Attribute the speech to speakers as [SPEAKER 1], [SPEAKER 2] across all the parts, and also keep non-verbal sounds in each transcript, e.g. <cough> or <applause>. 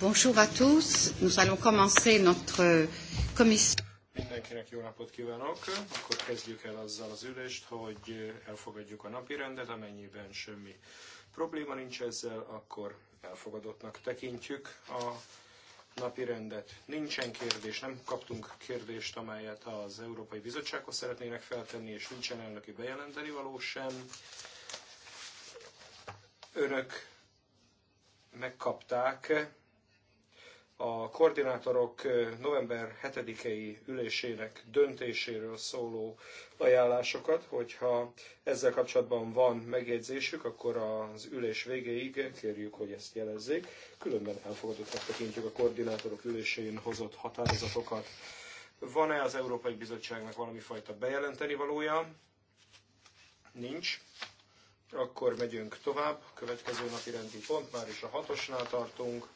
[SPEAKER 1] Bonjour à tous. Nous allons commencer notre euh, commission.
[SPEAKER 2] Mindenkinek jó napot kívánok! Akkor kezdjük el azzal az ülést, hogy eh, elfogadjuk a napi rendet, amennyiben semmi probléma nincs ezzel, akkor elfogadottnak tekintjük a napi rendet. Nincsen kérdés, nem kaptunk kérdést, amelyet az Európai Bizottsághoz szeretnének feltenni, és nincsen elnöki bejelenteni való sem. Önök megkapták a koordinátorok november 7-i ülésének döntéséről szóló ajánlásokat, hogyha ezzel kapcsolatban van megjegyzésük, akkor az ülés végéig kérjük, hogy ezt jelezzék. Különben elfogadottak tekintjük a koordinátorok ülésén hozott határozatokat. Van-e az Európai Bizottságnak valami fajta bejelenteni valója? Nincs. Akkor megyünk tovább. Következő napi rendi pont, már is a hatosnál tartunk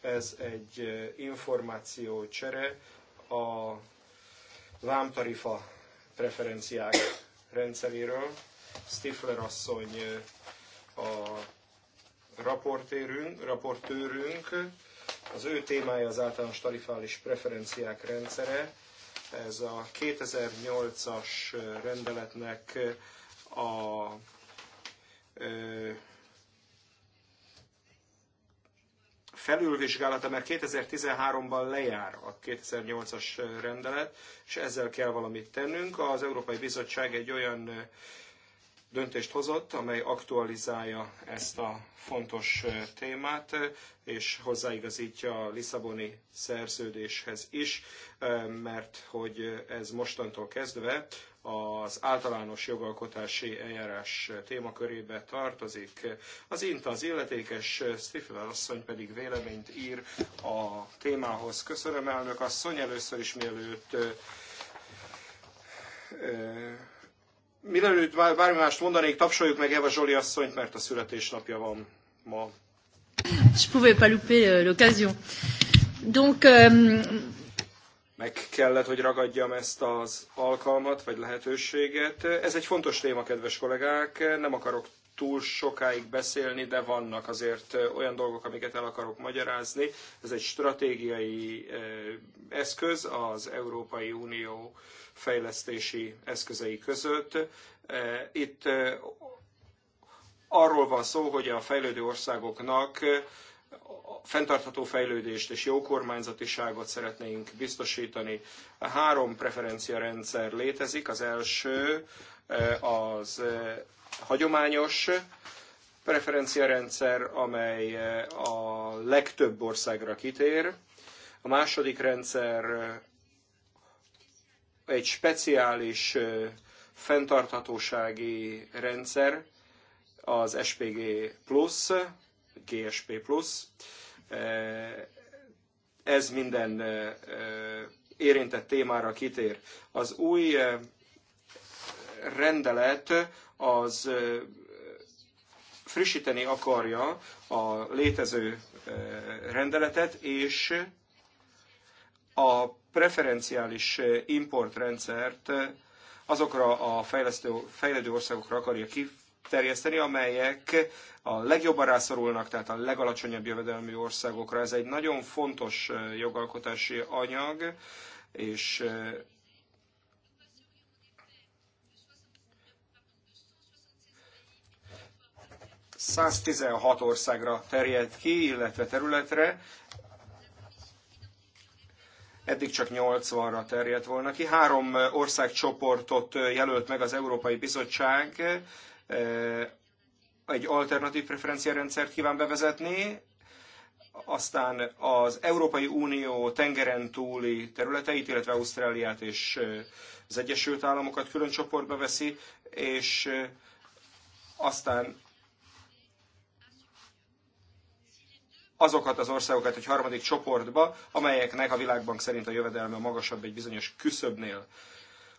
[SPEAKER 2] ez egy információcsere a vámtarifa preferenciák rendszeréről. Stifler asszony a raportőrünk, raportőrünk. Az ő témája az általános tarifális preferenciák rendszere. Ez a 2008-as rendeletnek a felülvizsgálata, mert 2013-ban lejár a 2008-as rendelet, és ezzel kell valamit tennünk. Az Európai Bizottság egy olyan döntést hozott, amely aktualizálja ezt a fontos témát, és hozzáigazítja a Lisszaboni szerződéshez is, mert hogy ez mostantól kezdve az általános jogalkotási eljárás témakörébe tartozik. Az INTA az illetékes, Stifler asszony pedig véleményt ír a témához. Köszönöm, elnök asszony, először is mielőtt Mielőtt bármi mást mondanék, tapsoljuk meg Eva Zsoli asszonyt, mert a születésnapja van ma.
[SPEAKER 1] Je pouvais pas louper euh, l'occasion. Donc, euh,
[SPEAKER 2] meg kellett, hogy ragadjam ezt az alkalmat, vagy lehetőséget. Ez egy fontos téma, kedves kollégák, nem akarok túl sokáig beszélni, de vannak azért olyan dolgok, amiket el akarok magyarázni. Ez egy stratégiai eh, eszköz az Európai Unió fejlesztési eszközei között. Eh, itt eh, arról van szó, hogy a fejlődő országoknak fenntartható fejlődést és jó kormányzatiságot szeretnénk biztosítani. Három preferenciarendszer létezik. Az első eh, az eh, hagyományos preferenciarendszer, amely eh, a legtöbb országra kitér. A második rendszer egy speciális fenntarthatósági rendszer, az SPG Plus, GSP+. Eh, ez minden eh, eh, érintett témára kitér. Az új rendelet az frissíteni akarja a létező rendeletet, és a preferenciális importrendszert azokra a fejlesztő, fejlődő országokra akarja terjeszteni, amelyek a legjobban rászorulnak, tehát a legalacsonyabb jövedelmű országokra. Ez egy nagyon fontos jogalkotási anyag, és ...116 országra terjed ki, illetve területre, eddig csak 80-ra terjedt volna ki. Három országcsoportot jelölt meg az Európai Bizottság, egy alternatív preferenciarendszert kíván bevezetni, aztán az Európai Unió tengeren túli területeit, illetve Ausztráliát és az Egyesült Államokat külön csoportba veszi, és aztán azokat az országokat egy harmadik csoportba, amelyeknek a világbank szerint a jövedelme magasabb egy bizonyos küszöbnél.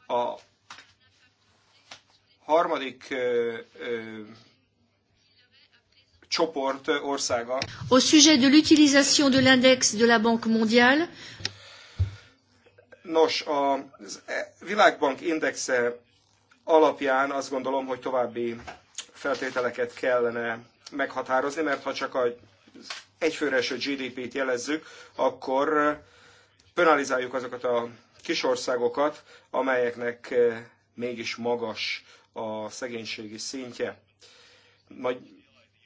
[SPEAKER 2] A harmadik csoport országa.
[SPEAKER 1] Au sujet de l'utilisation de l'index de la Banque mondiale.
[SPEAKER 2] Nos, a e, világbank indexe alapján azt gondolom, hogy további feltételeket kellene meghatározni, mert ha csak a egyfőre eső GDP-t jelezzük, akkor penalizáljuk azokat a kis országokat, amelyeknek mégis magas a szegénységi szintje. Nagy,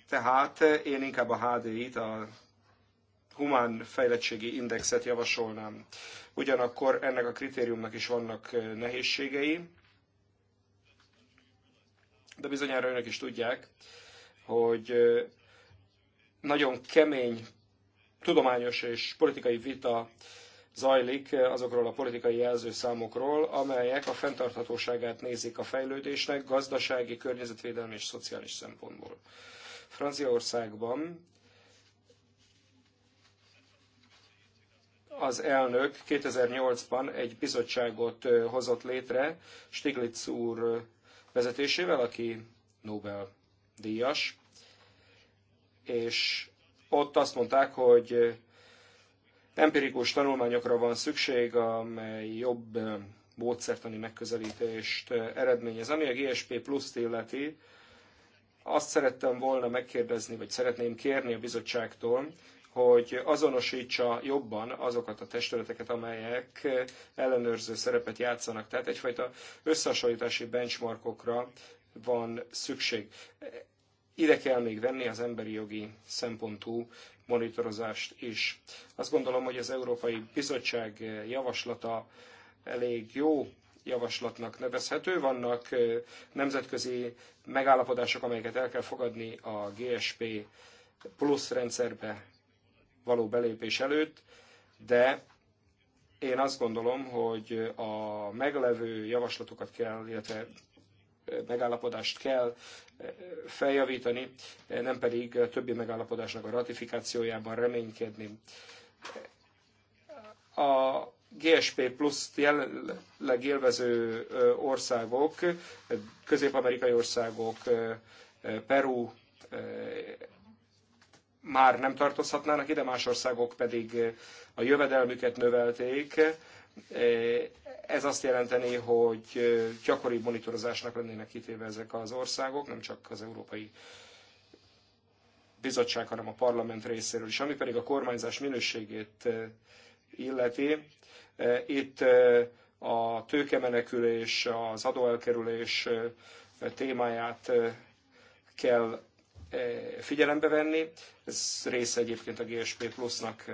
[SPEAKER 2] tehát én inkább a HDI-t, a humán fejlettségi indexet javasolnám. Ugyanakkor ennek a kritériumnak is vannak eh, nehézségei, de bizonyára önök is tudják, hogy eh, nagyon kemény tudományos és politikai vita zajlik eh, azokról a politikai jelzőszámokról, amelyek a fenntarthatóságát nézik a fejlődésnek gazdasági, környezetvédelmi és szociális szempontból. Franciaországban az elnök 2008-ban egy bizottságot eh, hozott létre Stiglitz úr eh, vezetésével, aki Nobel-díjas, és ott azt mondták, hogy Empirikus tanulmányokra van szükség, amely jobb módszertani megközelítést eredményez. Ami a GSP pluszt illeti, azt szerettem volna megkérdezni, vagy szeretném kérni a bizottságtól, hogy azonosítsa jobban azokat a testületeket, amelyek ellenőrző szerepet játszanak. Tehát egyfajta összehasonlítási benchmarkokra van szükség ide kell még venni az emberi jogi szempontú monitorozást is. Azt gondolom, hogy az Európai Bizottság javaslata elég jó javaslatnak nevezhető. Vannak nemzetközi megállapodások, amelyeket el kell fogadni a GSP plusz rendszerbe való belépés előtt, de én azt gondolom, hogy a meglevő javaslatokat kell, illetve megállapodást kell eh, feljavítani, eh, nem pedig a többi megállapodásnak a ratifikációjában reménykedni. A GSP plusz jelenleg élvező eh, országok, közép-amerikai országok, Peru már nem tartozhatnának ide, más országok pedig a jövedelmüket növelték, ez azt jelenteni, hogy gyakori monitorozásnak lennének kitéve ezek az országok, nem csak az Európai Bizottság, hanem a parlament részéről is. Ami pedig a kormányzás minőségét illeti, itt a tőkemenekülés, az adóelkerülés témáját kell figyelembe venni. Ez része egyébként a GSP nak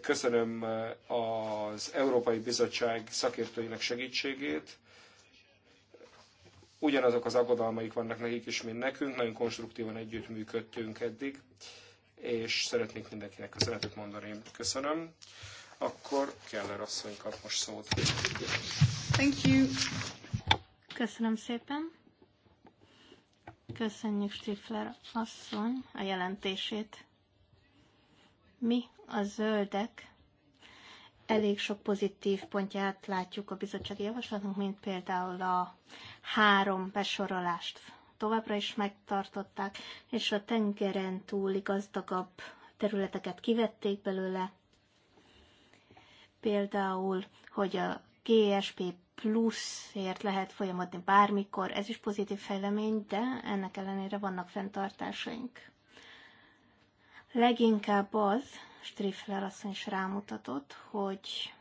[SPEAKER 2] Köszönöm eh, az Európai Bizottság szakértőinek segítségét. Ugyanazok az aggodalmaik vannak nekik is, mint nekünk. Nagyon konstruktívan együttműködtünk eddig, és szeretnék mindenkinek köszönetet mondani. Köszönöm. Akkor Keller asszony kap most szót.
[SPEAKER 3] Thank you. Köszönöm szépen. Köszönjük Stifler asszony a jelentését. Mi a zöldek elég sok pozitív pontját látjuk a bizottsági javaslatunk, mint például a három besorolást továbbra is megtartották, és a tengeren túli gazdagabb területeket kivették belőle. Például, hogy a GSP pluszért lehet folyamodni bármikor, ez is pozitív fejlemény, de ennek ellenére vannak fenntartásaink. Leginkább az, Strifler asszony is rámutatott, hogy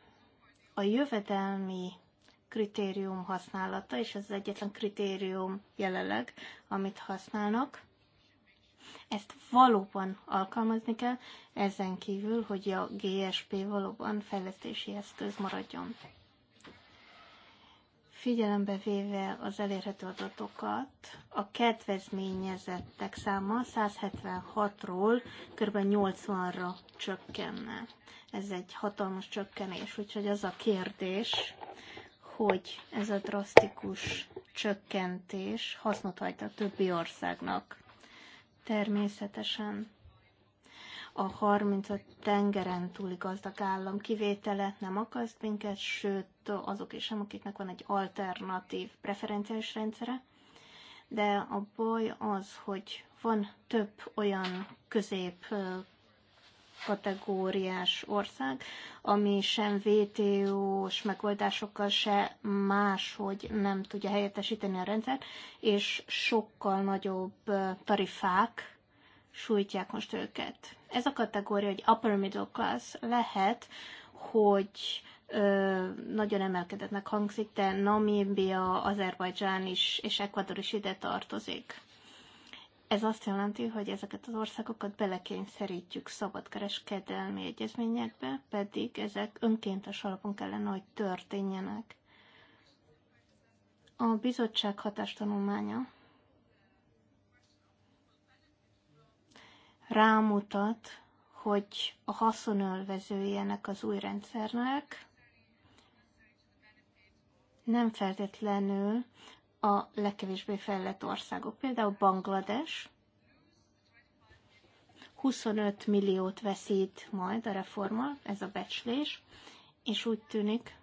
[SPEAKER 3] a jövedelmi kritérium használata, és ez az egyetlen kritérium jelenleg, amit használnak. Ezt valóban alkalmazni kell, ezen kívül, hogy a GSP valóban fejlesztési eszköz maradjon figyelembe véve az elérhető adatokat, a kedvezményezettek száma 176-ról kb. 80-ra csökkenne. Ez egy hatalmas csökkenés, úgyhogy az a kérdés, hogy ez a drasztikus csökkentés hasznot hajt a többi országnak. Természetesen a 35 tengeren túli gazdag állam kivétele nem akaszt minket, sőt azok is sem, akiknek van egy alternatív preferenciális rendszere, de a baj az, hogy van több olyan közép kategóriás ország, ami sem VTO-s megoldásokkal se máshogy nem tudja helyettesíteni a rendszert, és sokkal nagyobb tarifák sújtják most őket ez a kategória, hogy upper middle class lehet, hogy ö, nagyon emelkedettnek hangzik, de Namibia, Azerbajdzsán is, és Ekvador is ide tartozik. Ez azt jelenti, hogy ezeket az országokat belekényszerítjük szabadkereskedelmi egyezményekbe, pedig ezek önkéntes alapon kellene, hogy történjenek. A bizottság hatástanulmánya rámutat, hogy a haszonölvezőjének az új rendszernek nem feltétlenül a legkevésbé fejlett országok. Például Banglades 25 milliót veszít majd a reforma, ez a becslés, és úgy tűnik,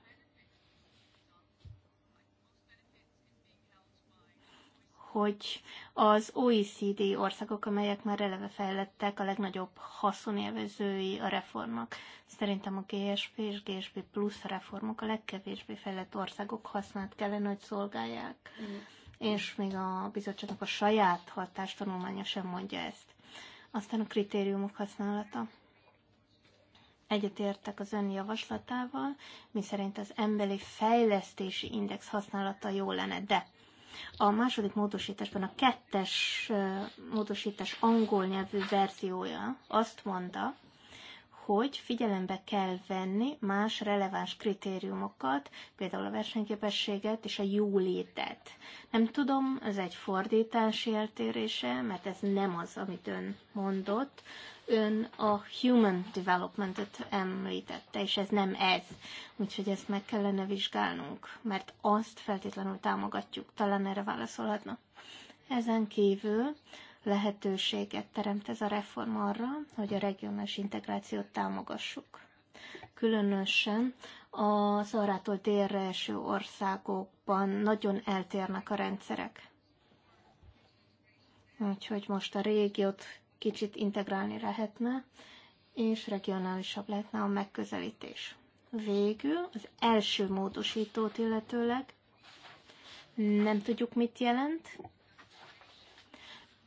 [SPEAKER 3] hogy az OECD országok, amelyek már eleve fejlettek, a legnagyobb haszonélvezői a reformnak. Szerintem a GSP és GSP plusz reformok a legkevésbé fejlett országok hasznát kellene, hogy szolgálják. Mm. És még a bizottságnak a saját hatástanulmánya sem mondja ezt. Aztán a kritériumok használata egyetértek az ön javaslatával, mi szerint az emberi fejlesztési index használata jó lenne, de a második módosításban a kettes módosítás angol nyelvű verziója azt mondta, hogy figyelembe kell venni más releváns kritériumokat, például a versenyképességet és a jólétet. Nem tudom, ez egy fordítási eltérése, mert ez nem az, amit ön mondott ön a human developmentet említette, és ez nem ez. Úgyhogy ezt meg kellene vizsgálnunk, mert azt feltétlenül támogatjuk. Talán erre válaszolhatna. Ezen kívül lehetőséget teremt ez a reform arra, hogy a regionális integrációt támogassuk. Különösen a szarától délre eső országokban nagyon eltérnek a rendszerek. Úgyhogy most a régiót kicsit integrálni lehetne, és regionálisabb lehetne a megközelítés. Végül az első módosítót illetőleg nem tudjuk, mit jelent.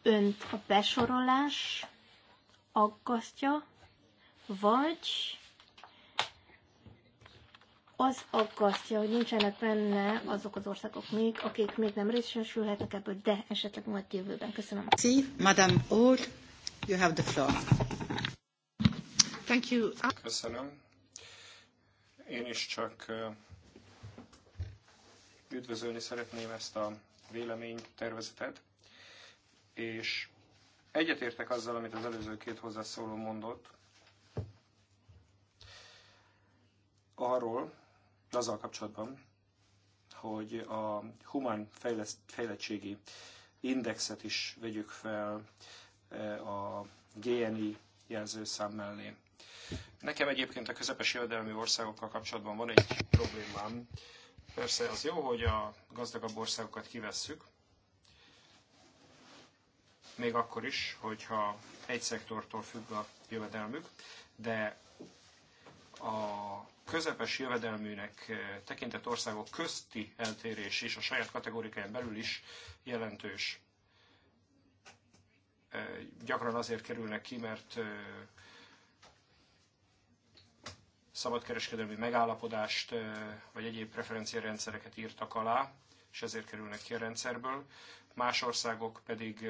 [SPEAKER 3] Önt a besorolás aggasztja, vagy az aggasztja, hogy nincsenek benne azok az országok még, akik még nem részesülhetnek ebből, de esetleg majd jövőben. Köszönöm.
[SPEAKER 1] Si,
[SPEAKER 2] Madame Old. Köszönöm. Én is csak üdvözölni szeretném ezt a véleménytervezetet, és egyetértek azzal, amit az előző két hozzászóló mondott, arról, azzal kapcsolatban, hogy a humán fejlettségi indexet is vegyük fel E, a GNI jelzőszám mellé. Nekem egyébként a közepes jövedelmi országokkal kapcsolatban van egy problémám. Persze az jó, hogy a gazdagabb országokat kivesszük, még akkor is, hogyha egy szektortól függ a jövedelmük, de a közepes jövedelműnek e, tekintett országok közti eltérés is a saját kategórikáján belül is jelentős gyakran azért kerülnek ki, mert szabadkereskedelmi megállapodást vagy egyéb preferenciarendszereket írtak alá, és ezért kerülnek ki a rendszerből. Más országok pedig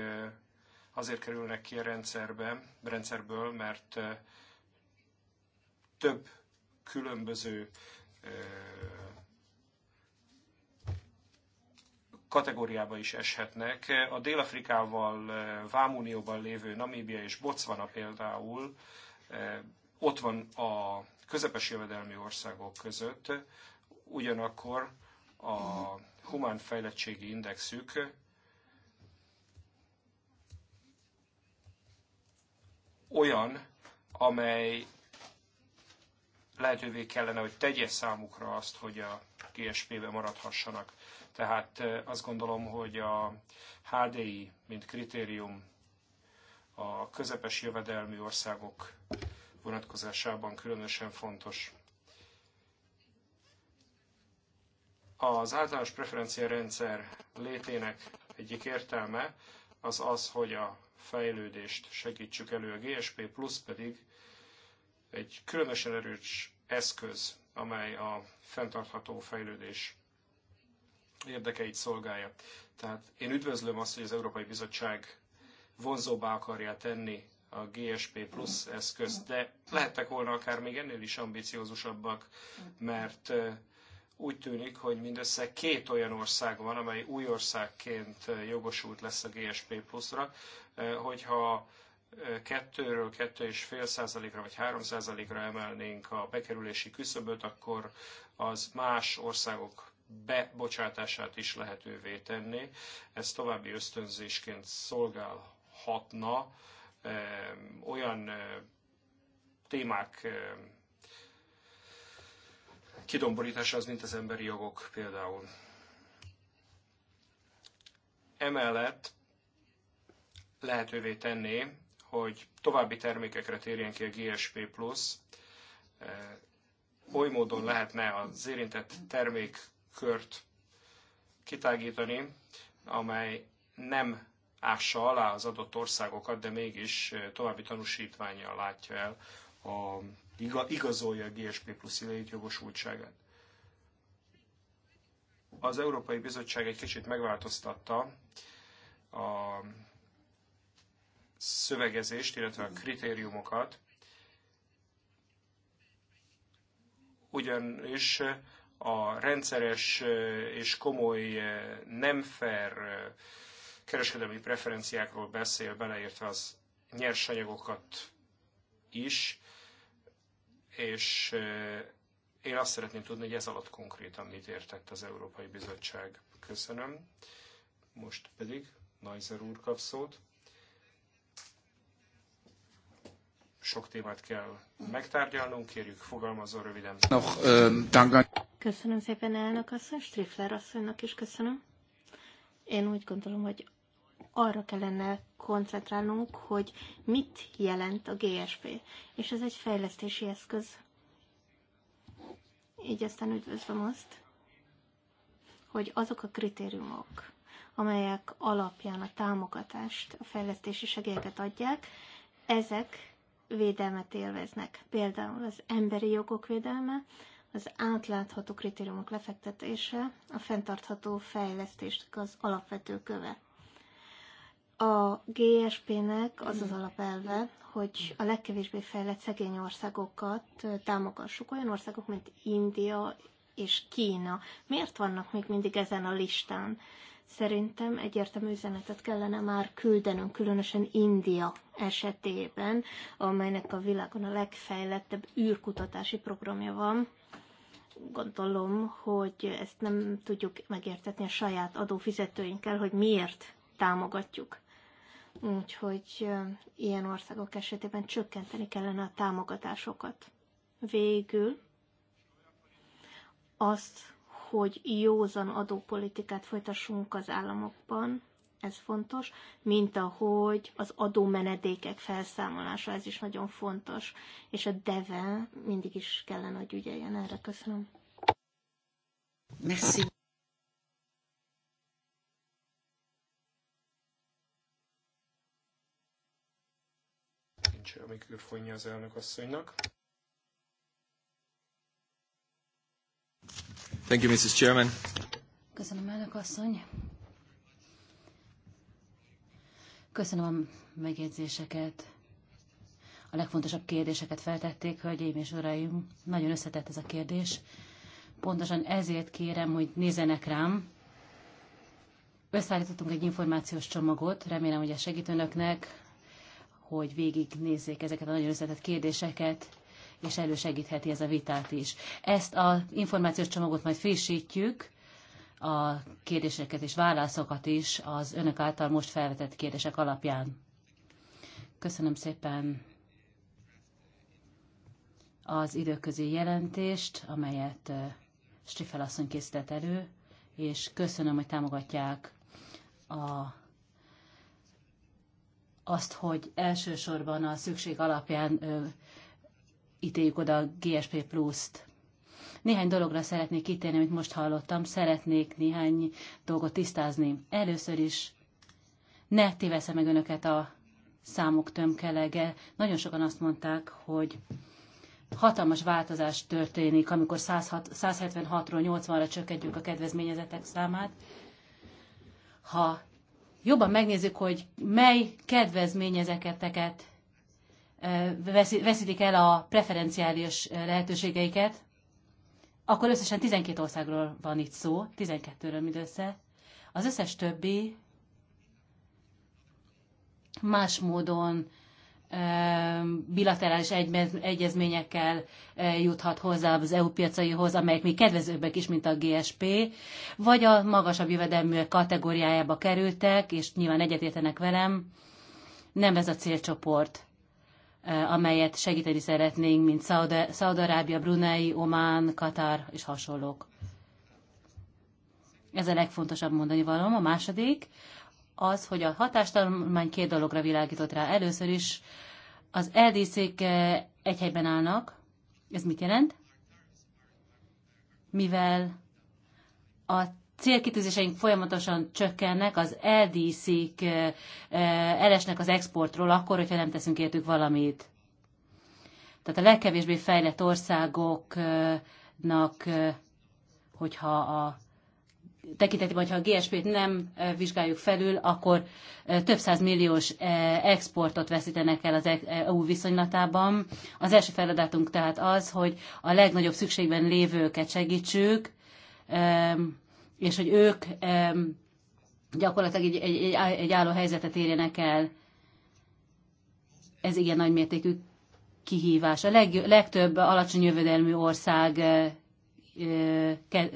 [SPEAKER 2] azért kerülnek ki a rendszerbe, rendszerből, mert több különböző kategóriába is eshetnek. A Dél-Afrikával, eh, Vámunióban lévő Namíbia és Botswana például eh, ott van a közepes jövedelmi országok között, ugyanakkor a humán fejlettségi indexük olyan, amely lehetővé kellene, hogy tegye számukra azt, hogy a GSP-be maradhassanak. Tehát azt gondolom, hogy a HDI, mint kritérium a közepes jövedelmű országok vonatkozásában különösen fontos. Az általános preferencia rendszer létének egyik értelme az az, hogy a fejlődést segítsük elő. A GSP plusz pedig egy különösen erős eszköz, amely a fenntartható fejlődés érdekeit szolgálja. Tehát én üdvözlöm azt, hogy az Európai Bizottság vonzóbbá akarja tenni a GSP plusz eszközt, de lehettek volna akár még ennél is ambiciózusabbak, mert úgy tűnik, hogy mindössze két olyan ország van, amely új országként jogosult lesz a GSP pluszra, hogyha kettő és fél százalékra vagy három százalékra emelnénk a bekerülési küszöböt, akkor az más országok bebocsátását is lehetővé tenni. Ez további ösztönzésként szolgálhatna eh, olyan eh, témák eh, kidomborítása az, mint az emberi jogok például. Emellett lehetővé tenni, hogy további termékekre térjen ki a GSP+, oly módon lehetne az érintett termék kört kitágítani, amely nem ássa alá az adott országokat, de mégis további tanúsítványjal látja el, a, igazolja a GSP plusz jogosultságát. Az Európai Bizottság egy kicsit megváltoztatta a szövegezést, illetve a kritériumokat, ugyanis a rendszeres és komoly nem fair kereskedelmi preferenciákról beszél, beleértve az nyersanyagokat is, és én azt szeretném tudni, hogy ez alatt konkrétan mit értett az Európai Bizottság. Köszönöm. Most pedig Najzer úr kap szót. Sok témát kell megtárgyalnunk, kérjük fogalmazó röviden.
[SPEAKER 3] Köszönöm szépen, elnök asszony, Strifler asszonynak is köszönöm. Én úgy gondolom, hogy arra kellene koncentrálnunk, hogy mit jelent a GSP, és ez egy fejlesztési eszköz. Így aztán üdvözlöm azt, hogy azok a kritériumok, amelyek alapján a támogatást, a fejlesztési segélyeket adják, ezek védelmet élveznek. Például az emberi jogok védelme, az átlátható kritériumok lefektetése a fenntartható fejlesztésnek az alapvető köve. A GSP-nek az az alapelve, hogy a legkevésbé fejlett szegény országokat támogassuk, olyan országok, mint India és Kína. Miért vannak még mindig ezen a listán? Szerintem egyértelmű üzenetet kellene már küldenünk, különösen India esetében, amelynek a világon a legfejlettebb űrkutatási programja van, gondolom, hogy ezt nem tudjuk megértetni a saját adófizetőinkkel, hogy miért támogatjuk. Úgyhogy ilyen országok esetében csökkenteni kellene a támogatásokat. Végül azt, hogy józan adópolitikát folytassunk az államokban, ez fontos, mint ahogy az adómenedékek felszámolása, ez is nagyon fontos, és a DEVE mindig is kellene, hogy ügyeljen erre. Köszönöm.
[SPEAKER 4] Merci.
[SPEAKER 2] Nincs a mikrofonja az elnök asszonynak.
[SPEAKER 4] Thank you, Mrs. Chairman.
[SPEAKER 1] Köszönöm, elnök asszony. Köszönöm a megjegyzéseket. A legfontosabb kérdéseket feltették, hölgyeim és uraim. Nagyon összetett ez a kérdés. Pontosan ezért kérem, hogy nézzenek rám. Összeállítottunk egy információs csomagot, remélem, hogy ez segít önöknek, hogy végignézzék ezeket a nagyon összetett kérdéseket, és elősegítheti ez a vitát is. Ezt az információs csomagot majd frissítjük, a kérdéseket és válaszokat is az önök által most felvetett kérdések alapján. Köszönöm szépen az időközi jelentést, amelyet Strifel asszony készített elő, és köszönöm, hogy támogatják a, azt, hogy elsősorban a szükség alapján ítéljük oda a GSP Plus-t néhány dologra szeretnék kitérni, amit most hallottam. Szeretnék néhány dolgot tisztázni. Először is ne tévesze meg önöket a számok tömkelege. Nagyon sokan azt mondták, hogy hatalmas változás történik, amikor 176-ról 80-ra csökkentjük a kedvezményezetek számát. Ha jobban megnézzük, hogy mely kedvezményezeteket eh, veszítik el a preferenciális eh, lehetőségeiket, akkor összesen 12 országról van itt szó, 12-ről mindössze. Az összes többi más módon bilaterális egyezményekkel juthat hozzá az EU piacaihoz, amelyek még kedvezőbbek is, mint a GSP, vagy a magasabb jövedelműek kategóriájába kerültek, és nyilván egyetértenek velem, nem ez a célcsoport. Eh, amelyet segíteni szeretnénk, mint Szaudarábia, Brunei, Omán, Katar és hasonlók. Ez a legfontosabb mondani valam. A második az, hogy a hatástanulmány két dologra világított rá. Először is az LDC-k eh, egy helyben állnak. Ez mit jelent? Mivel a célkitűzéseink folyamatosan csökkennek, az LDC-k elesnek az exportról akkor, hogyha nem teszünk értük valamit. Tehát a legkevésbé fejlett országoknak, hogyha a tekintetében, hogyha a GSP-t nem vizsgáljuk felül, akkor több százmilliós milliós exportot veszítenek el az e-, e, EU viszonylatában. Az első feladatunk tehát az, hogy a legnagyobb szükségben lévőket segítsük, és hogy ők gyakorlatilag egy, egy, egy álló helyzetet érjenek el. Ez igen nagy mértékű kihívás. A leg, legtöbb alacsony jövedelmű ország eh, eh, ke,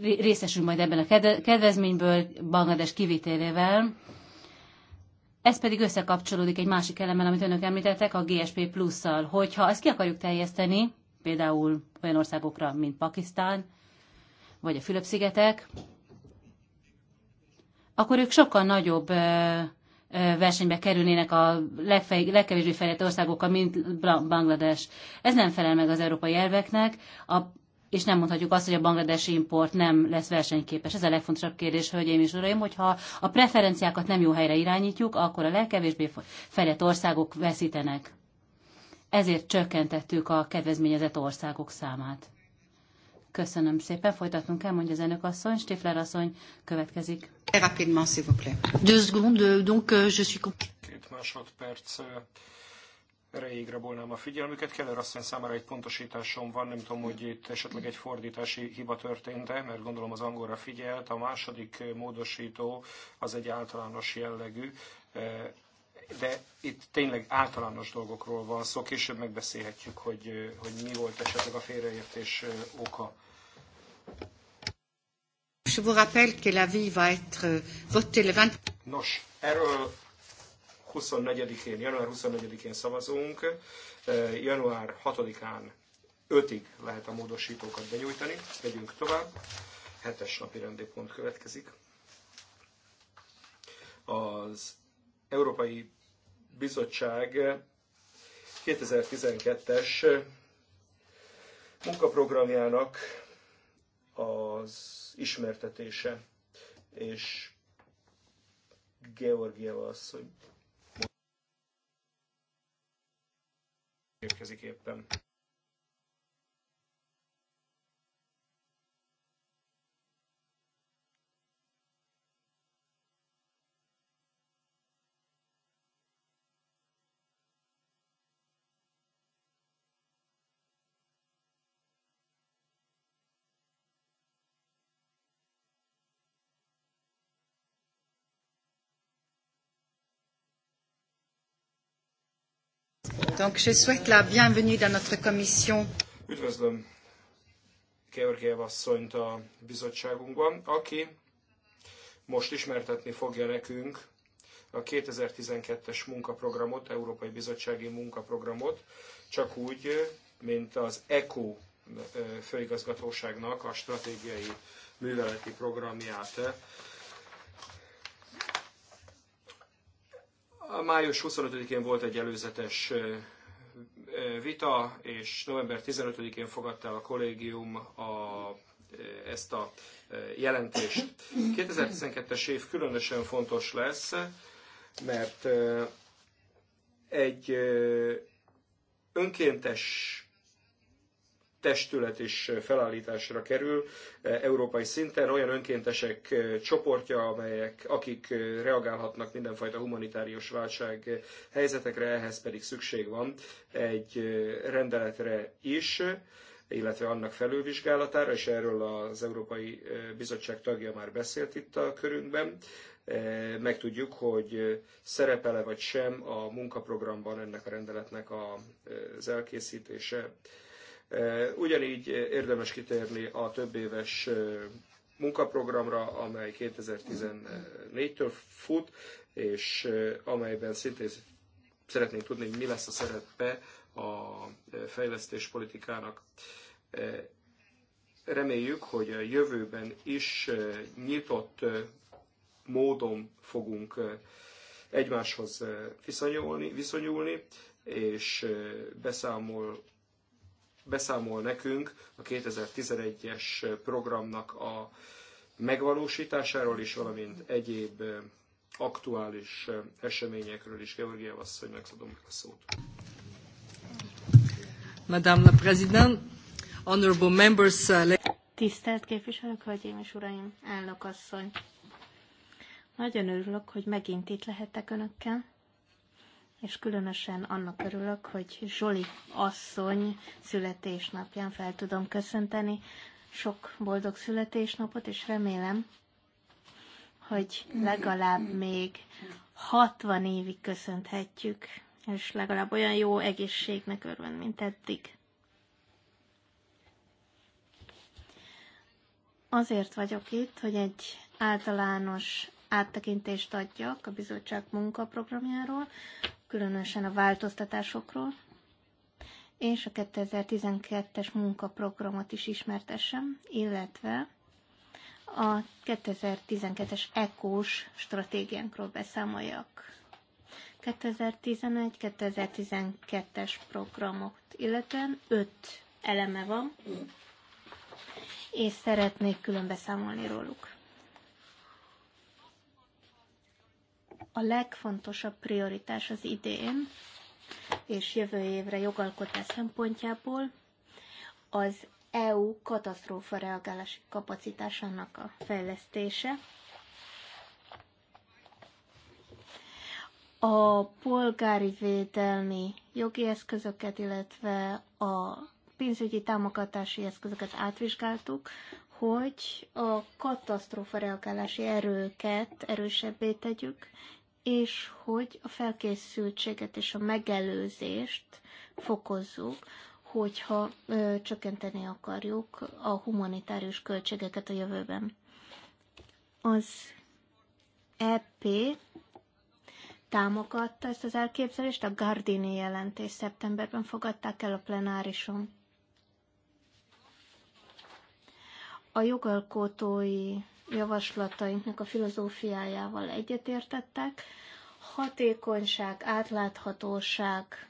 [SPEAKER 1] részesül majd ebben a kedvezményből Bangladesh kivételével. Ez pedig összekapcsolódik egy másik elemmel, amit önök említettek, a GSP plusszal. Hogyha ezt ki akarjuk teljeszteni, például olyan országokra, mint Pakisztán, vagy a Fülöp-szigetek, akkor ők sokkal nagyobb versenybe kerülnének a legkevésbé fejlett országokkal, mint Banglades. Ez nem felel meg az európai elveknek, a, és nem mondhatjuk azt, hogy a bangladesi import nem lesz versenyképes. Ez a legfontosabb kérdés, hölgyeim és uraim, hogyha a preferenciákat nem jó helyre irányítjuk, akkor a legkevésbé fejlett országok veszítenek ezért csökkentettük a kedvezményezett országok számát. Köszönöm szépen, Folytatunk. el, mondja az elnök asszony, Stifler asszony következik. Euh, euh,
[SPEAKER 2] je suis... Két másodperc erejéig euh, rabolnám a figyelmüket. Keller asszony számára egy pontosításom van, nem tudom, hogy itt esetleg egy fordítási hiba történt-e, mert gondolom az angolra figyelt. A második módosító az egy általános jellegű de itt tényleg általános dolgokról van szó, később megbeszélhetjük, hogy, hogy mi volt esetleg a félreértés oka.
[SPEAKER 1] Je vous rappelle que la vie va être euh, votée le 20...
[SPEAKER 2] Nos, erről 24-én, január 24-én szavazunk, január 6-án 5-ig lehet a módosítókat benyújtani. Megyünk tovább. Hetes napi rendőpont pont következik. Az Európai Bizottság 2012-es munkaprogramjának az ismertetése, és Georgieva asszony érkezik éppen.
[SPEAKER 4] Donc je souhaite la bienvenue dans notre commission.
[SPEAKER 2] Üdvözlöm Georgiev asszonyt a bizottságunkban, aki most ismertetni fogja nekünk a 2012-es munkaprogramot, Európai Bizottsági munkaprogramot, csak úgy, mint az ECO főigazgatóságnak a stratégiai műveleti programját. A május 25-én volt egy előzetes vita, és november 15-én fogadta el a kollégium a, ezt a jelentést. 2012-es év különösen fontos lesz, mert egy önkéntes testület is felállításra kerül eh, európai szinten, olyan önkéntesek eh, csoportja, amelyek, akik eh, reagálhatnak mindenfajta humanitárius válság helyzetekre, ehhez pedig szükség van egy rendeletre is illetve annak felülvizsgálatára, és erről az Európai Bizottság tagja már beszélt itt a körünkben. Megtudjuk, hogy szerepele vagy sem a munkaprogramban ennek a rendeletnek az elkészítése. Ugyanígy érdemes kitérni a több éves munkaprogramra, amely 2014-től fut, és amelyben szintén szeretnénk tudni, hogy mi lesz a szerepe a fejlesztéspolitikának. Reméljük, hogy a jövőben is nyitott módon fogunk egymáshoz viszonyulni, viszonyulni és beszámol beszámol nekünk a 2011-es programnak a megvalósításáról is, valamint egyéb aktuális eseményekről is. Georgia asszony, megszadom meg a szót.
[SPEAKER 1] Madame la President, honorable members, euh,
[SPEAKER 3] Tisztelt képviselők, hölgyeim és uraim, elnök asszony! Nagyon örülök, hogy megint itt lehetek önökkel, és különösen annak örülök, hogy Zsoli asszony születésnapján fel tudom köszönteni. Sok boldog születésnapot, és remélem, hogy legalább még 60 évig köszönthetjük, és legalább olyan jó egészségnek örvend, mint eddig. Azért vagyok itt, hogy egy általános áttekintést adjak a bizottság munkaprogramjáról, különösen a változtatásokról, és a 2012-es munkaprogramot is ismertessem, illetve a 2012-es ECOS stratégiánkról beszámoljak. 2011-2012-es programot, illetően öt eleme van, és szeretnék külön beszámolni róluk. a legfontosabb prioritás az idén és jövő évre jogalkotás szempontjából az EU katasztrófa reagálási kapacitásának a fejlesztése. A polgári védelmi jogi eszközöket, illetve a pénzügyi támogatási eszközöket átvizsgáltuk, hogy a katasztrófa reagálási erőket erősebbé tegyük, és hogy a felkészültséget és a megelőzést fokozzuk, hogyha ö, csökkenteni akarjuk a humanitárius költségeket a jövőben. Az EP támogatta ezt az elképzelést, a Gardini jelentés szeptemberben fogadták el a plenárison. A jogalkotói javaslatainknak a filozófiájával egyetértettek. Hatékonyság, átláthatóság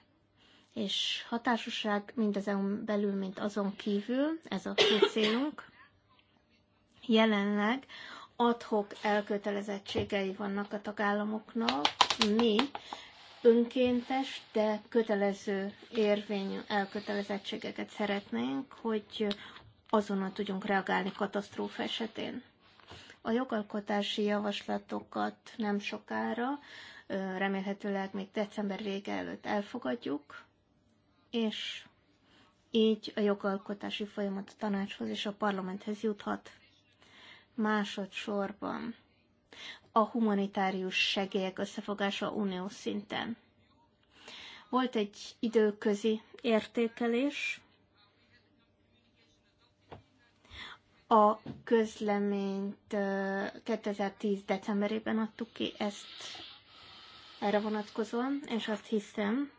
[SPEAKER 3] és hatásosság mind az EU-n belül, mint azon kívül, ez a fő célunk. Jelenleg adhok elkötelezettségei vannak a tagállamoknak, mi önkéntes, de kötelező érvényű elkötelezettségeket szeretnénk, hogy azonnal tudjunk reagálni katasztrófa esetén a jogalkotási javaslatokat nem sokára, remélhetőleg még december vége előtt elfogadjuk, és így a jogalkotási folyamat a tanácshoz és a parlamenthez juthat. Másodszorban a humanitárius segélyek összefogása uniós szinten. Volt egy időközi értékelés, A közleményt 2010. decemberében adtuk ki, ezt erre vonatkozóan, és azt hiszem,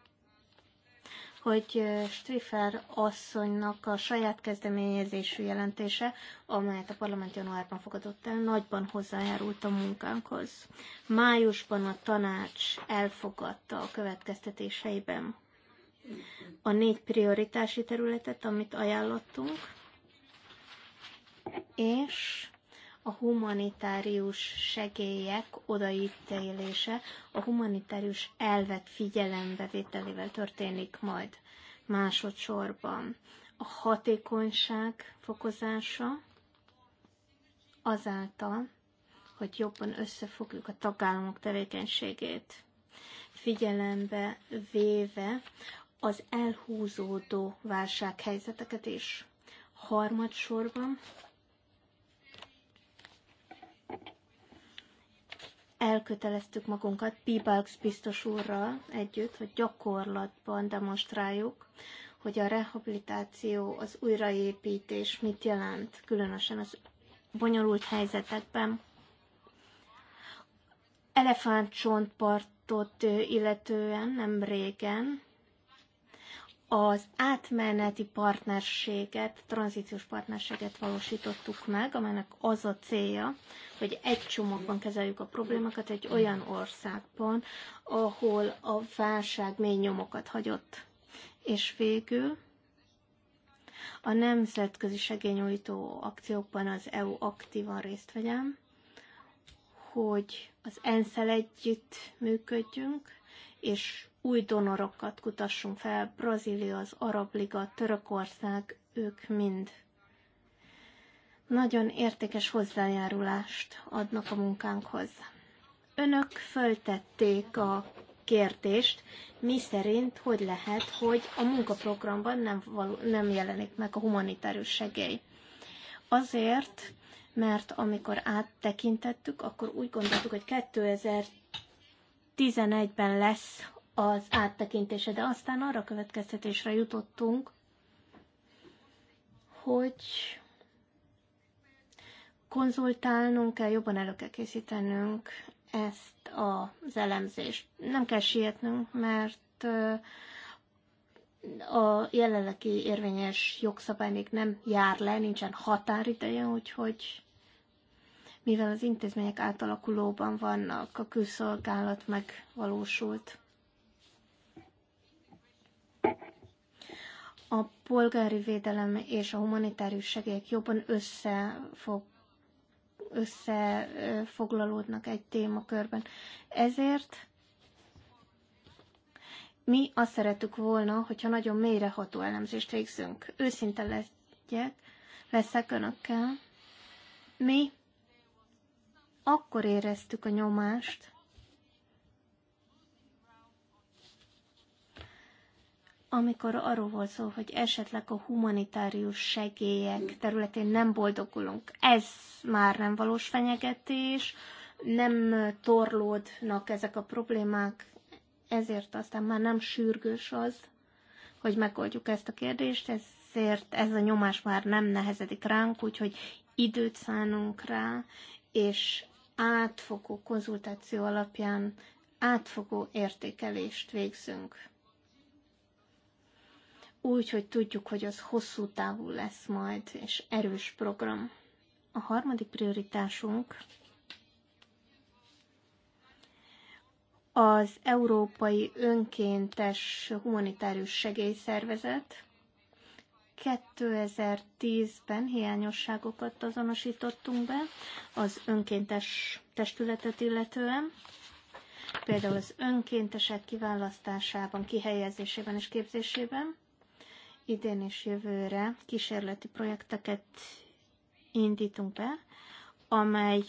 [SPEAKER 3] hogy Striffer asszonynak a saját kezdeményezésű jelentése, amelyet a parlament januárban fogadott el, nagyban hozzájárult a munkánkhoz. Májusban a tanács elfogadta a következtetéseiben a négy prioritási területet, amit ajánlottunk, és a humanitárius segélyek odaítélése a humanitárius elvek figyelembevételével történik majd másodszorban. A hatékonyság fokozása azáltal, hogy jobban összefogjuk a tagállamok tevékenységét, figyelembe véve az elhúzódó válsághelyzeteket is. Harmadsorban elköteleztük magunkat Pibalks biztos úrral együtt, hogy gyakorlatban demonstráljuk, hogy a rehabilitáció, az újraépítés mit jelent, különösen az bonyolult helyzetekben. Elefántcsontpartot illetően nem régen az átmeneti partnerséget, tranzíciós partnerséget valósítottuk meg, amelynek az a célja, hogy egy csomagban kezeljük a problémákat egy olyan országban, ahol a válság mély nyomokat hagyott. És végül a nemzetközi segényújtó akciókban az EU aktívan részt vegyem, hogy az ENSZ-el együtt működjünk, és új donorokat kutassunk fel, Brazília, az Arab Liga, Törökország, ők mind nagyon értékes hozzájárulást adnak a munkánkhoz. Önök föltették a kérdést, mi szerint hogy lehet, hogy a munkaprogramban nem, való, nem jelenik meg a humanitárius segély. Azért, mert amikor áttekintettük, akkor úgy gondoltuk, hogy 2011-ben lesz az áttekintése, de aztán arra következtetésre jutottunk, hogy konzultálnunk kell, jobban elő kell készítenünk ezt az elemzést. Nem kell sietnünk, mert a jelenlegi érvényes jogszabály még nem jár le, nincsen határideje, úgyhogy mivel az intézmények átalakulóban vannak, a külszolgálat megvalósult. a polgári védelem és a humanitárius segélyek jobban összefog, összefoglalódnak egy témakörben. Ezért mi azt szeretük volna, hogyha nagyon mélyreható elemzést végzünk. Őszinte legyek, leszek önökkel. Mi akkor éreztük a nyomást, amikor arról volt szó, hogy esetleg a humanitárius segélyek területén nem boldogulunk. Ez már nem valós fenyegetés, nem torlódnak ezek a problémák, ezért aztán már nem sürgős az, hogy megoldjuk ezt a kérdést, ezért ez a nyomás már nem nehezedik ránk, úgyhogy időt szánunk rá, és átfogó konzultáció alapján átfogó értékelést végzünk úgy, hogy tudjuk, hogy az hosszú távú lesz majd, és erős program. A harmadik prioritásunk az Európai Önkéntes Humanitárius Segélyszervezet. 2010-ben hiányosságokat azonosítottunk be az önkéntes testületet illetően, például az önkéntesek kiválasztásában, kihelyezésében és képzésében idén és jövőre kísérleti projekteket indítunk be, amely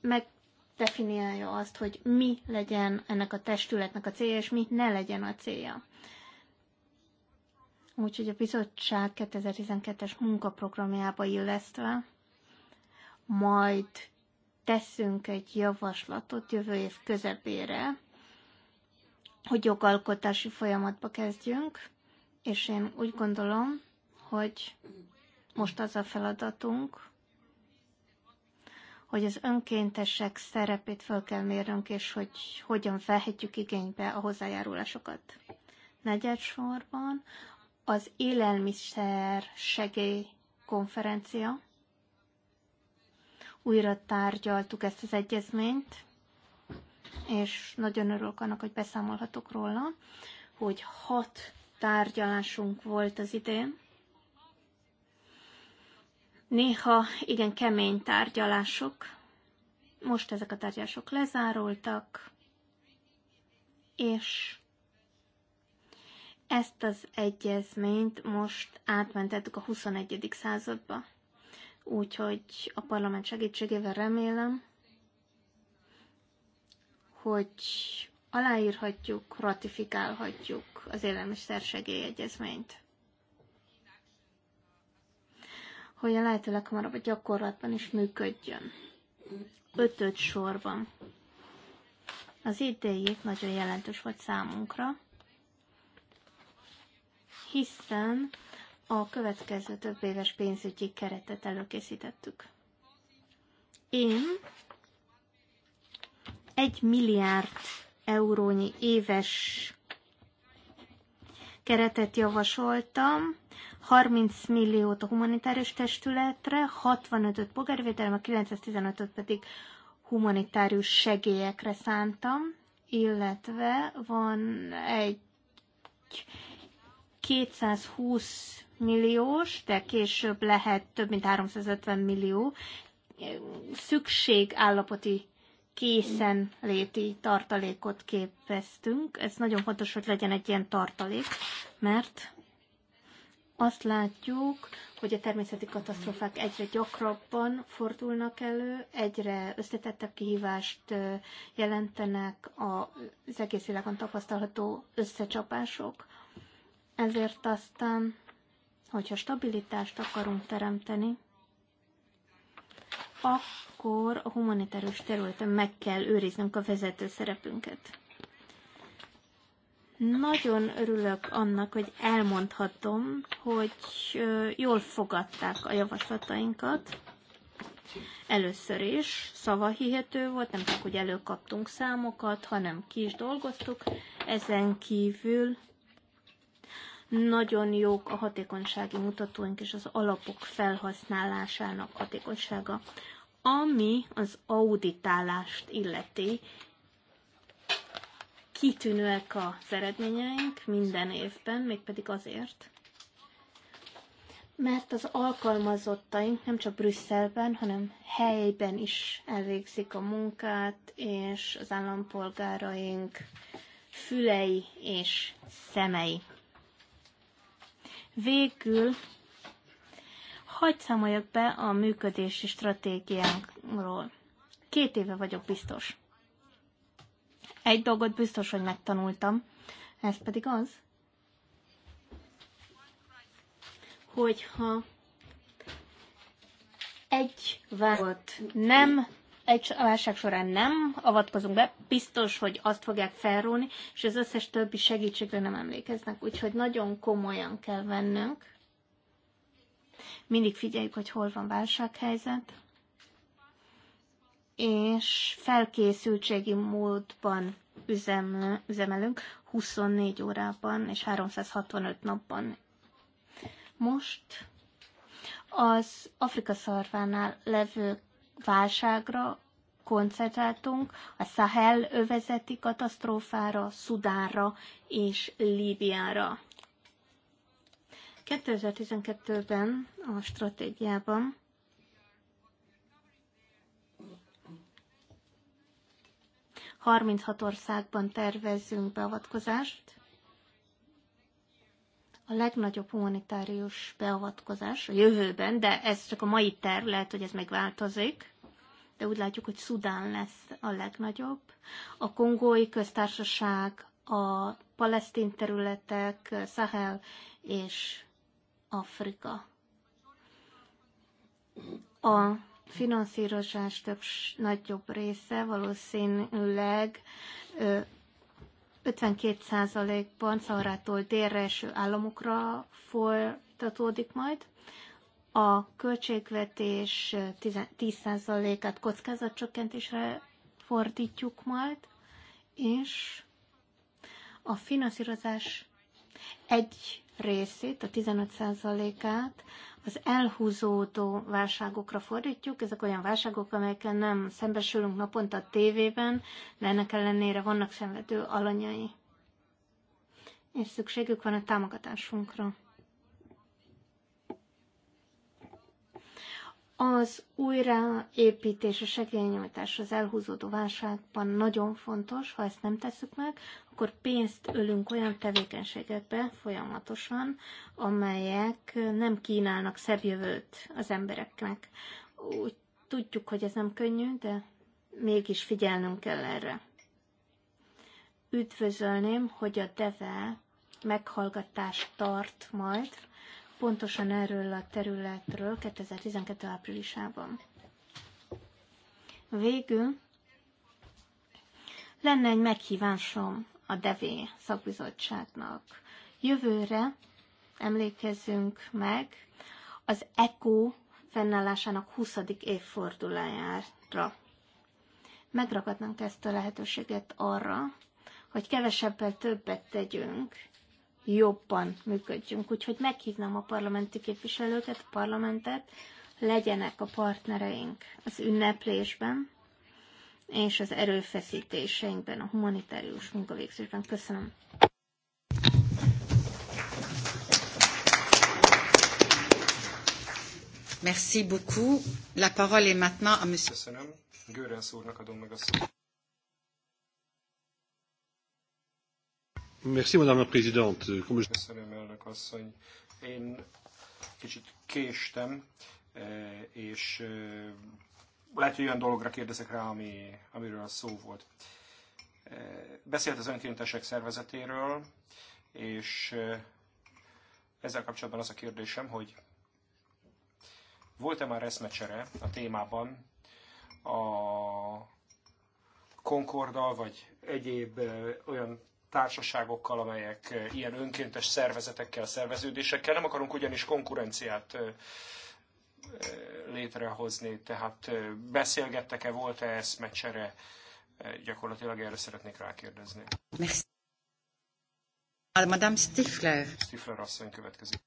[SPEAKER 3] megdefiniálja azt, hogy mi legyen ennek a testületnek a célja, és mi ne legyen a célja. Úgyhogy a bizottság 2012-es munkaprogramjába illesztve majd teszünk egy javaslatot jövő év közepére, hogy jogalkotási folyamatba kezdjünk, és én úgy gondolom, hogy most az a feladatunk, hogy az önkéntesek szerepét fel kell mérnünk, és hogy hogyan vehetjük igénybe a hozzájárulásokat. Negyedsorban az élelmiszer segély konferencia. Újra tárgyaltuk ezt az egyezményt, és nagyon örülök annak, hogy beszámolhatok róla, hogy hat tárgyalásunk volt az idén. Néha igen kemény tárgyalások. Most ezek a tárgyalások lezárultak, és ezt az egyezményt most átmentettük a 21. századba. Úgyhogy a parlament segítségével remélem, hogy aláírhatjuk, ratifikálhatjuk az élelmiszer segélyegyezményt. Hogy a lehető leghamarabb a gyakorlatban is működjön. Ötöt sorban. Az idei nagyon jelentős volt számunkra, hiszen a következő több éves pénzügyi keretet előkészítettük. Én egy milliárd eurónyi éves keretet javasoltam, 30 milliót a humanitárius testületre, 65-öt polgárvédelemre, 915-öt pedig humanitárius segélyekre szántam, illetve van egy 220 milliós, de később lehet több mint 350 millió szükségállapoti készen léti tartalékot képeztünk. Ez nagyon fontos, hogy legyen egy ilyen tartalék, mert azt látjuk, hogy a természeti katasztrófák egyre gyakrabban fordulnak elő, egyre összetettebb kihívást jelentenek az egész világon tapasztalható összecsapások. Ezért aztán, hogyha stabilitást akarunk teremteni, akkor a humanitárius területen meg kell őriznünk a vezető szerepünket. Nagyon örülök annak, hogy elmondhatom, hogy jól fogadták a javaslatainkat. Először is szavahihető volt, nem csak, hogy előkaptunk számokat, hanem ki is dolgoztuk. Ezen kívül nagyon jók a hatékonysági mutatóink és az alapok felhasználásának hatékonysága. Ami az auditálást illeti, kitűnőek az eredményeink minden évben, mégpedig azért, mert az alkalmazottaink nem csak Brüsszelben, hanem helyben is elvégzik a munkát, és az állampolgáraink fülei és szemei. Végül Hagy számoljak be a működési stratégiánkról. Két éve vagyok biztos. Egy dolgot biztos, hogy megtanultam, ez pedig az, hogyha egy válságot nem, egy válság során nem avatkozunk be, biztos, hogy azt fogják felróni, és az összes többi segítségre nem emlékeznek. Úgyhogy nagyon komolyan kell vennünk mindig figyeljük, hogy hol van válsághelyzet, és felkészültségi módban üzem, üzemelünk 24 órában és 365 napban. Most az Afrika szarvánál levő válságra koncentráltunk, a Sahel övezeti katasztrófára, Szudánra és Líbiára. 2012-ben a stratégiában ...36 országban tervezzünk beavatkozást. A legnagyobb humanitárius beavatkozás a jövőben, de ez csak a mai terv, lehet, hogy ez megváltozik, De úgy látjuk, hogy Szudán lesz a legnagyobb. A kongói köztársaság, a palesztin területek, Sahel és Afrika. A finanszírozás több, nagyobb része valószínűleg 52%-ban Szaharától délre eső államokra folytatódik majd. A költségvetés 10%-át kockázatcsökkentésre fordítjuk majd, és a finanszírozás egy részét, a 15%-át az elhúzódó válságokra fordítjuk. Ezek olyan válságok, amelyekkel nem szembesülünk naponta a tévében, de ennek ellenére vannak szenvedő alanyai. És szükségük van a támogatásunkra. Az újraépítés, a segélynyújtás az elhúzódó válságban nagyon fontos, ha ezt nem tesszük meg, akkor pénzt ölünk olyan tevékenységekbe folyamatosan, amelyek nem kínálnak szebb jövőt az embereknek. Úgy tudjuk, hogy ez nem könnyű, de mégis figyelnünk kell erre. Üdvözölném, hogy a DEVE meghallgatást tart majd pontosan erről a területről 2012. áprilisában. Végül lenne egy meghívásom a DEVÉ szakbizottságnak. Jövőre emlékezzünk meg az ECO fennállásának 20. évfordulájára. Megragadnánk ezt a lehetőséget arra, hogy kevesebbel többet tegyünk, jobban működjünk. Úgyhogy meghívnám a parlamenti képviselőket, a parlamentet, legyenek a partnereink az ünneplésben és az erőfeszítéseinkben, a humanitárius munkavégzésben. Köszönöm.
[SPEAKER 1] Merci beaucoup. La parole est maintenant à monsieur. Köszönöm.
[SPEAKER 2] Görens úrnak adom meg a szót. Merci, Madame la Présidente. Köszönöm, elnök asszony. Én kicsit késtem, eh, és eh, lehet, hogy olyan dologra kérdezek rá, ami, amiről szó volt. Eh, beszélt az önkéntesek szervezetéről, és ezzel kapcsolatban az a kérdésem, hogy volt-e már eszmecsere a témában a Concorddal, vagy egyéb olyan társaságokkal, amelyek ilyen önkéntes szervezetekkel, szerveződésekkel. Nem akarunk ugyanis konkurenciát létrehozni, tehát beszélgettek-e, volt-e eszmecsere? Gyakorlatilag erre szeretnék rákérdezni. Ah, Madame Stifler. Stifler asszony következik.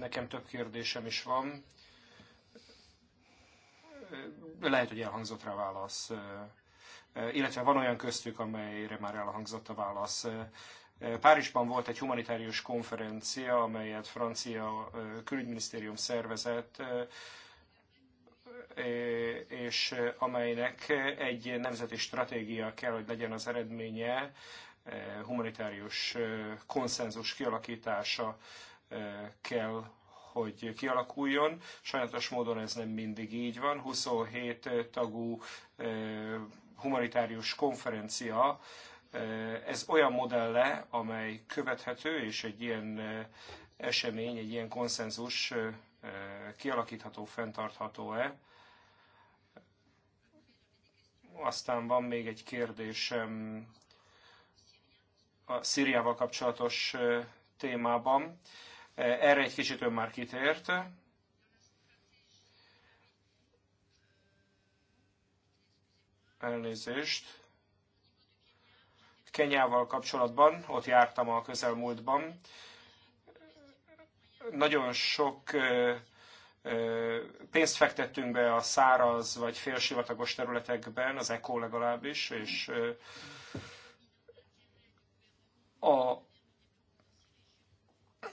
[SPEAKER 2] Nekem több kérdésem is van. Lehet, hogy elhangzott rá válasz Eh, illetve van olyan köztük, amelyre már elhangzott a válasz. Eh, eh, Párizsban volt egy humanitárius konferencia, amelyet francia külügyminisztérium szervezett, és amelynek egy nemzeti stratégia kell, hogy legyen az eredménye, humanitárius konszenzus kialakítása kell, hogy kialakuljon. Sajnálatos módon ez nem mindig így van. 27 tagú humanitárius konferencia, eh, ez olyan modelle, amely követhető, és egy ilyen eh, esemény, egy ilyen konszenzus eh, kialakítható, fenntartható-e. Aztán van még egy kérdésem a Szíriával kapcsolatos témában. Erre egy kicsit ön már kitért. elnézést. Kenyával kapcsolatban, ott jártam a közelmúltban. Nagyon sok pénzt fektettünk be a száraz vagy félsivatagos területekben, az ECO legalábbis, és a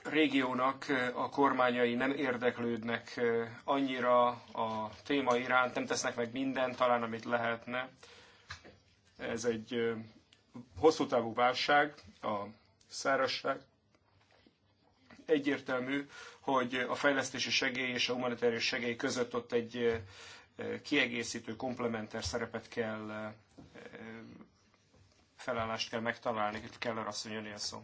[SPEAKER 2] régiónak a kormányai nem érdeklődnek annyira a téma iránt, nem tesznek meg mindent, talán amit lehetne. Ez egy hosszú távú válság, a szárazság. Egyértelmű, hogy a fejlesztési segély és a humanitárius segély között ott egy kiegészítő, komplementer szerepet kell felállást kell megtalálni. Itt kell arra jönni a szó.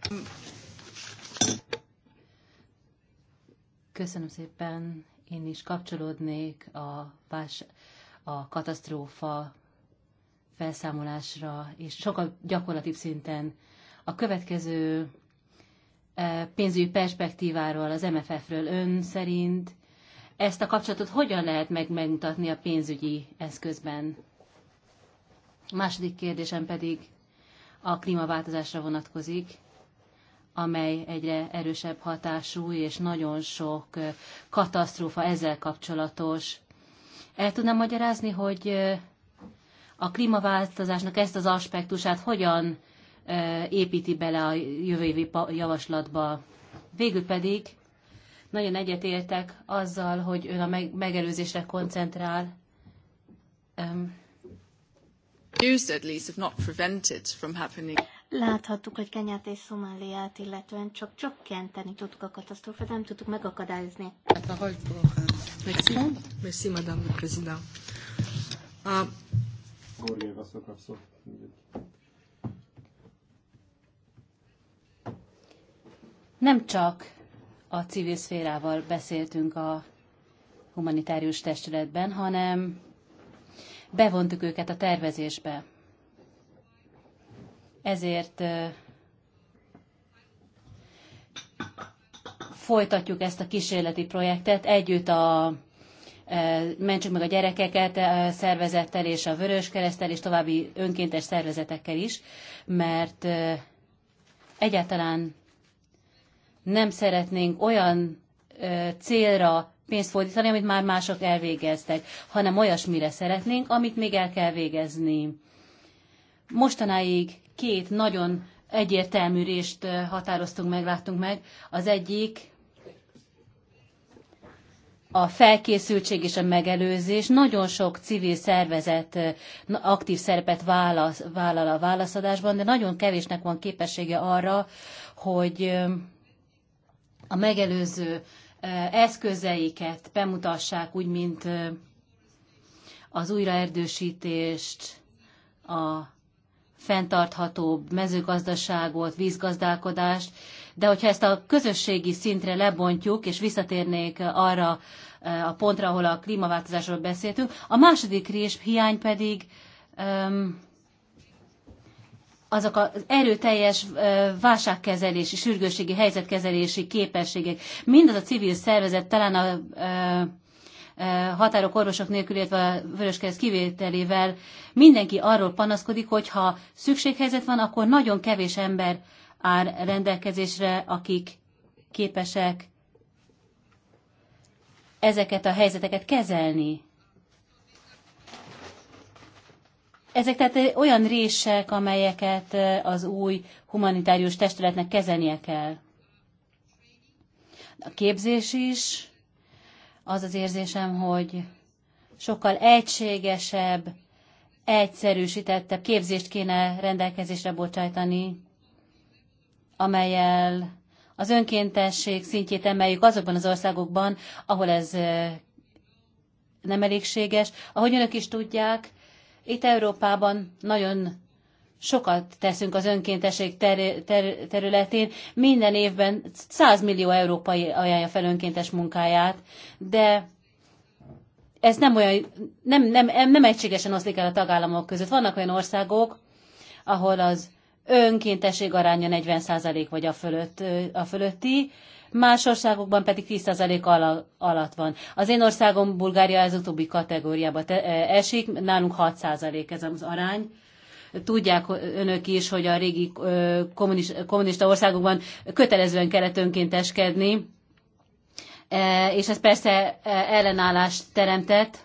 [SPEAKER 1] Köszönöm szépen. Én is kapcsolódnék a, vás, a katasztrófa felszámolásra, és sokkal gyakorlati szinten a következő e, pénzügyi perspektíváról, az MFF-ről ön szerint ezt a kapcsolatot hogyan lehet meg megmutatni a pénzügyi eszközben? A második kérdésem pedig a klímaváltozásra vonatkozik amely egyre erősebb hatású, és nagyon sok katasztrófa ezzel kapcsolatos. El tudnám magyarázni, hogy a klímaváltozásnak ezt az aspektusát hogyan építi bele a jövő évi javaslatba. Végül pedig nagyon egyetértek azzal, hogy ön a megelőzésre koncentrál.
[SPEAKER 2] Um, Used at least, if not prevented from happening.
[SPEAKER 1] Láthattuk,
[SPEAKER 3] hogy Kenyát és Szomáliát illetően csak csökkenteni tudtuk a katasztrófát, nem tudtuk megakadályozni.
[SPEAKER 4] La euh, Merci, Madame le Président.
[SPEAKER 2] Uh,
[SPEAKER 1] nem csak a civil szférával beszéltünk a humanitárius testületben, hanem bevontuk őket a tervezésbe ezért folytatjuk ezt a kísérleti projektet együtt a Mentsük meg a gyerekeket szervezettel és a Vörös Keresztel és további önkéntes szervezetekkel is, mert egyáltalán nem szeretnénk olyan célra pénzt fordítani, amit már mások elvégeztek, hanem olyasmire szeretnénk, amit még el kell végezni. Mostanáig két nagyon egyértelmű részt határoztunk meg, láttunk meg. Az egyik a felkészültség és a megelőzés. Nagyon sok civil szervezet aktív szerepet válasz, vállal a válaszadásban, de nagyon kevésnek van képessége arra, hogy a megelőző eszközeiket bemutassák úgy, mint az újraerdősítést, a fenntarthatóbb mezőgazdaságot, vízgazdálkodást, de hogyha ezt a közösségi szintre lebontjuk, és visszatérnék arra e, a pontra, ahol a klímaváltozásról beszéltünk, a második rés hiány pedig azok az erőteljes e, válságkezelési, sürgősségi helyzetkezelési képességek, mindaz a civil szervezet, talán a e, határok orvosok nélkül, illetve a vöröskereszt kivételével mindenki arról panaszkodik, hogy ha szükséghelyzet van, akkor nagyon kevés ember áll rendelkezésre, akik képesek ezeket a helyzeteket kezelni. Ezek tehát olyan rések, amelyeket az új humanitárius testületnek kezelnie kell. A képzés is az az érzésem, hogy sokkal egységesebb, egyszerűsítettebb képzést kéne rendelkezésre bocsájtani, amelyel az önkéntesség szintjét emeljük azokban az országokban, ahol ez eh, nem elégséges. Ahogy önök is tudják, itt Európában nagyon sokat teszünk az önkéntesség ter- ter- területén. Minden évben 100 millió európai ajánlja fel önkéntes munkáját, de ez nem olyan, nem, nem, nem egységesen oszlik el a tagállamok között. Vannak olyan országok, ahol az önkéntesség aránya 40% vagy a, fölött, a fölötti, más országokban pedig 10% alatt van. Az én országom Bulgária ez utóbbi kategóriába e-, esik, nálunk 6% ez az arány Tudják önök is, hogy a régi kommunista országokban kötelezően kellett önkénteskedni, e, és ez persze e, ellenállást teremtett.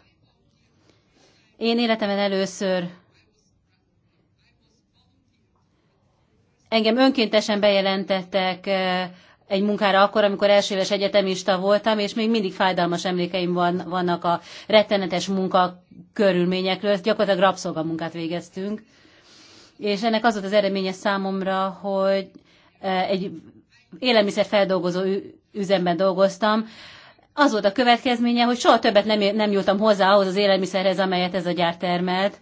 [SPEAKER 1] Én életemben először engem önkéntesen bejelentettek e, egy munkára akkor, amikor első éves egyetemista voltam, és még mindig fájdalmas emlékeim van, vannak a rettenetes munka körülményekről. Gyakorlatilag rabszolgamunkát végeztünk és ennek az volt az eredménye számomra, hogy e, egy élelmiszerfeldolgozó üzemben dolgoztam, az volt a következménye, hogy soha többet nem, nem jutam hozzá ahhoz az élelmiszerhez, amelyet ez a gyár termelt.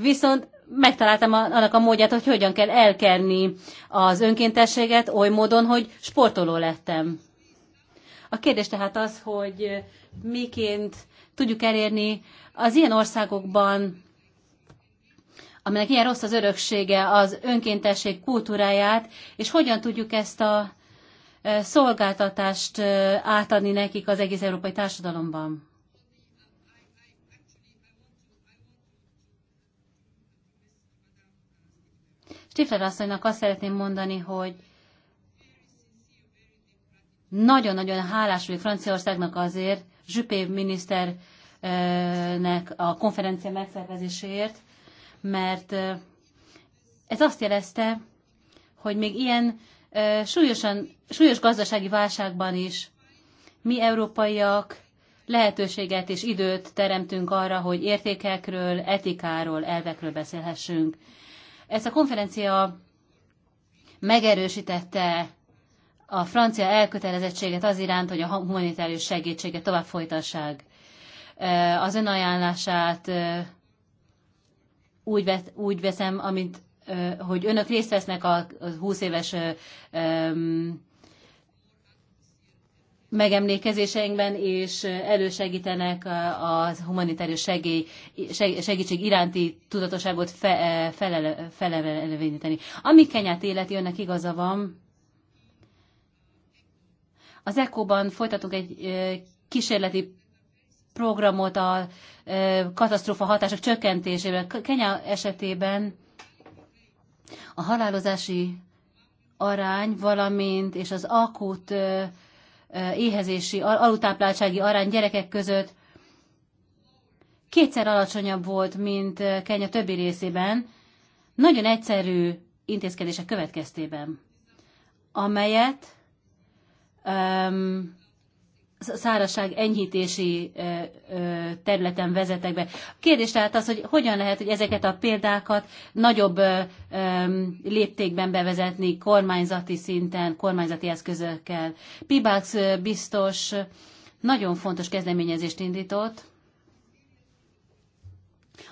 [SPEAKER 1] Viszont megtaláltam a, annak a módját, hogy hogyan kell elkerni az önkéntességet oly módon, hogy sportoló lettem. A kérdés tehát az, hogy miként tudjuk elérni az ilyen országokban aminek ilyen rossz az öröksége, az önkéntesség kultúráját, és hogyan tudjuk ezt a e, szolgáltatást e, átadni nekik az egész európai társadalomban. Stifler asszonynak azt szeretném mondani, hogy nagyon-nagyon hálás vagyok Franciaországnak azért, Zsüpé miniszternek a konferencia megszervezéséért, mert ez azt jelezte, hogy még ilyen súlyosan, súlyos gazdasági válságban is mi európaiak lehetőséget és időt teremtünk arra, hogy értékekről, etikáról, elvekről beszélhessünk. Ezt a konferencia megerősítette a francia elkötelezettséget az iránt, hogy a humanitárius segítséget tovább folytassák. Az önajánlását úgy, vesz, úgy veszem, amint, hogy önök részt vesznek a 20 éves megemlékezéseinkben, és elősegítenek a humanitárius segély, segítség iránti tudatosságot fe, e, fele, feleleveníteni. Ami Kenyát életi, önnek igaza van. Az ECO-ban folytatunk egy kísérleti programot a katasztrófa hatások csökkentésével. Kenya esetében a halálozási arány, valamint és az akut éhezési, alutápláltsági arány gyerekek között kétszer alacsonyabb volt, mint Kenya többi részében, nagyon egyszerű intézkedések következtében, amelyet um, szárazság enyhítési területen vezetek be. A kérdés tehát az, hogy hogyan lehet, hogy ezeket a példákat nagyobb léptékben bevezetni kormányzati szinten, kormányzati eszközökkel. Pibax biztos nagyon fontos kezdeményezést indított,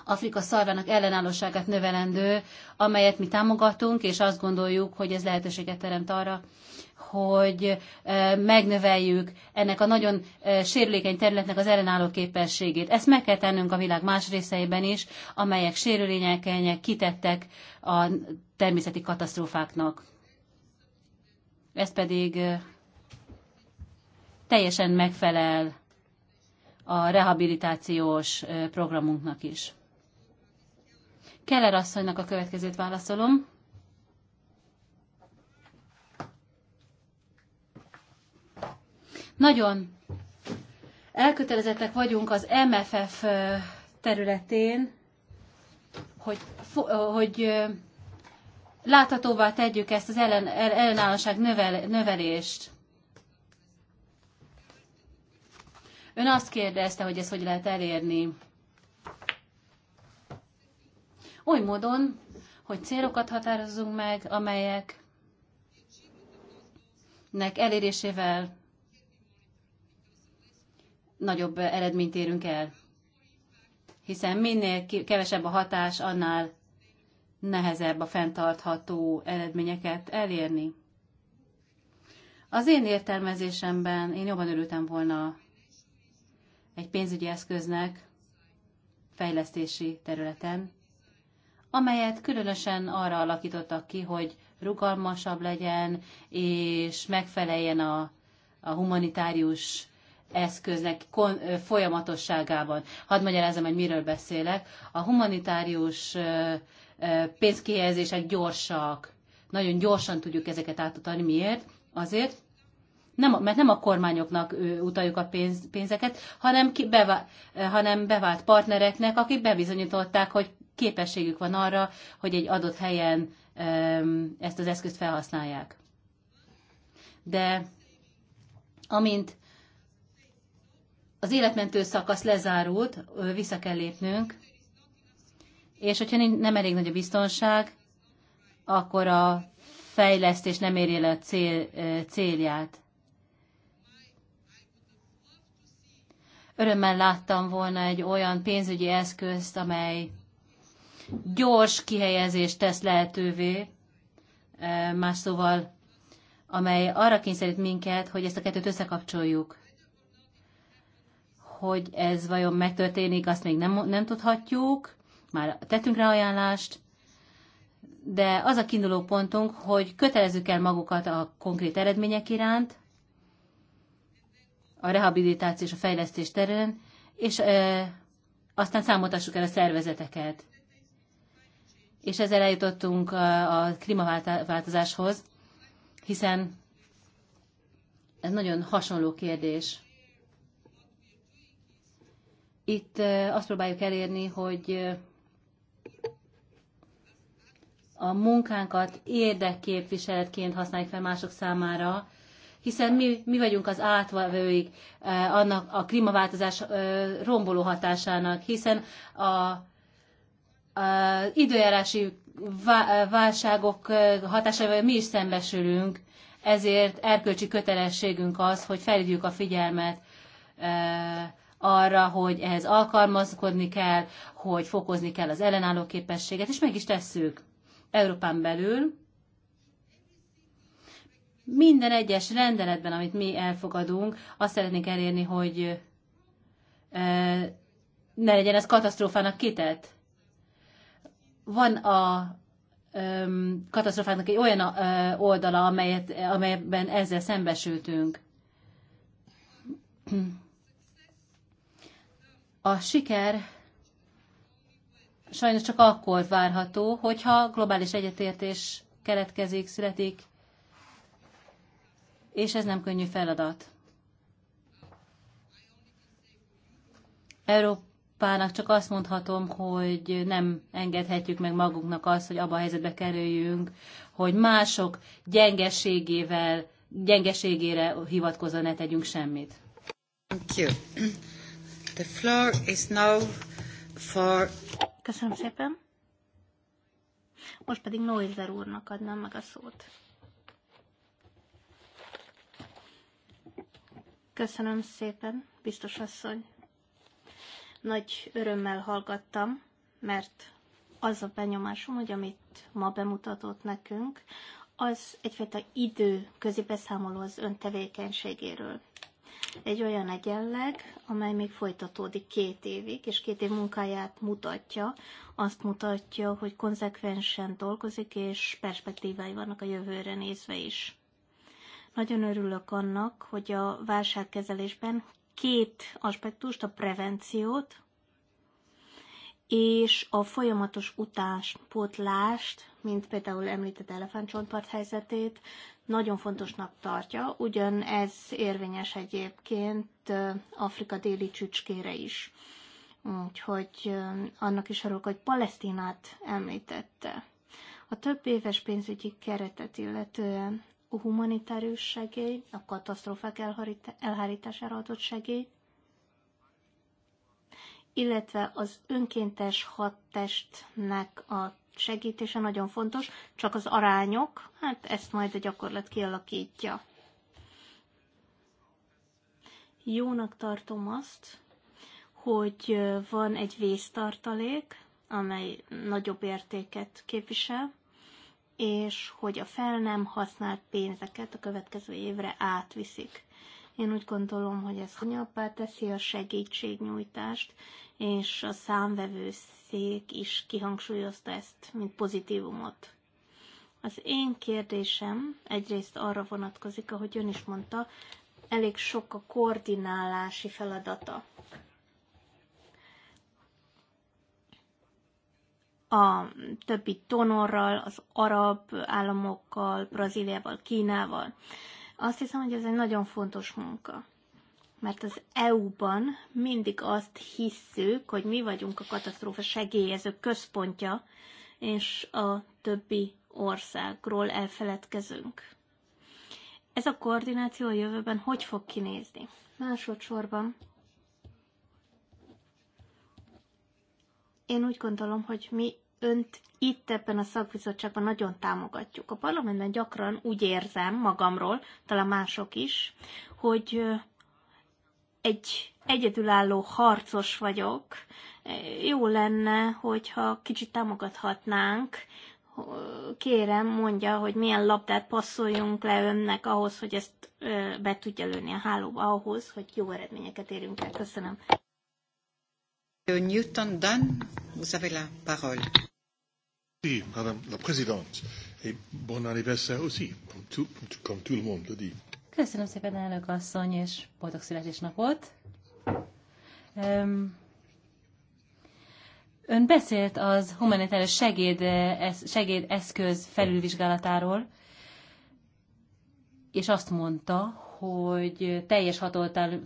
[SPEAKER 1] Afrika szarvának ellenállóságát növelendő, amelyet mi támogatunk, és azt gondoljuk, hogy ez lehetőséget teremt arra, hogy megnöveljük ennek a nagyon sérülékeny területnek az ellenálló képességét. Ezt meg kell tennünk a világ más részeiben is, amelyek sérülékenyek, kitettek a természeti katasztrófáknak. Ez pedig teljesen megfelel a rehabilitációs programunknak is. Keller asszonynak a következőt válaszolom. Nagyon elkötelezettek vagyunk az MFF területén, hogy, hogy láthatóvá tegyük ezt az ellen, ellenállóság növel, növelést. Ön azt kérdezte, hogy ezt hogy lehet elérni oly módon, hogy célokat határozzunk meg, amelyeknek elérésével nagyobb eredményt érünk el. Hiszen minél kevesebb a hatás, annál nehezebb a fenntartható eredményeket elérni. Az én értelmezésemben én jobban örültem volna egy pénzügyi eszköznek fejlesztési területen, amelyet különösen arra alakítottak ki, hogy rugalmasabb legyen, és megfeleljen a, a humanitárius eszköznek kon, folyamatosságában. Hadd magyarázzam, hogy miről beszélek. A humanitárius pénzkihelyezések gyorsak. Nagyon gyorsan tudjuk ezeket átutalni. Miért? Azért, nem, mert nem a kormányoknak utaljuk a pénz, pénzeket, hanem, ki, bevá, hanem bevált partnereknek, akik bebizonyították, hogy képességük van arra, hogy egy adott helyen ezt az eszközt felhasználják. De amint az életmentő szakasz lezárult, vissza kell lépnünk, és hogyha nem elég nagy a biztonság, akkor a fejlesztés nem éri el a cél, célját. Örömmel láttam volna egy olyan pénzügyi eszközt, amely gyors kihelyezést tesz lehetővé, e, más szóval, amely arra kényszerít minket, hogy ezt a kettőt összekapcsoljuk. Hogy ez vajon megtörténik, azt még nem, nem tudhatjuk, már tettünk rá ajánlást, de az a kiinduló pontunk, hogy kötelezzük el magukat a konkrét eredmények iránt, a rehabilitáció és a fejlesztés terén, és e, aztán számoltassuk el a szervezeteket és ezzel eljutottunk a klímaváltozáshoz, hiszen ez nagyon hasonló kérdés. Itt azt próbáljuk elérni, hogy a munkánkat érdekképviseletként használjuk fel mások számára, hiszen mi, mi vagyunk az átvevőik annak a klímaváltozás romboló hatásának, hiszen a az időjárási válságok hatásával mi is szembesülünk, ezért erkölcsi kötelességünk az, hogy felhívjuk a figyelmet arra, hogy ehhez alkalmazkodni kell, hogy fokozni kell az ellenálló képességet, és meg is tesszük Európán belül. Minden egyes rendeletben, amit mi elfogadunk, azt szeretnénk elérni, hogy ne legyen ez katasztrófának kitett van a katasztrofának egy olyan oldala, amelyet, amelyben ezzel szembesültünk. A siker sajnos csak akkor várható, hogyha globális egyetértés keletkezik, születik, és ez nem könnyű feladat. Európa Európának csak azt mondhatom, hogy nem engedhetjük meg magunknak azt, hogy abba a helyzetbe kerüljünk, hogy mások gyengeségével, gyengeségére hivatkozva ne tegyünk semmit. Thank you. The floor is now for... Köszönöm szépen.
[SPEAKER 3] Most pedig Noizer úrnak adnám meg a szót. Köszönöm szépen, biztos asszony. Nagy örömmel hallgattam, mert az a benyomásom, hogy amit ma bemutatott nekünk, az egyfajta időközi beszámoló az ön tevékenységéről. Egy olyan egyenleg, amely még folytatódik két évig, és két év munkáját mutatja, azt mutatja, hogy konzekvensen dolgozik, és perspektívái vannak a jövőre nézve is. Nagyon örülök annak, hogy a válságkezelésben két aspektust, a prevenciót és a folyamatos utánpótlást, mint például említett elefántcsontpart helyzetét, nagyon fontosnak tartja, ugyan ez érvényes egyébként Afrika déli csücskére is. Úgyhogy annak is arról, hogy Palesztinát említette. A több éves pénzügyi keretet illetően a humanitárius segély, a katasztrófák elhárítására adott segély, illetve az önkéntes hadtestnek a segítése nagyon fontos, csak az arányok, hát ezt majd a gyakorlat kialakítja. Jónak tartom azt, hogy van egy vésztartalék, amely nagyobb értéket képvisel, és hogy a fel nem használt pénzeket a következő évre átviszik. Én úgy gondolom, hogy ez hanyabbá teszi a segítségnyújtást, és a számvevőszék is kihangsúlyozta ezt, mint pozitívumot. Az én kérdésem egyrészt arra vonatkozik, ahogy ön is mondta, elég sok a koordinálási feladata. a többi donorral, az arab államokkal, Brazíliával, Kínával. Azt hiszem, hogy ez egy nagyon fontos munka. Mert az EU-ban mindig azt hisszük, hogy mi vagyunk a katasztrófa segélyező központja, és a többi országról elfeledkezünk. Ez a koordináció a jövőben hogy fog kinézni? Másodszorban én úgy gondolom, hogy mi önt itt ebben a szakbizottságban nagyon támogatjuk. A parlamentben gyakran úgy érzem magamról, talán mások is, hogy egy egyedülálló harcos vagyok. Jó lenne, hogyha kicsit támogathatnánk. Kérem, mondja, hogy milyen labdát passzoljunk le önnek ahhoz, hogy ezt be tudja lőni a hálóba, ahhoz, hogy jó eredményeket érjünk el. Köszönöm.
[SPEAKER 1] Newton Dunn, vous
[SPEAKER 4] avez la parole. Merci, Madame la Présidente. Et bon anniversaire aussi, comme tout, comme tout le monde le dit.
[SPEAKER 1] Köszönöm szépen, elnök asszony, és boldog születésnapot. Um, ön beszélt az humanitárius segéd, segédeszköz felülvizsgálatáról, és azt mondta, hogy teljes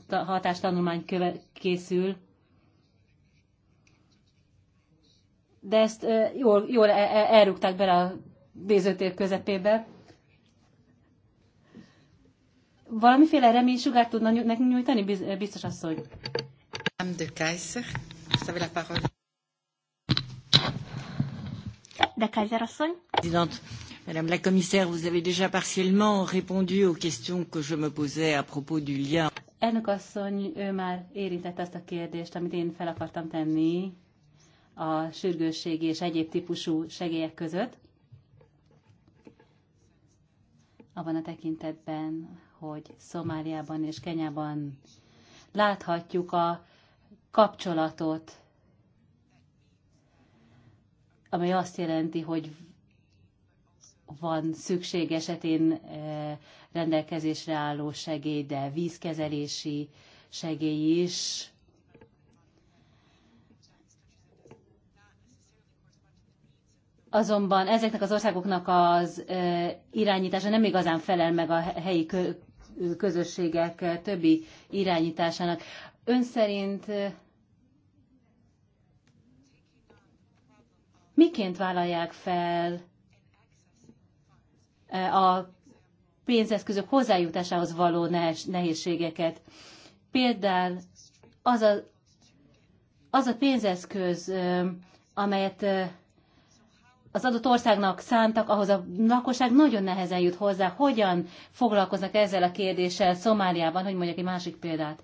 [SPEAKER 1] hatástanulmány készül de ezt jól, jól e, e, elrúgták bele a nézőtér közepébe. Valamiféle remény sugárt tudna nekünk nyújtani, biztos asszony? Madame de Kaiser, vous avez la parole.
[SPEAKER 3] De Kaiser asszony.
[SPEAKER 1] Présidente, Madame la commissaire, vous avez déjà partiellement répondu aux questions que je me posais à propos du lien. Elnök asszony, ő már érintette azt a kérdést, amit én fel akartam tenni a sürgősségi és egyéb típusú segélyek között, abban a tekintetben, hogy Szomáliában és Kenyában láthatjuk a kapcsolatot, ami azt jelenti, hogy van szükség esetén e, rendelkezésre álló segély, de vízkezelési segély is, azonban ezeknek az országoknak az irányítása nem igazán felel meg a helyi közösségek többi irányításának. Ön szerint miként vállalják fel a pénzeszközök hozzájutásához való nehézségeket? Például az a, az a pénzeszköz, amelyet az adott országnak szántak, ahhoz a lakosság nagyon nehezen jut hozzá. Hogyan foglalkoznak ezzel a kérdéssel Szomáliában, hogy mondjak egy másik példát.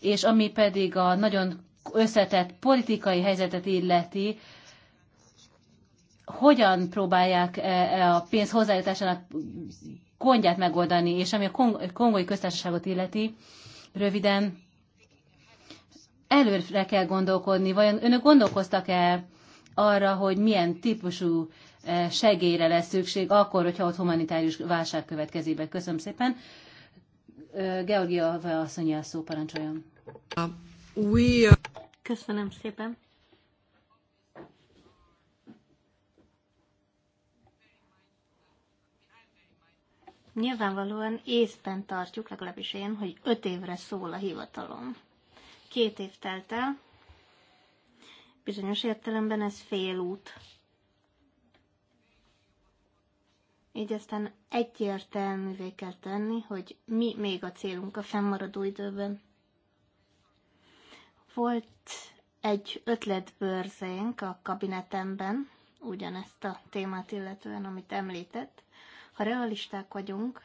[SPEAKER 1] És ami pedig a nagyon összetett politikai helyzetet illeti, hogyan próbálják e, e, a pénz hozzájutásának gondját megoldani, és ami a kong- kongói köztársaságot illeti, röviden előre kell gondolkodni, vajon önök gondolkoztak-e arra, hogy milyen típusú e, segélyre lesz szükség akkor, hogyha ott humanitárius válság következébe. Köszönöm szépen. E, Georgia asszonyi a szó, parancsoljon. Uh, Köszönöm szépen.
[SPEAKER 3] Nyilvánvalóan észben tartjuk, legalábbis én, hogy öt évre szól a hivatalom. Két év telt el, Bizonyos értelemben ez félút. Így aztán egyértelművé kell tenni, hogy mi még a célunk a fennmaradó időben. Volt egy ötletbőrzénk a kabinetemben, ugyanezt a témát illetően, amit említett. Ha realisták vagyunk,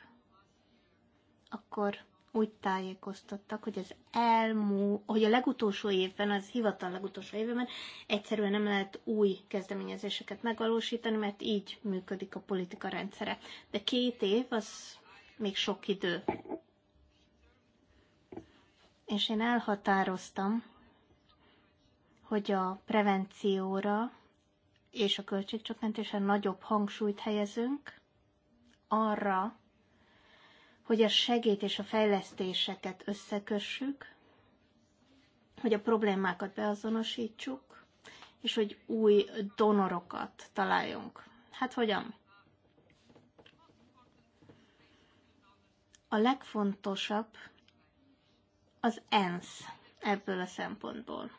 [SPEAKER 3] akkor úgy tájékoztattak, hogy az elmú, hogy a legutolsó évben, az hivatal legutolsó évben egyszerűen nem lehet új kezdeményezéseket megvalósítani, mert így működik a politika rendszere. De két év az még sok idő. És én elhatároztam, hogy a prevencióra és a költségcsökkentésre nagyobb hangsúlyt helyezünk, arra, hogy a segét és a fejlesztéseket összekössük, hogy a problémákat beazonosítsuk, és hogy új donorokat találjunk. Hát hogyan? A legfontosabb az ENSZ ebből a szempontból.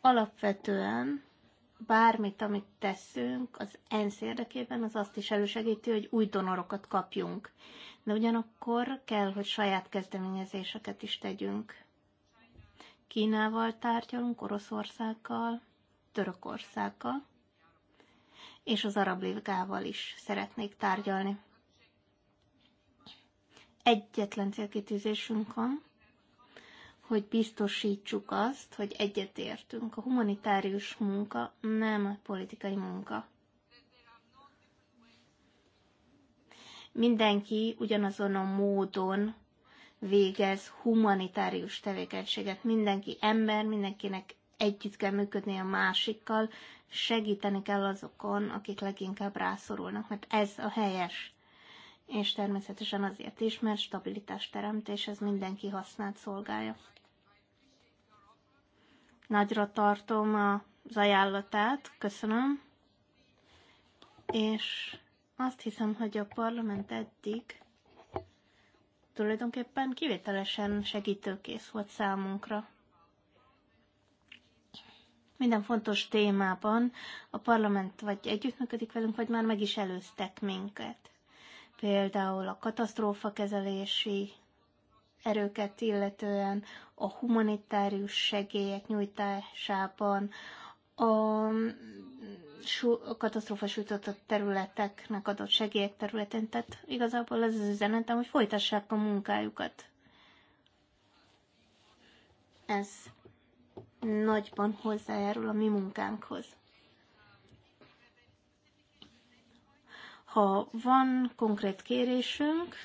[SPEAKER 3] Alapvetően bármit, amit teszünk az ENSZ érdekében, az azt is elősegíti, hogy új donorokat kapjunk. De ugyanakkor kell, hogy saját kezdeményezéseket is tegyünk. Kínával tárgyalunk, Oroszországgal, Törökországgal, és az Arab Ligával is szeretnék tárgyalni. Egyetlen célkitűzésünk van, hogy biztosítsuk azt, hogy egyetértünk. A humanitárius munka nem a politikai munka. Mindenki ugyanazon a módon végez humanitárius tevékenységet. Mindenki ember, mindenkinek együtt kell működni a másikkal, segíteni kell azokon, akik leginkább rászorulnak, mert ez a helyes. És természetesen azért is, mert stabilitás teremtés, ez mindenki használt szolgálja. Nagyra tartom az ajánlatát, köszönöm. És azt hiszem, hogy a parlament eddig tulajdonképpen kivételesen segítőkész volt számunkra. Minden fontos témában a parlament vagy együttműködik velünk, vagy már meg is előztek minket. Például a katasztrófa kezelési erőket illetően, a humanitárius segélyek nyújtásában, a katasztrófa sújtott területeknek adott segélyek területén. Tehát igazából ez az üzenetem, hogy folytassák a munkájukat. Ez nagyban hozzájárul a mi munkánkhoz. Ha van konkrét kérésünk,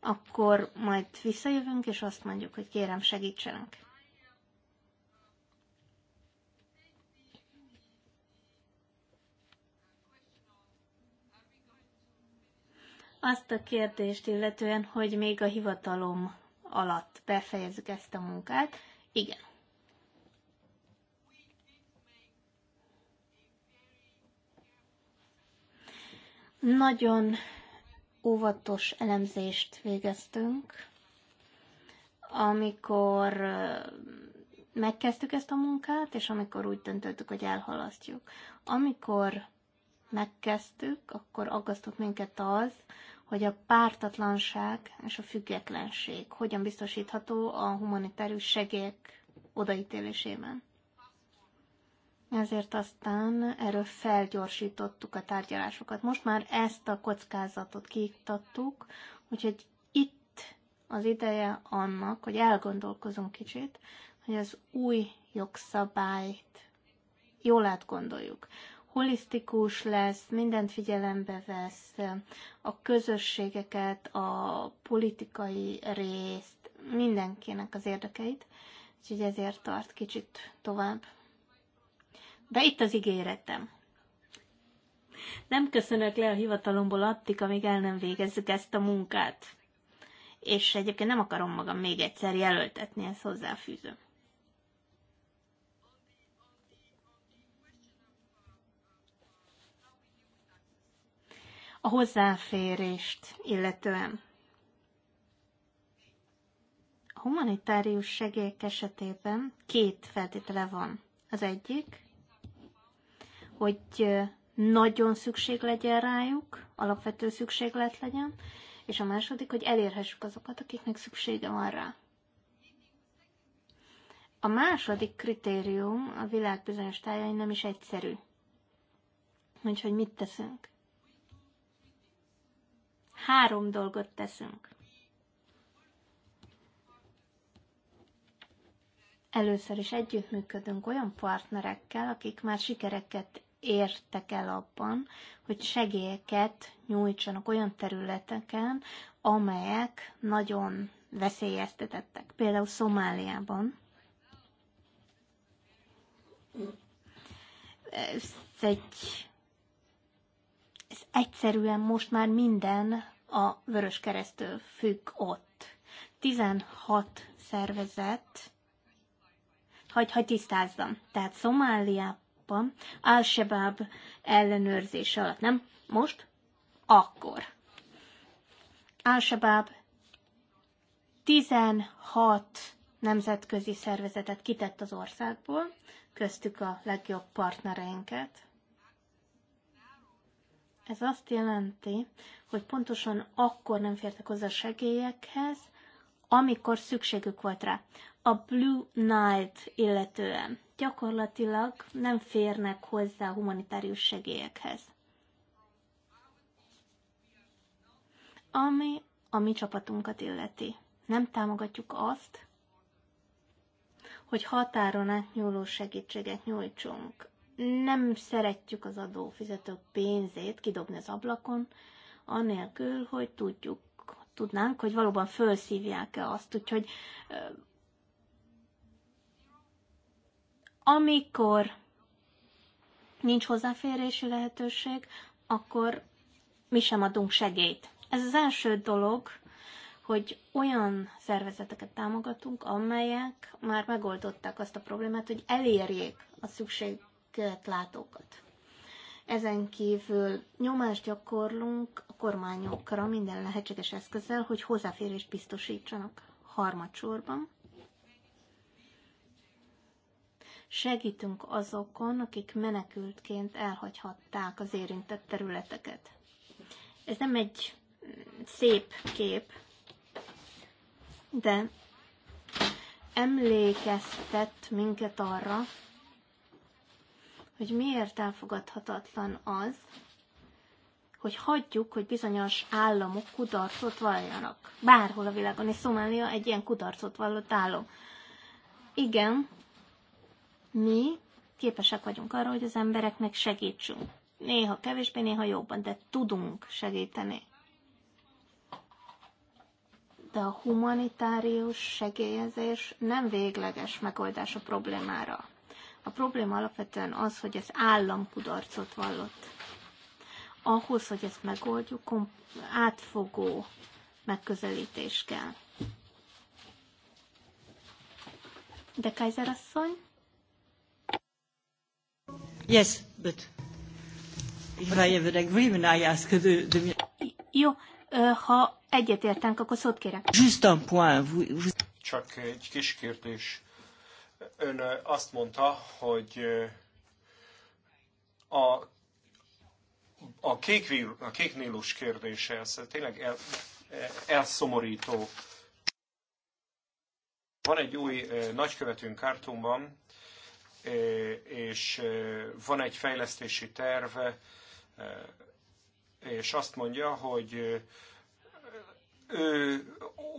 [SPEAKER 3] akkor majd visszajövünk, és azt mondjuk, hogy kérem, segítsenek. Azt a kérdést illetően, hogy még a hivatalom alatt befejezzük ezt a munkát, igen. Nagyon óvatos elemzést végeztünk, amikor megkezdtük ezt a munkát, és amikor úgy döntöttük, hogy elhalasztjuk. Amikor megkezdtük, akkor aggasztott minket az, hogy a pártatlanság és a függetlenség hogyan biztosítható a humanitárius segélyek odaítélésében ezért aztán erről felgyorsítottuk a tárgyalásokat. Most már ezt a kockázatot kiiktattuk, úgyhogy itt az ideje annak, hogy elgondolkozunk kicsit, hogy az új jogszabályt jól átgondoljuk. Holisztikus lesz, mindent figyelembe vesz, a közösségeket, a politikai részt, mindenkinek az érdekeit, úgyhogy ezért tart kicsit tovább. De itt az ígéretem. Nem köszönök le a hivatalomból addig, amíg el nem végezzük ezt a munkát. És egyébként nem akarom magam még egyszer jelöltetni, ezt hozzáfűzöm. A hozzáférést illetően. A humanitárius segélyek esetében két feltétele van. Az egyik, hogy nagyon szükség legyen rájuk, alapvető szükséglet legyen, és a második, hogy elérhessük azokat, akiknek szüksége van rá. A második kritérium a világ bizonyos tájain nem is egyszerű. Úgyhogy mit teszünk? Három dolgot teszünk. Először is együttműködünk olyan partnerekkel, akik már sikereket értek el abban, hogy segélyeket nyújtsanak olyan területeken, amelyek nagyon veszélyeztetettek. Például Szomáliában. Ez egy ez egyszerűen most már minden a Vörös Keresztől függ ott. 16 szervezet, Hogy, hogy tisztázzam. Tehát Szomáliában Irakban al ellenőrzése alatt, nem? Most? Akkor. al 16 nemzetközi szervezetet kitett az országból, köztük a legjobb partnereinket. Ez azt jelenti, hogy pontosan akkor nem fértek hozzá segélyekhez, amikor szükségük volt rá. A Blue Night illetően gyakorlatilag nem férnek hozzá a humanitárius segélyekhez. Ami a mi csapatunkat illeti. Nem támogatjuk azt, hogy határon átnyúló segítséget nyújtsunk. Nem szeretjük az adófizetők pénzét kidobni az ablakon, anélkül, hogy tudjuk, tudnánk, hogy valóban felszívják-e azt. Úgyhogy Amikor nincs hozzáférési lehetőség, akkor mi sem adunk segélyt. Ez az első dolog, hogy olyan szervezeteket támogatunk, amelyek már megoldották azt a problémát, hogy elérjék a szükséget látókat. Ezen kívül nyomást gyakorlunk a kormányokra minden lehetséges eszközzel, hogy hozzáférést biztosítsanak harmadsorban. Segítünk azokon, akik menekültként elhagyhatták az érintett területeket. Ez nem egy szép kép, de emlékeztet minket arra, hogy miért elfogadhatatlan az, hogy hagyjuk, hogy bizonyos államok kudarcot valljanak. Bárhol a világon, és Szomália egy ilyen kudarcot vallott állam. Igen, mi képesek vagyunk arra, hogy az embereknek segítsünk. Néha kevésbé, néha jobban, de tudunk segíteni. De a humanitárius segélyezés nem végleges megoldás a problémára. A probléma alapvetően az, hogy az állam kudarcot vallott. Ahhoz, hogy ezt megoldjuk, átfogó megközelítés kell. De Kaiser asszony?
[SPEAKER 1] Yes, but if I have an agreement, I ask the, the...
[SPEAKER 3] Jó, ha egyetértünk, akkor szót kérek.
[SPEAKER 2] Just un point. Vous... Csak egy kis kérdés. Ön azt mondta, hogy a, a, kék, a kék kérdése, ez tényleg el, e, elszomorító. Van egy új nagykövetünk Kártumban, és van egy fejlesztési terv, és azt mondja, hogy ő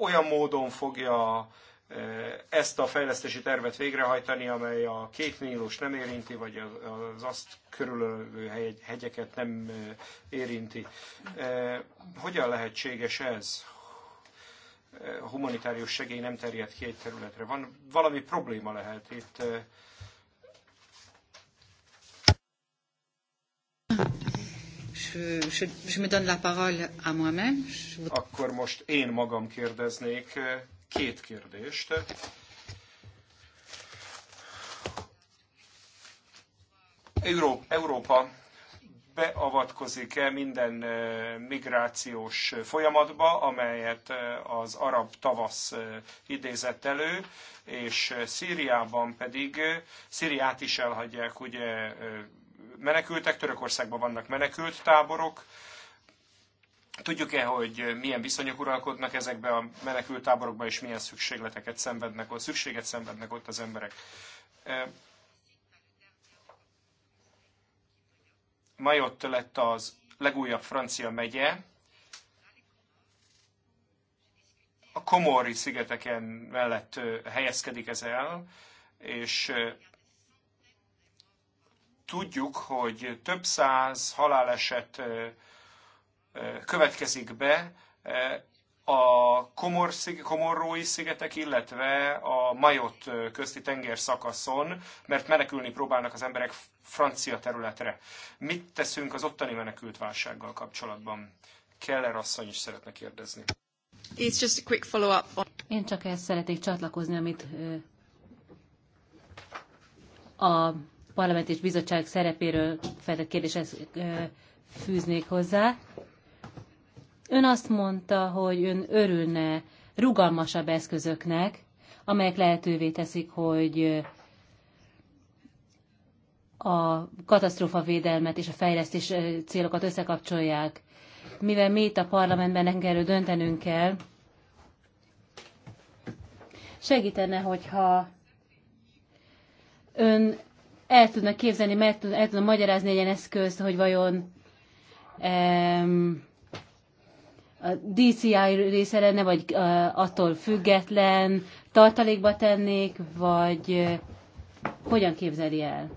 [SPEAKER 2] olyan módon fogja ezt a fejlesztési tervet végrehajtani, amely a két nílus nem érinti, vagy az azt körülölő hegyeket nem érinti. Hogyan lehetséges ez? Humanitárius segély nem terjed ki egy területre. Van, valami probléma lehet itt.
[SPEAKER 1] je, je, je me donne la parole
[SPEAKER 2] à moi-même. Akkor most én magam kérdeznék eh, két kérdést. Európa beavatkozik-e minden eh, migrációs folyamatba, amelyet eh, az arab tavasz idézett elő, és Szíriában pedig, Szíriát is elhagyják ugye menekültek, Törökországban vannak menekült táborok. Tudjuk-e, hogy milyen viszonyok uralkodnak ezekbe a menekült táborokban, és milyen szükségleteket szenvednek ott, szükséget szenvednek ott az emberek? Majott lett az legújabb francia megye, a Komori szigeteken mellett helyezkedik ez el, és tudjuk, hogy több száz haláleset következik be a Komorrói szigetek, illetve a Majot közti tenger szakaszon, mert menekülni próbálnak az emberek francia területre. Mit teszünk az ottani menekült válsággal kapcsolatban? Keller asszony is szeretne kérdezni.
[SPEAKER 1] It's just a quick follow-up. Én csak ezt szeretnék csatlakozni, amit a Parlament és Bizottság szerepéről feltett kérdéshez fűznék hozzá. Ön azt mondta, hogy ön örülne rugalmasabb eszközöknek, amelyek lehetővé teszik, hogy a védelmet és a fejlesztés célokat összekapcsolják. Mivel mi itt a parlamentben nekünk erről döntenünk kell, segítene, hogyha ön el tudna képzelni, mert el tudna magyarázni egy ilyen eszközt, hogy vajon um, a DCI része lenne, vagy uh, attól független, tartalékba tennék, vagy uh, hogyan képzeli el?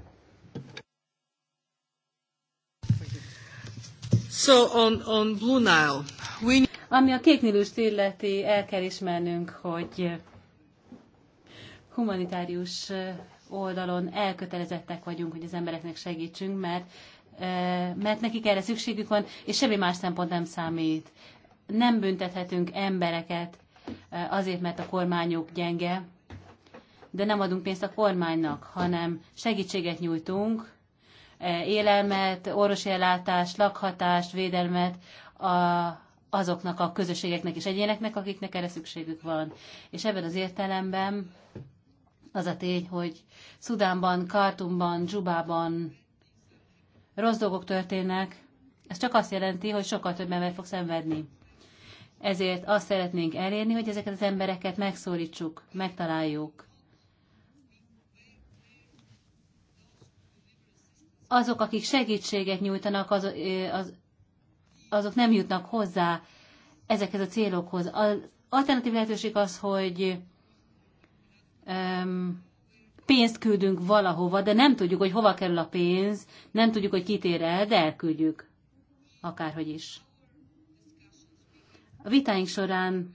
[SPEAKER 1] So on, on Blue Nile, we... Ami a kéknilust illeti, el kell ismernünk, hogy humanitárius oldalon elkötelezettek vagyunk, hogy az embereknek segítsünk, mert, e, mert nekik erre szükségük van, és semmi más szempont nem számít. Nem büntethetünk embereket e, azért, mert a kormányok gyenge, de nem adunk pénzt a kormánynak, hanem segítséget nyújtunk, e, élelmet, orvosi ellátást, lakhatást, védelmet a, azoknak a közösségeknek és egyéneknek, akiknek erre szükségük van. És ebben az értelemben az a tény, hogy Szudánban, Kartumban, Dzsubában rossz dolgok történnek, ez csak azt jelenti, hogy sokkal több ember fog szenvedni. Ezért azt szeretnénk elérni, hogy ezeket az embereket megszólítsuk, megtaláljuk. Azok, akik segítséget nyújtanak, az, az, azok nem jutnak hozzá ezekhez a célokhoz. Az alternatív lehetőség az, hogy pénzt küldünk valahova, de nem tudjuk, hogy hova kerül a pénz, nem tudjuk, hogy kit ér el, de elküldjük. Akárhogy is. A vitáink során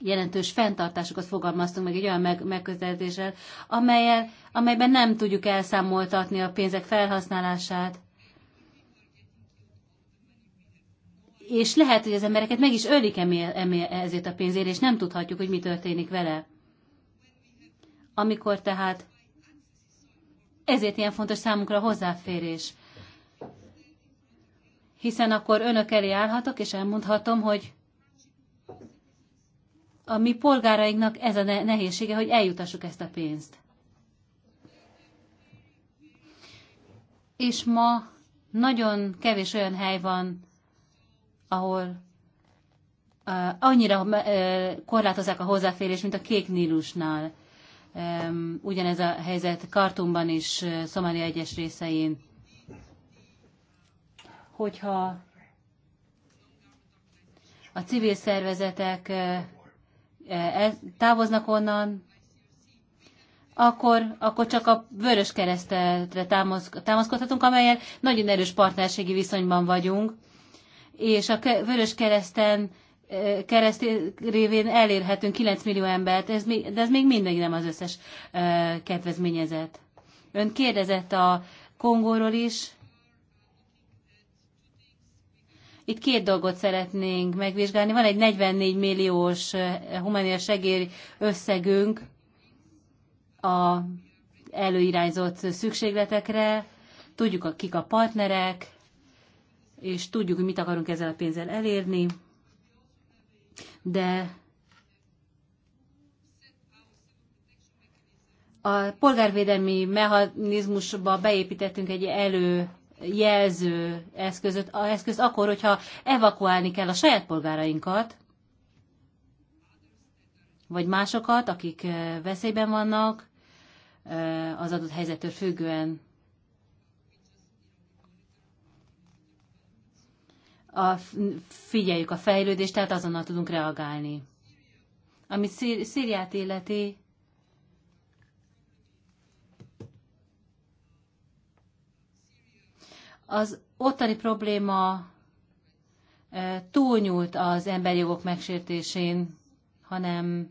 [SPEAKER 1] jelentős fenntartásokat fogalmaztunk meg egy olyan meg, megközelítéssel, amelyel, amelyben nem tudjuk elszámoltatni a pénzek felhasználását. És lehet, hogy az embereket meg is ölik ezért a pénzért, és nem tudhatjuk, hogy mi történik vele amikor tehát ezért ilyen fontos számunkra a hozzáférés. Hiszen akkor önök elé állhatok, és elmondhatom, hogy a mi polgárainknak ez a nehézsége, hogy eljutassuk ezt a pénzt. És ma nagyon kevés olyan hely van, ahol uh, annyira uh, korlátozzák a hozzáférés, mint a Kék Nílusnál. Ugyanez a helyzet Kartumban is Szomália egyes részein. Hogyha a civil szervezetek e, e, távoznak onnan, akkor, akkor csak a Vörös támasz támaszkodhatunk, amelyen nagyon erős partnerségi viszonyban vagyunk, és a Vörös Kereszten keresztény révén elérhetünk 9 millió embert, ez még, de ez még mindig nem az összes kedvezményezet. Ön kérdezett a Kongóról is. Itt két dolgot szeretnénk megvizsgálni. Van egy 44 milliós humanitárius segély összegünk a előirányzott szükségletekre. Tudjuk, kik a partnerek, és tudjuk, hogy mit akarunk ezzel a pénzzel elérni de a polgárvédelmi mechanizmusba beépítettünk egy elő jelző eszközöt, a eszköz akkor, hogyha evakuálni kell a saját polgárainkat, vagy másokat, akik veszélyben vannak, eh, az adott helyzettől függően. a, figyeljük a fejlődést, tehát azonnal tudunk reagálni. Ami Szír, Szíriát illeti, az ottani probléma túlnyúlt az emberi jogok megsértésén, hanem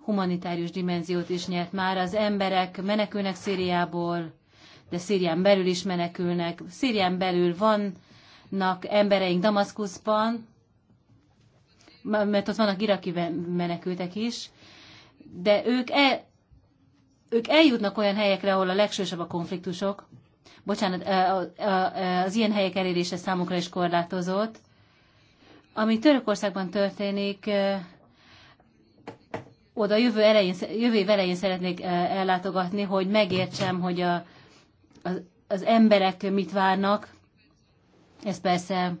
[SPEAKER 1] humanitárius dimenziót is nyert már. Az emberek menekülnek Szíriából, de Szírián belül is menekülnek. Szírián belül van vannak embereink Damaszkuszban, mert ott vannak iraki menekültek is, de ők, el, ők eljutnak olyan helyekre, ahol a legsősebb a konfliktusok. Bocsánat, az ilyen helyek elérése számukra is korlátozott. Ami Törökországban történik, oda jövő, elején, jövő év elején szeretnék ellátogatni, hogy megértsem, hogy a, az, az emberek mit várnak, ez persze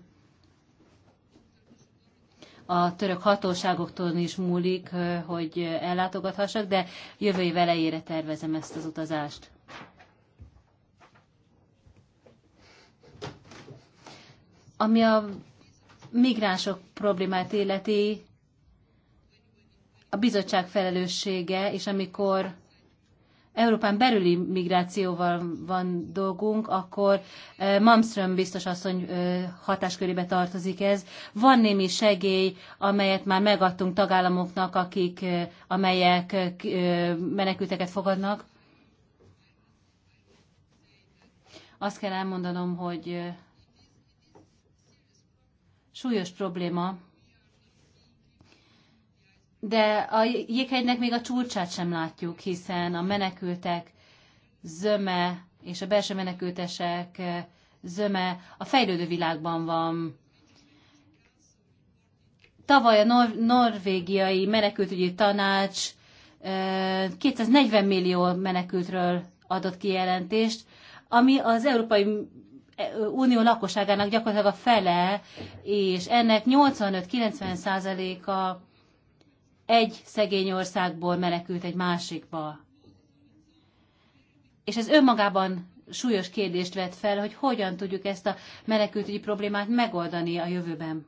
[SPEAKER 1] a török hatóságoktól is múlik, hogy ellátogathassak, de jövő év elejére tervezem ezt az utazást. Ami a migránsok problémát illeti, a bizottság felelőssége, és amikor Európán belüli migrációval van dolgunk, akkor Malmström biztos asszony hatáskörébe tartozik ez. Van némi segély, amelyet már megadtunk tagállamoknak, akik, amelyek menekülteket fogadnak. Azt kell elmondanom, hogy súlyos probléma, de a jéghegynek még a csúcsát sem látjuk, hiszen a menekültek zöme és a belső menekültesek eh, zöme a fejlődő világban van. Tavaly a nor- norvégiai menekültügyi tanács 240 eh, millió menekültről adott kijelentést, ami az Európai Unió lakosságának gyakorlatilag a fele, és ennek 85-90 százaléka egy szegény országból menekült egy másikba. És ez önmagában súlyos kérdést vet fel, hogy hogyan tudjuk ezt a menekültügyi problémát megoldani a jövőben.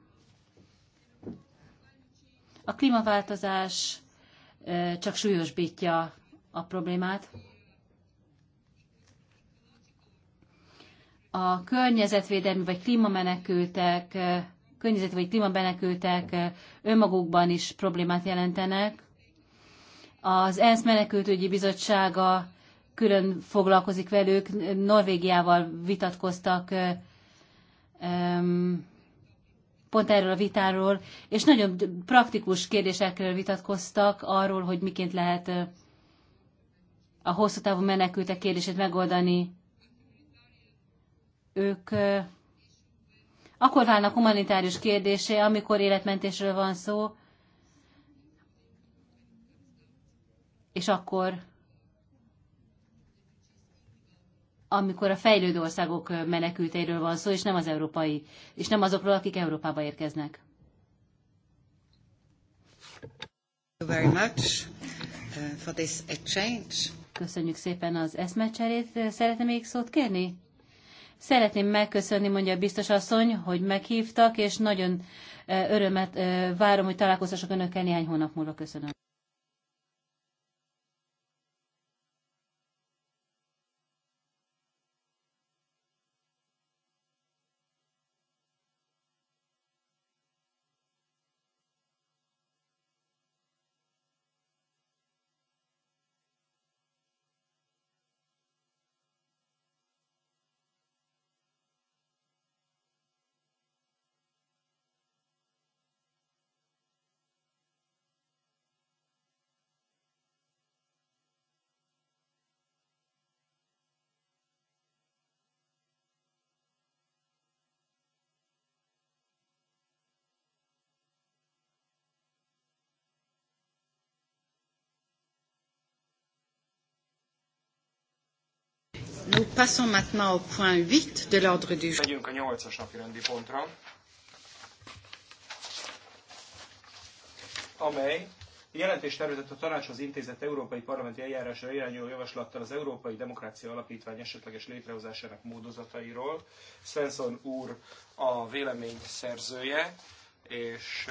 [SPEAKER 1] A klímaváltozás csak súlyosbítja a problémát. A környezetvédelmi vagy klímamenekültek környezet vagy klímabenekültek önmagukban is problémát jelentenek. Az ENSZ menekültügyi bizottsága külön foglalkozik velük, Norvégiával vitatkoztak pont erről a vitáról, és nagyon praktikus kérdésekről vitatkoztak arról, hogy miként lehet a hosszú távú menekültek kérdését megoldani. Ők akkor válnak humanitárius kérdésé, amikor életmentésről van szó, és akkor, amikor a fejlődő országok menekülteiről van szó, és nem az európai, és nem azokról, akik Európába érkeznek.
[SPEAKER 4] Very much
[SPEAKER 1] uh, for this exchange. Köszönjük szépen az eszmecserét. Szeretném még szót kérni? Szeretném megköszönni, mondja a biztos asszony, hogy meghívtak, és nagyon örömet várom, hogy találkozhassak önökkel néhány hónap múlva. Köszönöm.
[SPEAKER 2] Nous passons maintenant au point 8 de l'ordre du jour. Megyünk amely jelentés tervezett a tanács az intézet Európai Parlamenti eljárásra irányuló javaslattal az Európai Demokrácia Alapítvány esetleges létrehozásának módozatairól. Svensson úr a vélemény szerzője, és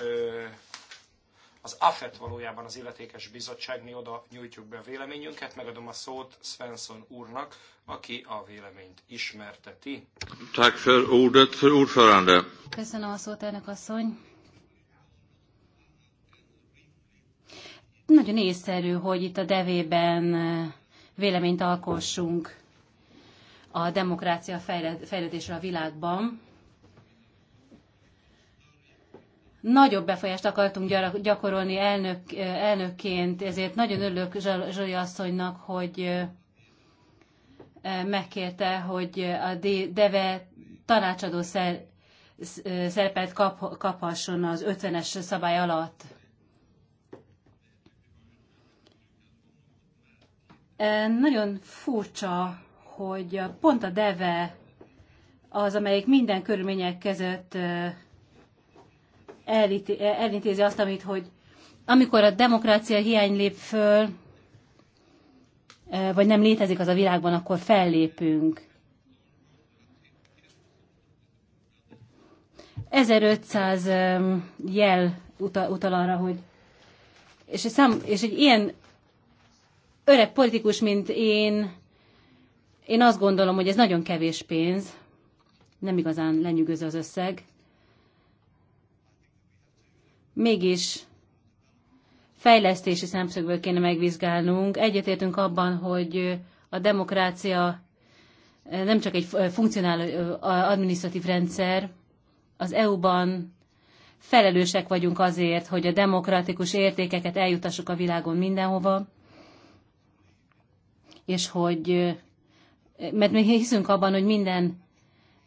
[SPEAKER 2] az AFET valójában az illetékes bizottság, mi oda nyújtjuk be a véleményünket, megadom a szót Svensson úrnak, aki a véleményt ismerteti. Tack för ordet, ordförande.
[SPEAKER 1] Köszönöm a szót, elnök asszony. Nagyon észszerű, hogy itt a devében eh, véleményt alkossunk a demokrácia fejlődésre a világban nagyobb befolyást akartunk gyakorolni elnök, elnökként, ezért nagyon örülök Zsoli asszonynak, hogy megkérte, hogy a DEVE tanácsadó szerepet kap, kaphasson az 50-es szabály alatt. Nagyon furcsa, hogy pont a DEVE az, amelyik minden körülmények között elintézi azt, amit, hogy amikor a demokrácia hiány lép föl, e, vagy nem létezik az a világban, akkor fellépünk. 1500 e, jel utal, arra, hogy és egy, szám, és egy ilyen öreg politikus, mint én, én azt gondolom, hogy ez nagyon kevés pénz, nem igazán lenyűgöző az összeg mégis fejlesztési szemszögből kéne megvizsgálnunk. Egyetértünk abban, hogy a demokrácia eh, nem csak egy funkcionáló eh, administratív rendszer, az EU-ban felelősek vagyunk azért, hogy a demokratikus értékeket eljutassuk a világon mindenhova, és hogy, eh, mert mi hiszünk abban, hogy minden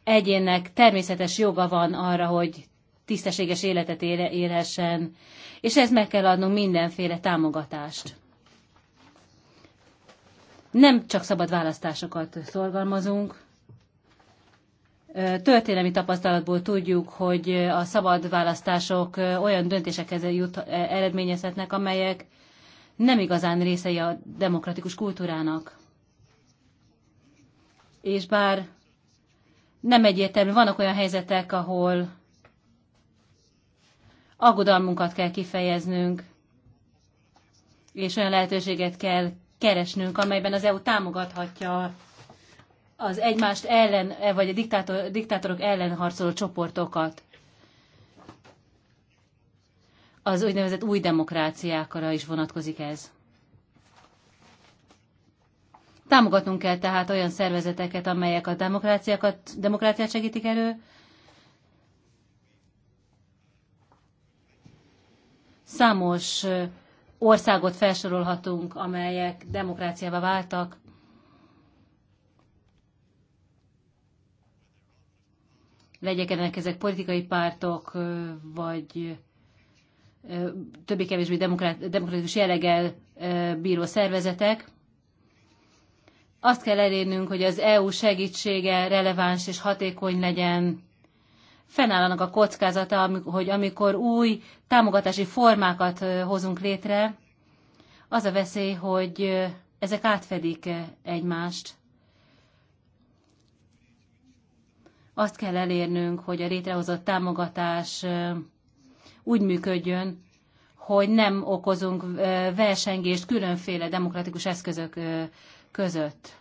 [SPEAKER 1] egyének természetes joga van arra, hogy tisztességes életet élhessen, és ez meg kell adnunk mindenféle támogatást. Nem csak szabad választásokat szorgalmazunk, Történelmi tapasztalatból tudjuk, hogy a szabad választások olyan döntésekhez jut, eredményezhetnek, amelyek nem igazán részei a demokratikus kultúrának. És bár nem egyértelmű, vannak olyan helyzetek, ahol aggodalmunkat kell kifejeznünk, és olyan lehetőséget kell keresnünk, amelyben az EU támogathatja az egymást ellen, e, vagy a diktátor, diktátorok ellen harcoló csoportokat. Az úgynevezett új demokráciákra is vonatkozik ez. Támogatnunk kell tehát olyan szervezeteket, amelyek a demokráciákat, demokráciát segítik elő, Számos országot felsorolhatunk, amelyek demokráciába váltak, legyek ennek ezek politikai pártok, vagy többé-kevésbé demokratikus jelleggel bíró szervezetek. Azt kell elérnünk, hogy az EU segítsége releváns és hatékony legyen fennáll a kockázata, hogy amikor új támogatási formákat hozunk létre, az a veszély, hogy ezek átfedik egymást. Azt kell elérnünk, hogy a létrehozott támogatás úgy működjön, hogy nem okozunk versengést különféle demokratikus eszközök között.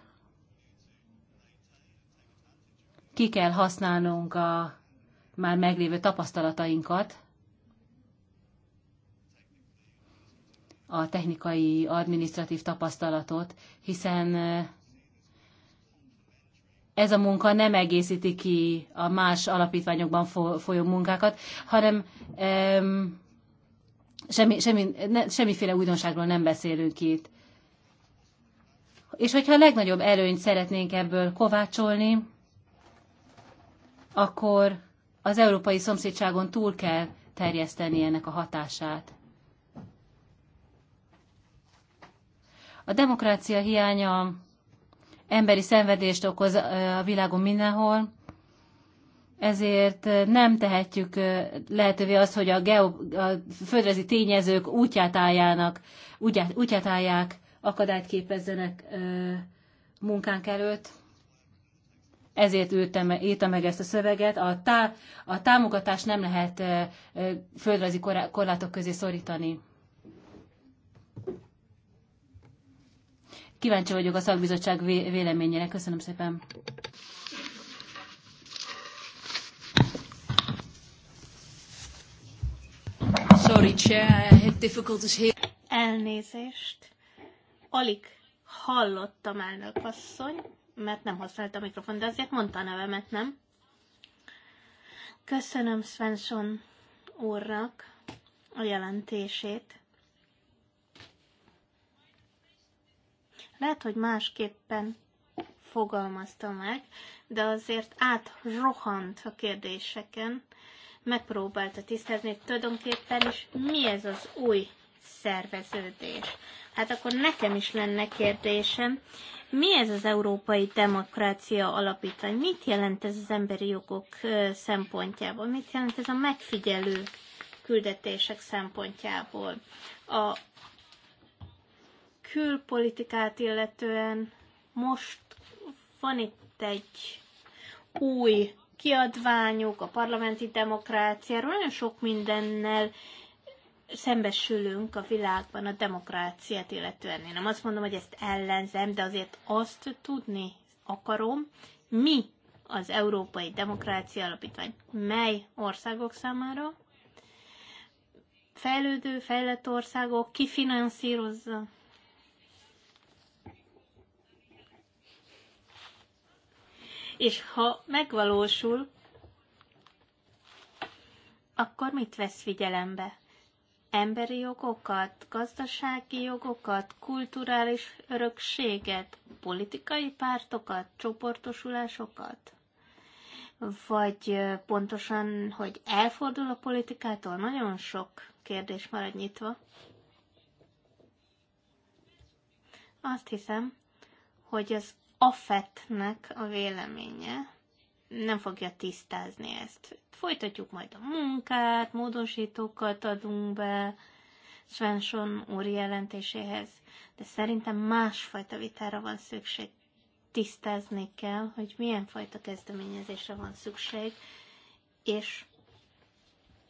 [SPEAKER 1] Ki kell használnunk a már meglévő tapasztalatainkat a technikai, administratív tapasztalatot, hiszen ez a munka nem egészíti ki a más alapítványokban folyó munkákat, hanem em, semmi, semmi, ne, semmiféle újdonságról nem beszélünk itt. És hogyha a legnagyobb előnyt szeretnénk ebből kovácsolni, akkor az európai szomszédságon túl kell terjeszteni ennek a hatását. A demokrácia hiánya emberi szenvedést okoz a világon mindenhol, ezért nem tehetjük lehetővé azt, hogy a, geo, a földrezi tényezők útját álljának, útját, útját állják, akadályt képezzenek munkánk előtt ezért ültem, írta meg ezt a szöveget. A, tá, a támogatást nem lehet földrajzi korlátok közé szorítani. Kíváncsi vagyok a szakbizottság véleményére. Köszönöm szépen. Sorry, Chair, I had difficulties here.
[SPEAKER 3] Elnézést. Alig hallottam, elnök asszony mert nem használta a mikrofon, de azért mondta a nevemet, nem? Köszönöm Svensson úrnak a jelentését. Lehet, hogy másképpen fogalmazta meg, de azért átrohant a kérdéseken, megpróbálta tisztelni, hogy tulajdonképpen is mi ez az új szerveződés. Hát akkor nekem is lenne kérdésem, mi ez az Európai Demokrácia Alapítvány? Mit jelent ez az emberi jogok szempontjából? Mit jelent ez a megfigyelő küldetések szempontjából? A külpolitikát illetően most van itt egy új kiadványuk a parlamenti demokráciáról, nagyon sok mindennel szembesülünk a világban a demokráciát illetően. Én nem azt mondom, hogy ezt ellenzem, de azért azt tudni akarom, mi az Európai Demokrácia Alapítvány, mely országok számára, fejlődő, fejlett országok, ki finanszírozza. És ha megvalósul, akkor mit vesz figyelembe? emberi jogokat, gazdasági jogokat, kulturális örökséget, politikai pártokat, csoportosulásokat? Vagy pontosan, hogy elfordul a politikától? Nagyon sok kérdés marad nyitva. Azt hiszem, hogy az afetnek a véleménye nem fogja tisztázni ezt. Folytatjuk majd a munkát, módosítókat adunk be Svensson úr jelentéséhez, de szerintem másfajta vitára van szükség. Tisztázni kell, hogy milyen fajta kezdeményezésre van szükség, és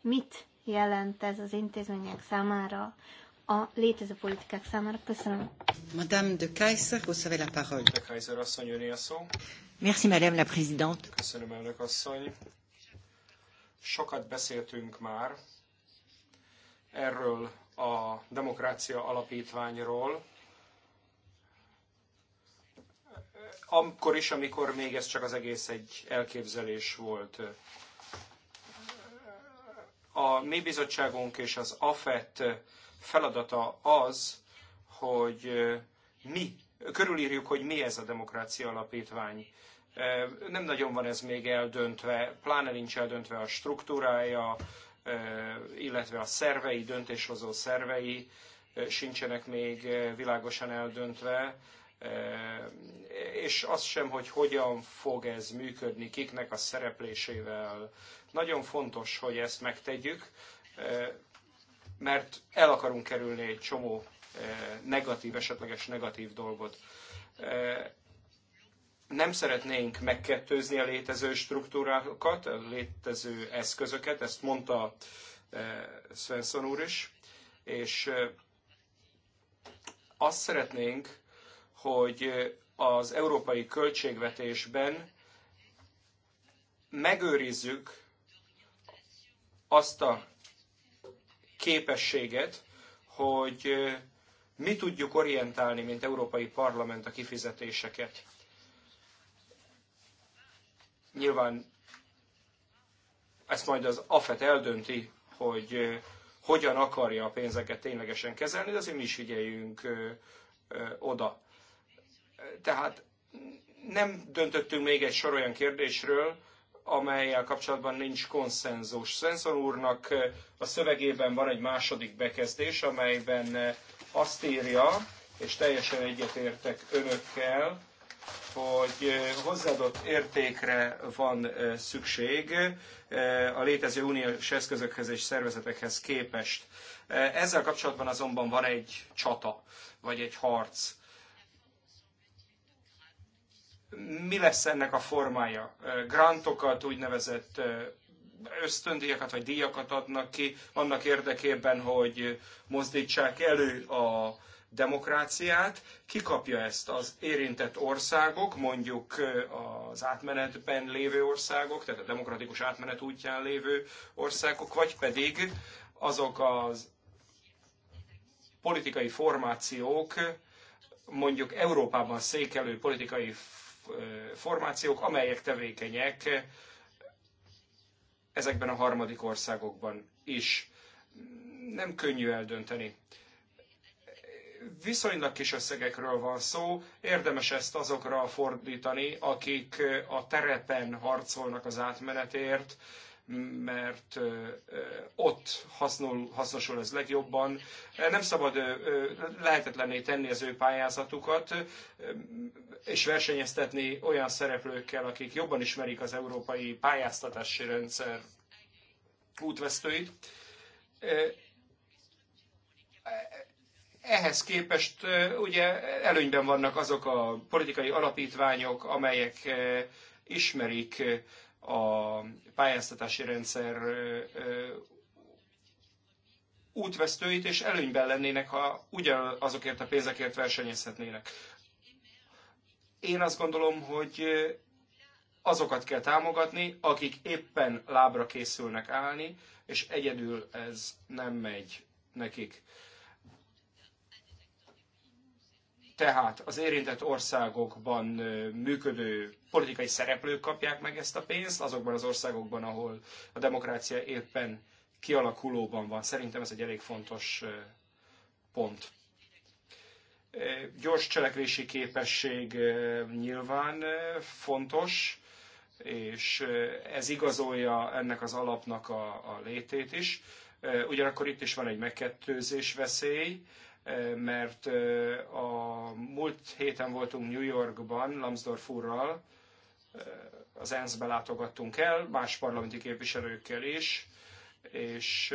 [SPEAKER 3] mit jelent ez az intézmények számára, a létező politikák
[SPEAKER 1] számára. Köszönöm. Madame de Kaiser, vous avez la parole. De
[SPEAKER 2] Kaiser asszony, jönni a szó.
[SPEAKER 1] Merci, Madame la Présidente.
[SPEAKER 2] Köszönöm, elnök asszony. Sokat beszéltünk már erről a demokrácia alapítványról, akkor is, amikor még ez csak az egész egy elképzelés volt. A mi bizottságunk és az AFET feladata az, hogy mi, körülírjuk, hogy mi ez a demokrácia alapítvány. Nem nagyon van ez még eldöntve, pláne nincs eldöntve a struktúrája, illetve a szervei, döntéshozó szervei sincsenek még világosan eldöntve, és az sem, hogy hogyan fog ez működni, kiknek a szereplésével. Nagyon fontos, hogy ezt megtegyük, mert el akarunk kerülni egy csomó eh, negatív, esetleges negatív dolgot. Eh, nem szeretnénk megkettőzni a létező struktúrákat, a létező eszközöket, ezt mondta eh, Svensson úr is, és azt szeretnénk, hogy az európai költségvetésben megőrizzük azt a képességet, hogy mi tudjuk orientálni, mint Európai Parlament a kifizetéseket. Nyilván ezt majd az AFET eldönti, hogy hogyan akarja a pénzeket ténylegesen kezelni, de azért mi is figyeljünk oda. Tehát nem döntöttünk még egy sor olyan kérdésről, amelyel kapcsolatban nincs konszenzus. Svensson úrnak a szövegében van egy második bekezdés, amelyben azt írja, és teljesen egyetértek önökkel, hogy hozzáadott értékre van szükség a létező uniós eszközökhez és szervezetekhez képest. Ezzel kapcsolatban azonban van egy csata, vagy egy harc mi lesz ennek a formája? Grantokat, úgynevezett ösztöndíjakat vagy díjakat adnak ki annak érdekében, hogy mozdítsák elő a demokráciát. Kikapja ezt az érintett országok, mondjuk az átmenetben lévő országok, tehát a demokratikus átmenet útján lévő országok, vagy pedig azok az politikai formációk, mondjuk Európában székelő politikai formációk, amelyek tevékenyek ezekben a harmadik országokban is. Nem könnyű eldönteni. Viszonylag kis összegekről van szó, érdemes ezt azokra fordítani, akik a terepen harcolnak az átmenetért, mert ott hasznul, hasznosul ez legjobban. Nem szabad lehetetlenné tenni az ő pályázatukat, és versenyeztetni olyan szereplőkkel, akik jobban ismerik az európai pályáztatási rendszer útvesztőit ehhez képest ugye előnyben vannak azok a politikai alapítványok, amelyek ismerik a pályáztatási rendszer útvesztőit, és előnyben lennének, ha ugyanazokért a pénzekért versenyezhetnének. Én azt gondolom, hogy azokat kell támogatni, akik éppen lábra készülnek állni, és egyedül ez nem megy nekik. Tehát az érintett országokban működő politikai szereplők kapják meg ezt a pénzt, azokban az országokban, ahol a demokrácia éppen kialakulóban van. Szerintem ez egy elég fontos pont. Gyors cselekvési képesség nyilván fontos, és ez igazolja ennek az alapnak a, a létét is. Ugyanakkor itt is van egy megkettőzés veszély, mert a múlt héten voltunk New Yorkban Lambsdorff úrral, az ENSZ-be látogattunk el, más parlamenti képviselőkkel is, és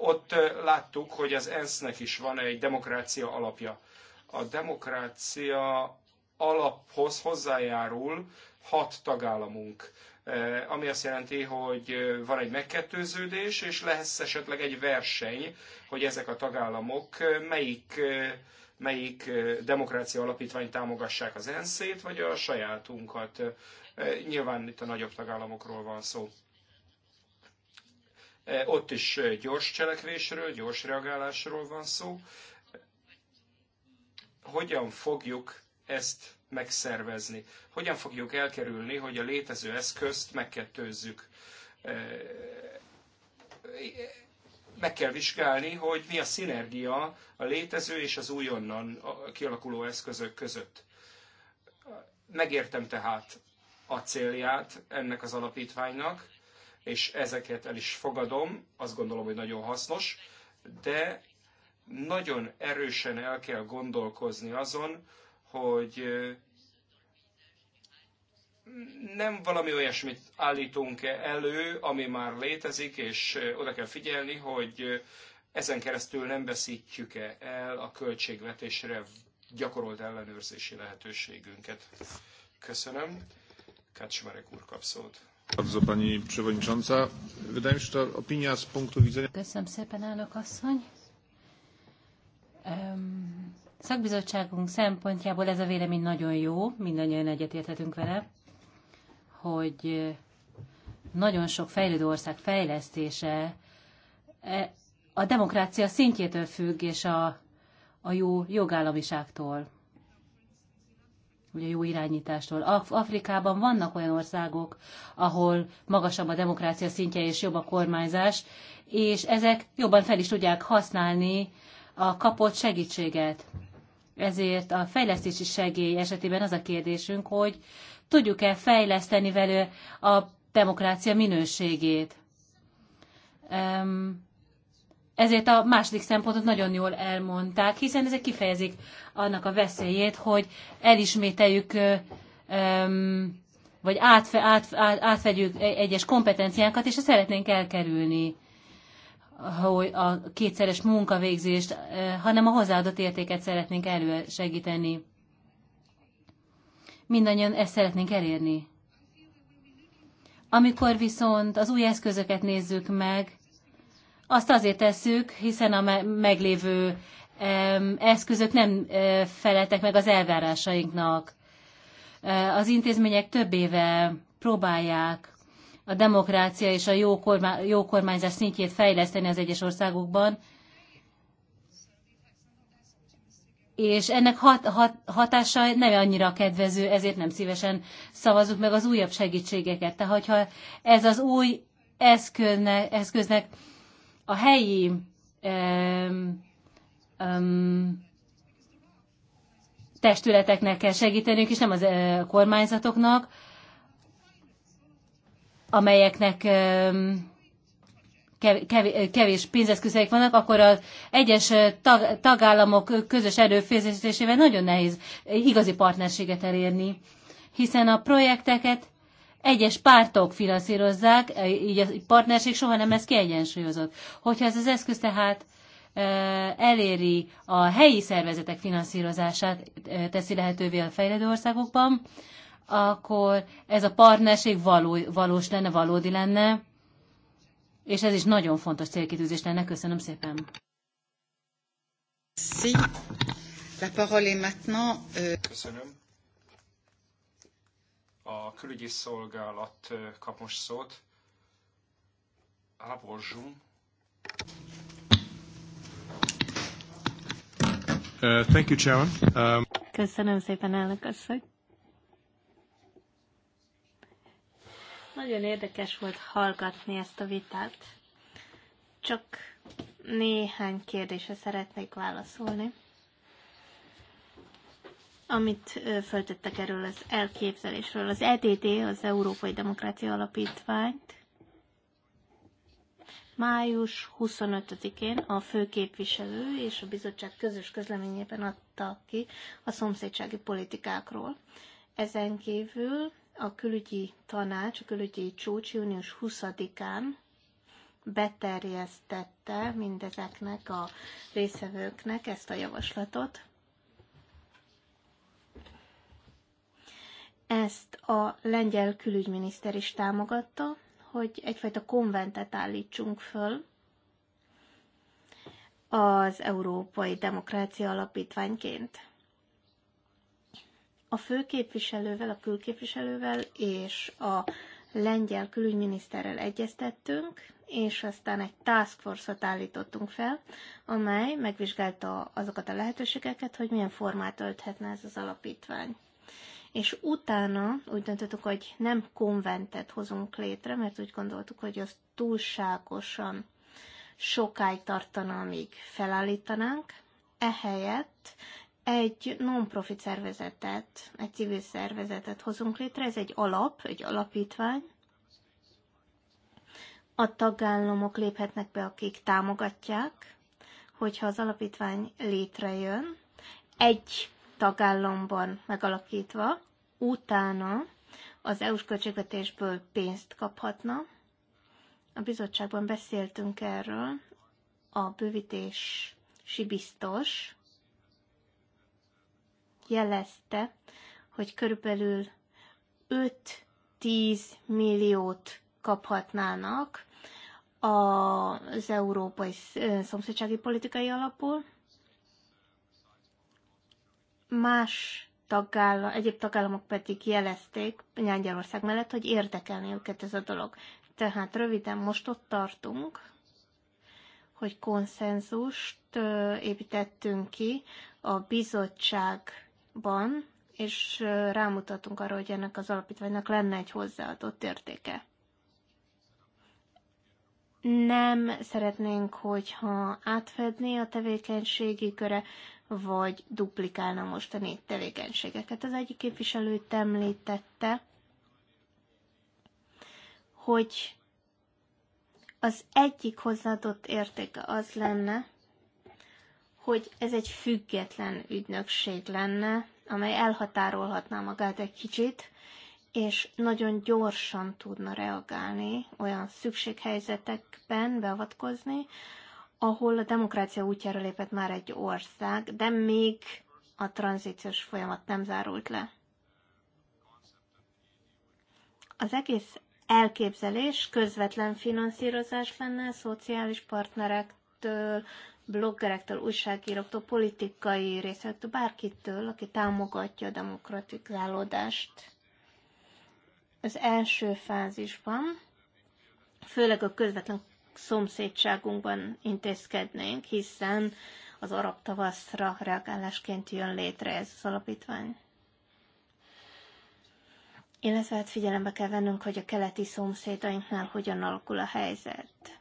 [SPEAKER 2] ott láttuk, hogy az ENSZ-nek is van egy demokrácia alapja. A demokrácia alaphoz hozzájárul hat tagállamunk. Eh, ami azt jelenti, hogy eh, van egy megkettőződés, és lesz esetleg egy verseny, hogy ezek a tagállamok eh, melyik, melyik demokrácia alapítvány támogassák az ENSZ-ét, vagy a sajátunkat. Nyilván itt a nagyobb tagállamokról van szó. Ott is gyors cselekvésről, gyors reagálásról van szó. Hogyan fogjuk ezt megszervezni. Hogyan fogjuk elkerülni, hogy a létező eszközt megkettőzzük? Meg kell vizsgálni, hogy mi a szinergia a létező és az újonnan kialakuló eszközök között. Megértem tehát a célját ennek az alapítványnak, és ezeket el is fogadom, azt gondolom, hogy nagyon hasznos, de nagyon erősen el kell gondolkozni azon, hogy nem valami olyasmit állítunk elő, ami már létezik, és oda kell figyelni, hogy ezen keresztül nem veszítjük -e el a költségvetésre gyakorolt ellenőrzési lehetőségünket. Köszönöm. Kacsmarek úr kap szót. Bardzo pani przewodnicząca. Wydaje mi się, że opinia z punktu widzenia...
[SPEAKER 1] Köszönöm szépen, elnök asszony. Um, Szakbizottságunk szempontjából ez a vélemény nagyon jó, mindannyian egyetérthetünk vele, hogy nagyon sok fejlődő ország fejlesztése e, a demokrácia szintjétől függ, és a, a jó jogállamiságtól, ugye jó irányítástól. Afrikában vannak olyan országok, ahol magasabb a demokrácia szintje és jobb a kormányzás, és ezek jobban fel is tudják használni a kapott segítséget. Ezért a fejlesztési segély esetében az a kérdésünk, hogy tudjuk-e fejleszteni vele a demokrácia minőségét. Ezért a második szempontot nagyon jól elmondták, hiszen ezek kifejezik annak a veszélyét, hogy elismételjük vagy átfe, át, át, átvegyük e- egyes kompetenciánkat, és ezt szeretnénk elkerülni hogy a kétszeres munkavégzést, eh, hanem a hozzáadott értéket szeretnénk elősegíteni. Mindannyian ezt szeretnénk elérni. Amikor viszont az új eszközöket nézzük meg, azt azért tesszük, hiszen a meglévő eszközök nem eh, feleltek meg az elvárásainknak. Eh, az intézmények több éve próbálják a demokrácia és a jó, kormány, jó kormányzás szintjét fejleszteni az egyes országokban, és ennek hat, hat, hatása nem annyira kedvező, ezért nem szívesen szavazunk meg az újabb segítségeket. Tehát, hogyha ez az új eszköznek, eszköznek a helyi um, um, testületeknek kell segíteniük, és nem az uh, kormányzatoknak, amelyeknek kevés pénzeszközeik vannak, akkor az egyes tag, tagállamok közös erőfeszítésével nagyon nehéz igazi partnerséget elérni, hiszen a projekteket egyes pártok finanszírozzák, így a partnerség soha nem lesz kiegyensúlyozott. Hogyha ez az eszköz tehát eléri a helyi szervezetek finanszírozását, teszi lehetővé a fejlődő országokban, akkor ez a partnerség való, valós lenne, valódi lenne, és ez is nagyon fontos célkitűzés lenne. Köszönöm szépen. Si. La parole est maintenant,
[SPEAKER 2] euh, Köszönöm. A külügyi szolgálat kap most szót. Raborzsum. Uh, thank you, Chairman. Um...
[SPEAKER 3] Köszönöm szépen, elnök asszony. Nagyon érdekes volt hallgatni ezt a vitát. Csak néhány kérdésre szeretnék válaszolni. Amit föltettek erről az elképzelésről, az EDD, az Európai Demokrácia Alapítványt, május 25-én a főképviselő és a bizottság közös közleményében adta ki a szomszédsági politikákról. Ezen kívül a külügyi tanács, a külügyi csúcs június 20-án beterjesztette mindezeknek a részevőknek ezt a javaslatot. Ezt a lengyel külügyminiszter is támogatta, hogy egyfajta konventet állítsunk föl az Európai Demokrácia Alapítványként a főképviselővel, a külképviselővel és a lengyel külügyminiszterrel egyeztettünk, és aztán egy task force-ot állítottunk fel, amely megvizsgálta azokat a lehetőségeket, hogy milyen formát ölthetne ez az alapítvány. És utána úgy döntöttük, hogy nem konventet hozunk létre, mert úgy gondoltuk, hogy az túlságosan sokáig tartana, amíg felállítanánk. Ehelyett egy non-profit szervezetet, egy civil szervezetet hozunk létre, ez egy alap, egy alapítvány. A tagállamok léphetnek be, akik támogatják, hogyha az alapítvány létrejön, egy tagállamban megalakítva, utána az EU-s költségvetésből pénzt kaphatna. A bizottságban beszéltünk erről, a bővítési biztos, jelezte, hogy körülbelül 5-10 milliót kaphatnának az európai szomszédsági politikai alapból. Más tagállam, egyéb tagállamok pedig jelezték Lengyelország mellett, hogy érdekelni őket ez a dolog. Tehát röviden most ott tartunk, hogy konszenzust építettünk ki a bizottság ban és rámutatunk arra, hogy ennek az alapítványnak lenne egy hozzáadott értéke. Nem szeretnénk, hogyha átfedné a tevékenységi köre, vagy duplikálna mostani tevékenységeket. Az egyik képviselőt említette, hogy az egyik hozzáadott értéke az lenne, hogy ez egy független ügynökség lenne, amely elhatárolhatná magát egy kicsit, és nagyon gyorsan tudna reagálni olyan szükséghelyzetekben, beavatkozni, ahol a demokrácia útjára lépett már egy ország, de még a tranzíciós folyamat nem zárult le. Az egész elképzelés közvetlen finanszírozás lenne szociális partnerektől, bloggerektől, újságíróktól, politikai részektől, bárkitől, aki támogatja a demokratizálódást. Az első fázisban, főleg a közvetlen szomszédságunkban intézkednénk, hiszen az arab tavaszra reagálásként jön létre ez az alapítvány. Illetve hát figyelembe kell vennünk, hogy a keleti szomszédainknál hogyan alakul a helyzet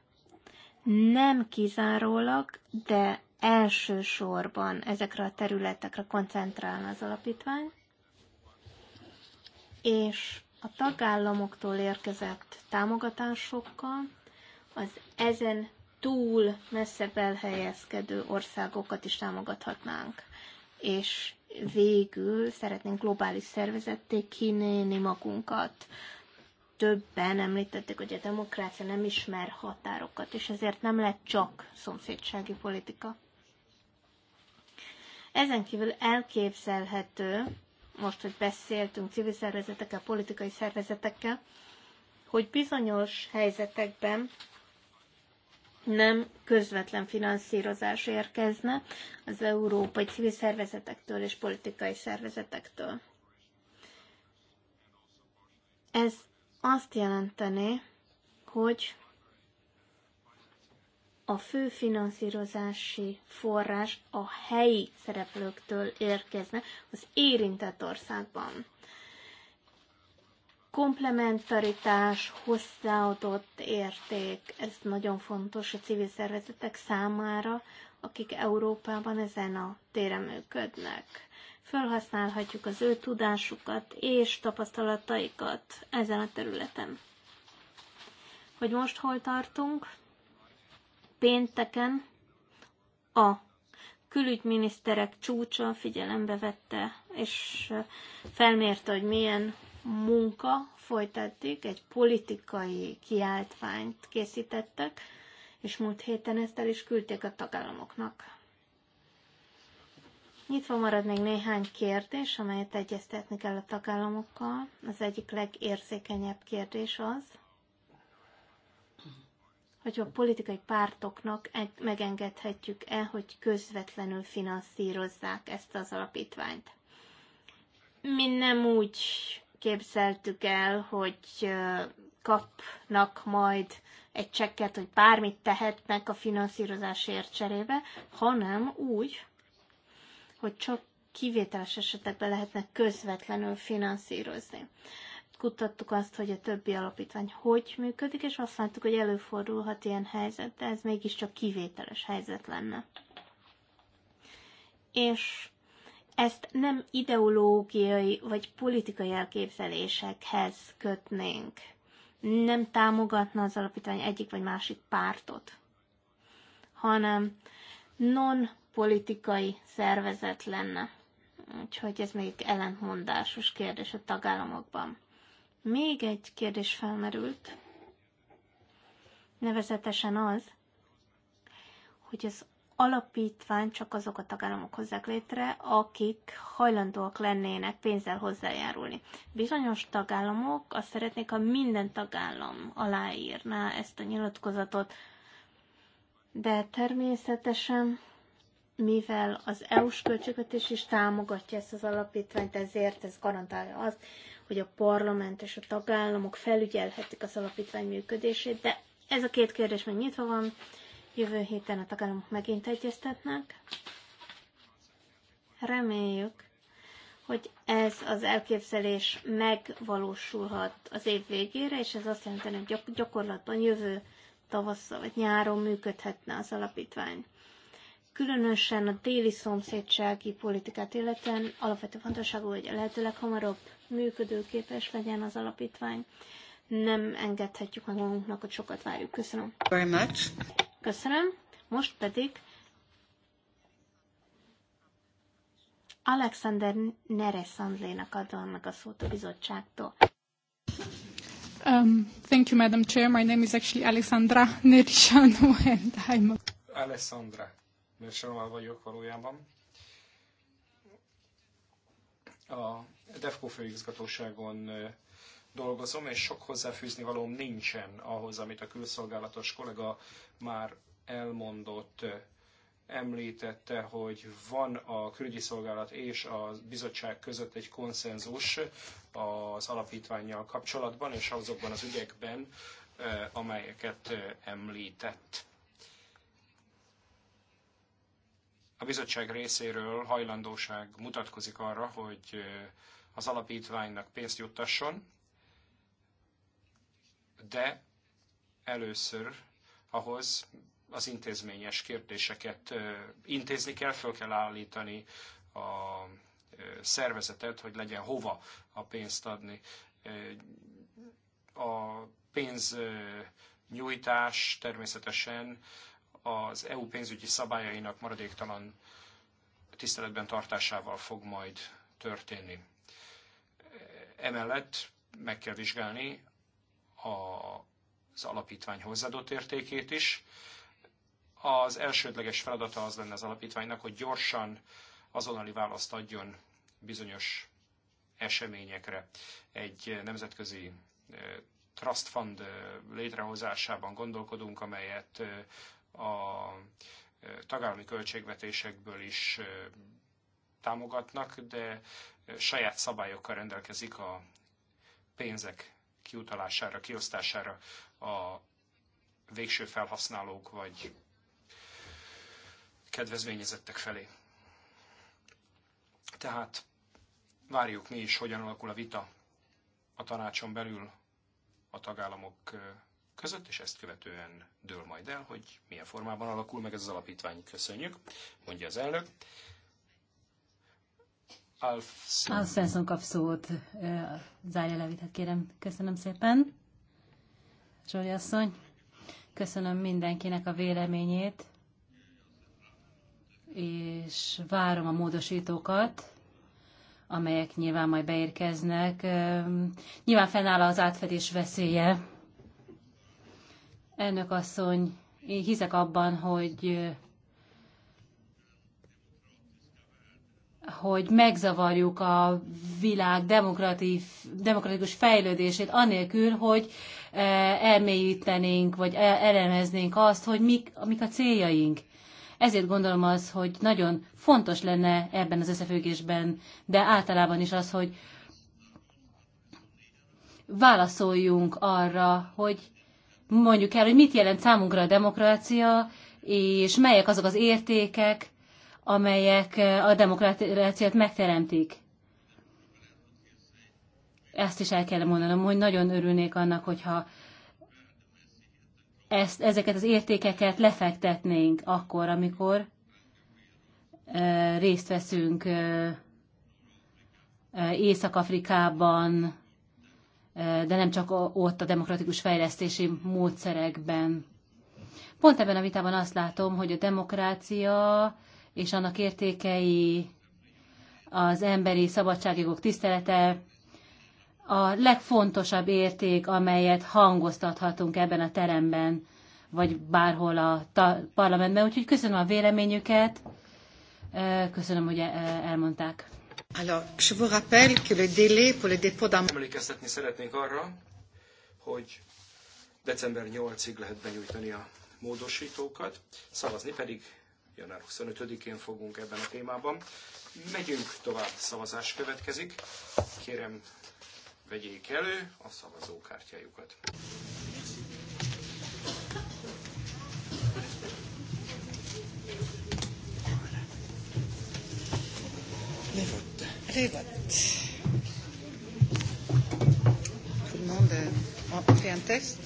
[SPEAKER 3] nem kizárólag, de elsősorban ezekre a területekre koncentrál az alapítvány, és a tagállamoktól érkezett támogatásokkal az ezen túl messze belhelyezkedő országokat is támogathatnánk. És végül szeretnénk globális szervezetté kinéni magunkat többen említették, hogy a demokrácia nem ismer határokat, és ezért nem lett csak szomszédsági politika. Ezen kívül elképzelhető, most, hogy beszéltünk civil szervezetekkel, politikai szervezetekkel, hogy bizonyos helyzetekben nem közvetlen finanszírozás érkezne az európai civil szervezetektől és politikai szervezetektől. Ez azt jelenteni, hogy a fő finanszírozási forrás a helyi szereplőktől érkezne az érintett országban. Komplementaritás, hozzáadott érték, ez nagyon fontos a civil szervezetek számára, akik Európában ezen a téren működnek felhasználhatjuk az ő tudásukat és tapasztalataikat ezen a területen. Hogy most hol tartunk? Pénteken a külügyminiszterek csúcsa figyelembe vette, és felmérte, hogy milyen munka folytatik, egy politikai kiáltványt készítettek, és múlt héten ezt el is küldték a tagállamoknak. Nyitva marad még néhány kérdés, amelyet egyeztetni kell a tagállamokkal. Az egyik legérzékenyebb kérdés az, hogy a politikai pártoknak megengedhetjük-e, hogy közvetlenül finanszírozzák ezt az alapítványt. Mi nem úgy képzeltük el, hogy kapnak majd egy csekket, hogy bármit tehetnek a finanszírozásért cserébe, hanem úgy, hogy csak kivételes esetekben lehetne közvetlenül finanszírozni. Kutattuk azt, hogy a többi alapítvány hogy működik, és azt láttuk, hogy előfordulhat ilyen helyzet, de ez mégiscsak kivételes helyzet lenne. És ezt nem ideológiai vagy politikai elképzelésekhez kötnénk. Nem támogatna az alapítvány egyik vagy másik pártot, hanem non politikai szervezet lenne. Úgyhogy ez még ellentmondásos kérdés a tagállamokban. Még egy kérdés felmerült, nevezetesen az, hogy az alapítvány csak azok a tagállamok hozzák létre, akik hajlandóak lennének pénzzel hozzájárulni. Bizonyos tagállamok azt szeretnék, ha minden tagállam aláírná ezt a nyilatkozatot, de természetesen mivel az EU-s költségvetés is támogatja ezt az alapítványt, ezért ez garantálja azt, hogy a parlament és a tagállamok felügyelhetik az alapítvány működését, de ez a két kérdés még nyitva van, jövő héten a tagállamok megint egyeztetnek. Reméljük, hogy ez az elképzelés megvalósulhat az év végére, és ez azt jelenti, hogy gyakorlatban jövő tavasszal vagy nyáron működhetne az alapítvány. Különösen a déli szomszédsági politikát illetően alapvető fontosságú, hogy a lehető leghamarabb működőképes legyen az alapítvány. Nem engedhetjük meg magunknak, hogy sokat várjuk. Köszönöm.
[SPEAKER 4] Very much.
[SPEAKER 3] Köszönöm. Most pedig Alexander Neresandlénak adom meg a szót a bizottságtól.
[SPEAKER 2] Um, thank you, Madam Chair. My name is actually Alexandra Nerishanu, <laughs> and I'm a... Alessandra Nősromal vagyok valójában. A DEFCO főigazgatóságon dolgozom, és sok hozzáfűzni valóm nincsen ahhoz, amit a külszolgálatos kollega már elmondott, említette, hogy van a külügyi szolgálat és a bizottság között egy konszenzus az alapítványjal kapcsolatban, és azokban az ügyekben, amelyeket említett. a bizottság részéről hajlandóság mutatkozik arra, hogy az alapítványnak pénzt juttasson, de először ahhoz az intézményes kérdéseket intézni kell, föl kell állítani a szervezetet, hogy legyen hova a pénzt adni. A pénz nyújtás természetesen az EU pénzügyi szabályainak maradéktalan tiszteletben tartásával fog majd történni. Emellett meg kell vizsgálni az alapítvány hozzáadott értékét is. Az elsődleges feladata az lenne az alapítványnak, hogy gyorsan azonnali választ adjon bizonyos eseményekre. Egy nemzetközi eh, trust fund eh, létrehozásában gondolkodunk, amelyet eh, a tagállami költségvetésekből is támogatnak, de saját szabályokkal rendelkezik a pénzek kiutalására, kiosztására a végső felhasználók vagy kedvezményezettek felé. Tehát várjuk mi is, hogyan alakul a vita a tanácson belül a tagállamok között, és ezt követően dől majd el, hogy milyen formában alakul meg ez az alapítvány. Köszönjük, mondja az elnök.
[SPEAKER 1] Alfenson kap szót. Zárja le kérem. Köszönöm szépen. Zsoli asszony, köszönöm mindenkinek a véleményét, és várom a módosítókat, amelyek nyilván majd beérkeznek. Nyilván fennáll az átfedés veszélye, Elnök asszony, én hiszek abban, hogy hogy megzavarjuk a világ demokratikus fejlődését, anélkül, hogy e, elmélyítenénk, vagy e, elemeznénk azt, hogy mik, mik a céljaink. Ezért gondolom az, hogy nagyon fontos lenne ebben az összefüggésben, de általában is az, hogy válaszoljunk arra, hogy mondjuk el, hogy mit jelent számunkra a demokrácia, és melyek azok az értékek, amelyek eh, a demokráciát megteremtik. Ezt is el kell mondanom, hogy nagyon örülnék annak, hogyha ezt, ezeket az értékeket lefektetnénk akkor, amikor eh, részt veszünk eh, Észak-Afrikában, de nem csak ott a demokratikus fejlesztési módszerekben. Pont ebben a vitában azt látom, hogy a demokrácia és annak értékei, az emberi szabadságjogok tisztelete a legfontosabb érték, amelyet hangoztathatunk ebben a teremben, vagy bárhol a parlamentben. Úgyhogy köszönöm a véleményüket, köszönöm, hogy e- e- elmondták. Alors, je vous rappelle que le délai pour le dépôt
[SPEAKER 2] Emlékeztetni szeretnék arra, hogy december 8-ig lehet benyújtani a módosítókat, szavazni pedig január 25-én fogunk ebben a témában. Megyünk tovább, szavazás következik. Kérem, vegyék elő a szavazókártyájukat
[SPEAKER 1] des votes.
[SPEAKER 4] Tout le monde
[SPEAKER 1] a fait un test.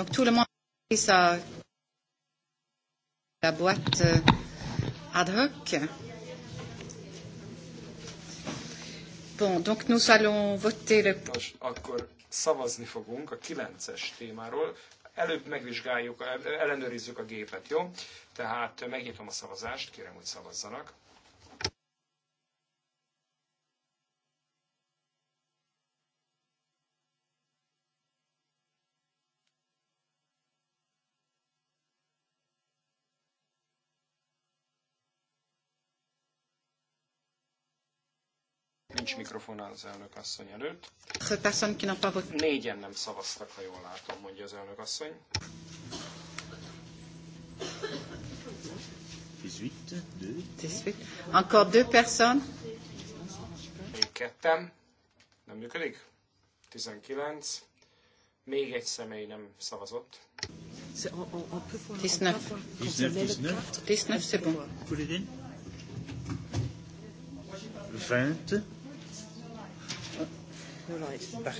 [SPEAKER 1] Donc tout le monde a pris sa, la boîte
[SPEAKER 2] euh, ad hoc. Bon, donc nous allons voter le... akkor szavazni fogunk a 9-es témáról. Előbb megvizsgáljuk, ellenőrizzük a gépet, jó? Tehát megnyitom a szavazást, kérem, hogy szavazzanak. Nincs mikrofon az elnök asszony előtt. Négyen nem szavaztak, ha jól látom, mondja az elnök asszony. 18, 2. Encore deux personnes. Még ketten. Nem működik? 19. Még egy személy nem szavazott. 19. 19, 19. 19, c'est bon.
[SPEAKER 4] 20. Right. Bach,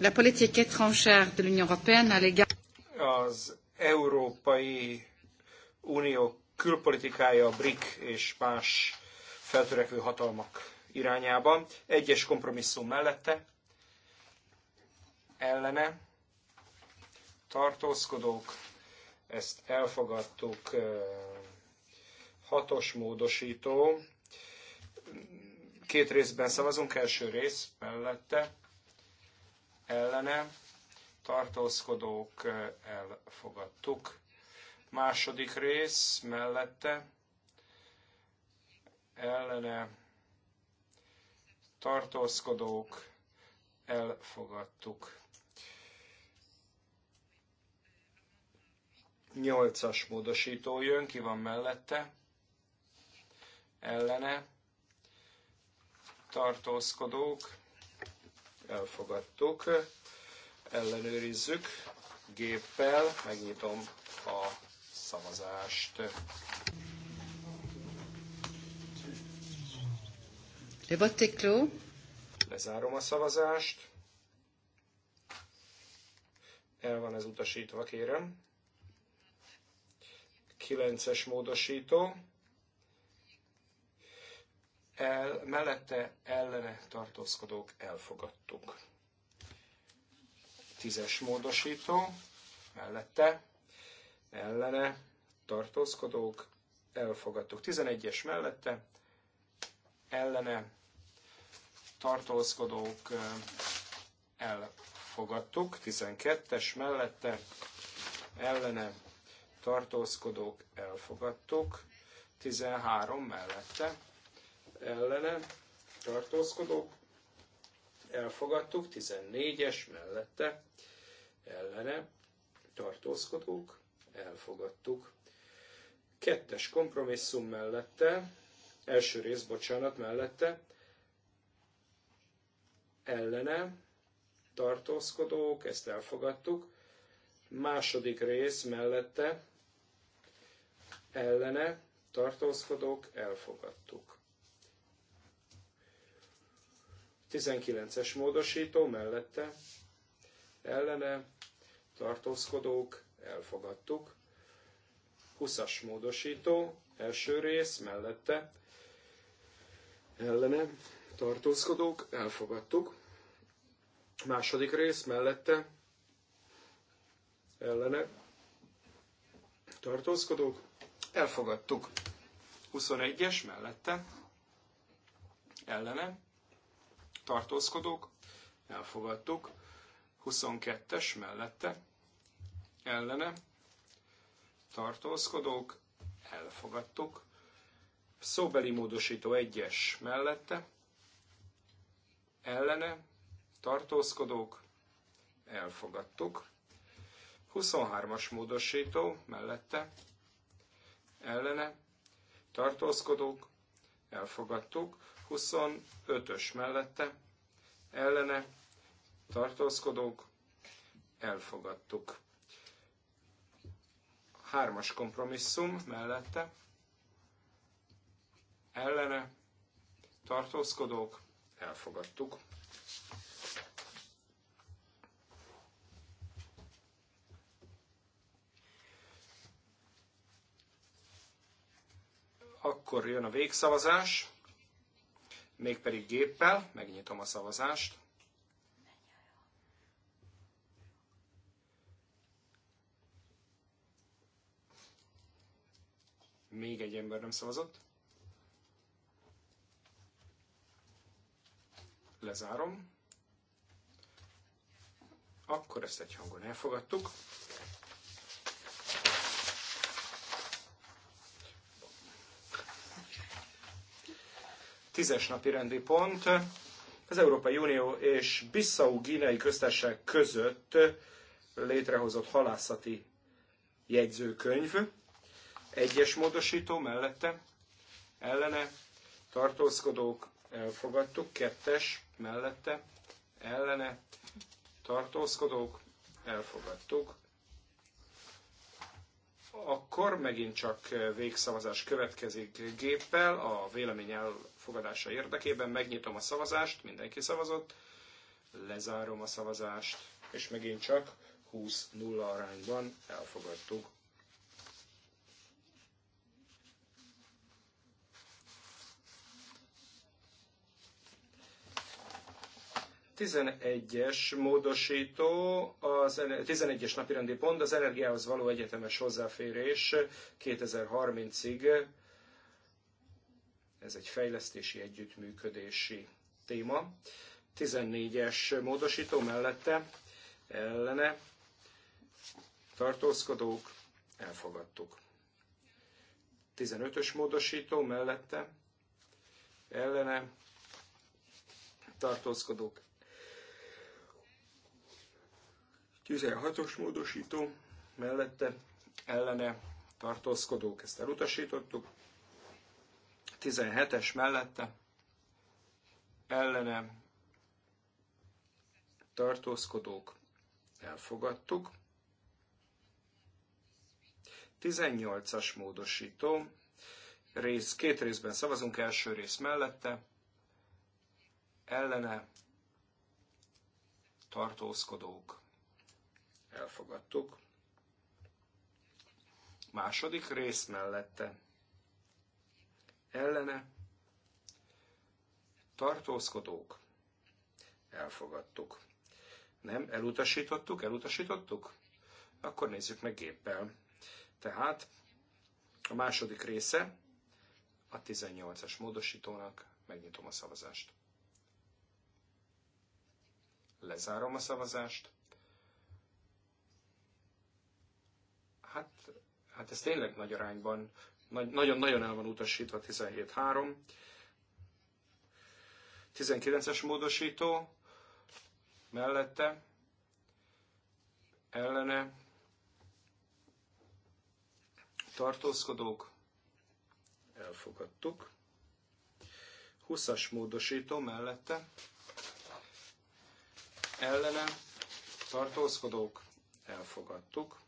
[SPEAKER 1] La politique étrangère de l'Union européenne à l'égard...
[SPEAKER 2] Az Európai Unió külpolitikája a BRIC és más feltörekvő hatalmak irányában. Egyes kompromisszum mellette, ellene, tartózkodók, ezt elfogadtuk hatos módosító. Két részben szavazunk, első rész mellette, ellene, tartózkodók elfogadtuk. Második rész mellette, ellene, tartózkodók elfogadtuk. Nyolcas módosító jön, ki van mellette, ellene, tartózkodók, elfogadtuk. Ellenőrizzük géppel, megnyitom a szavazást. Le vote Lezárom a szavazást. El van ez utasítva, kérem. 9-es módosító el, mellette ellene tartózkodók elfogadtuk. Tízes módosító, mellette ellene tartózkodók elfogadtuk. Tizenegyes mellette ellene tartózkodók elfogadtuk. Tizenkettes mellette ellene tartózkodók elfogadtuk. 13 mellette ellene tartózkodók, elfogadtuk, 14-es mellette ellene tartózkodók, elfogadtuk. Kettes kompromisszum mellette, első rész, bocsánat, mellette, ellene tartózkodók, ezt elfogadtuk. Második rész mellette, ellene tartózkodók, elfogadtuk. 19-es módosító mellette ellene tartózkodók elfogadtuk. 20-as módosító első rész mellette ellene tartózkodók elfogadtuk. Második rész mellette ellene tartózkodók elfogadtuk. 21-es mellette ellene tartózkodók, elfogadtuk. 22-es mellette, ellene, tartózkodók, elfogadtuk. Szóbeli módosító 1-es mellette, ellene, tartózkodók, elfogadtuk. 23-as módosító mellette, ellene, tartózkodók, elfogadtuk. 25-ös mellette, ellene, tartózkodók, elfogadtuk. Hármas kompromisszum mellette, ellene, tartózkodók, elfogadtuk. Akkor jön a végszavazás mégpedig géppel, megnyitom a szavazást. Még egy ember nem szavazott. Lezárom. Akkor ezt egy hangon elfogadtuk. Tízes napi rendi pont. Az Európai Unió és Bissau Gínei köztársaság között létrehozott halászati jegyzőkönyv. Egyes módosító mellette, ellene, tartózkodók elfogadtuk, kettes mellette, ellene, tartózkodók elfogadtuk, akkor megint csak végszavazás következik géppel a vélemény elfogadása érdekében. Megnyitom a szavazást, mindenki szavazott, lezárom a szavazást, és megint csak 20-0 arányban elfogadtuk. 11-es módosító, az 11-es napirendi pont az energiához való egyetemes hozzáférés 2030-ig. Ez egy fejlesztési együttműködési téma. 14-es módosító mellette ellene tartózkodók elfogadtuk. 15-ös módosító mellette ellene tartózkodók 16-os módosító mellette ellene tartózkodók, ezt elutasítottuk. 17-es mellette ellene tartózkodók, elfogadtuk. 18-as módosító, rész, két részben szavazunk, első rész mellette, ellene tartózkodók, elfogadtuk. Második rész mellette ellene tartózkodók elfogadtuk. Nem? Elutasítottuk? Elutasítottuk? Akkor nézzük meg géppel. Tehát a második része a 18-as módosítónak megnyitom a szavazást. Lezárom a szavazást. Hát, hát ez tényleg nagy arányban, nagyon-nagyon el van utasítva 17-3. 19-es módosító mellette, ellene tartózkodók, elfogadtuk. 20-as módosító mellette, ellene tartózkodók, elfogadtuk.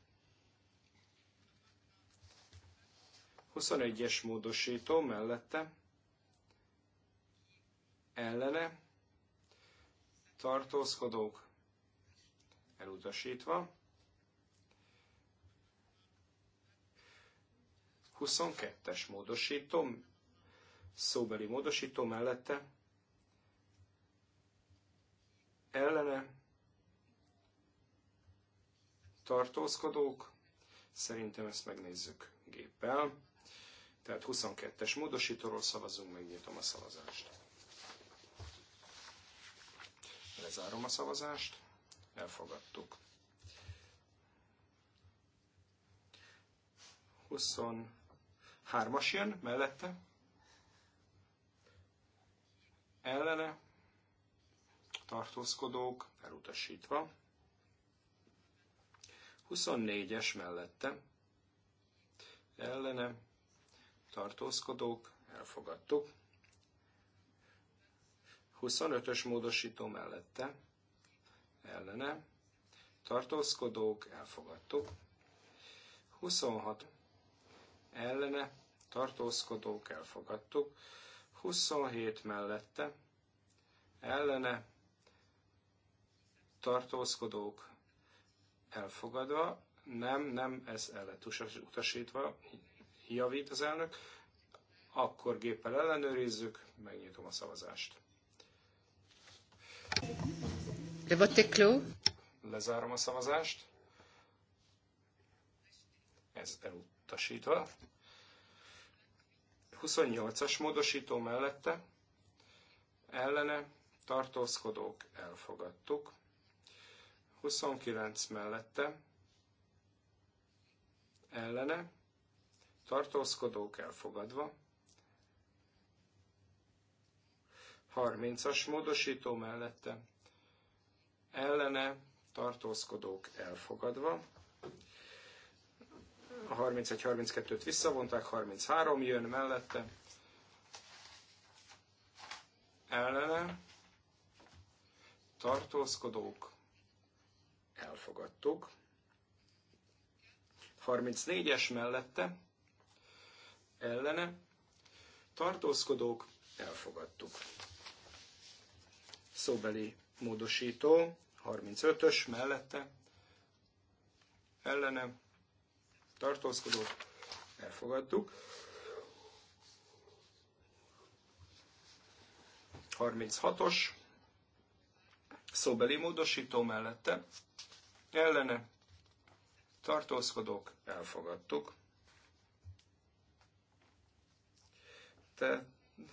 [SPEAKER 2] 21-es módosító mellette ellene tartózkodók elutasítva. 22-es módosító, szóbeli módosító mellette ellene tartózkodók, szerintem ezt megnézzük géppel. Tehát 22-es módosítóról szavazunk, megnyitom a szavazást. Lezárom a szavazást, elfogadtuk. 23-as jön mellette, ellene, tartózkodók elutasítva, 24-es mellette, ellene, tartózkodók, elfogadtuk. 25-ös módosító mellette, ellene, tartózkodók, elfogadtuk. 26 ellene, tartózkodók, elfogadtuk. 27 mellette, ellene, tartózkodók, elfogadva, nem, nem, ez el utasítva, javít az elnök, akkor géppel ellenőrizzük, megnyitom a szavazást.
[SPEAKER 1] Le vote
[SPEAKER 2] Lezárom a szavazást. Ez elutasítva. 28-as módosító mellette ellene tartózkodók elfogadtuk. 29 mellette ellene tartózkodók elfogadva. 30-as módosító mellette ellene tartózkodók elfogadva. A 31-32-t visszavonták, 33 jön mellette ellene tartózkodók elfogadtuk. 34-es mellette ellene, tartózkodók, elfogadtuk. Szóbeli módosító, 35-ös mellette, ellene, tartózkodók, elfogadtuk. 36-os, szóbeli módosító mellette, ellene, tartózkodók, elfogadtuk. mellette,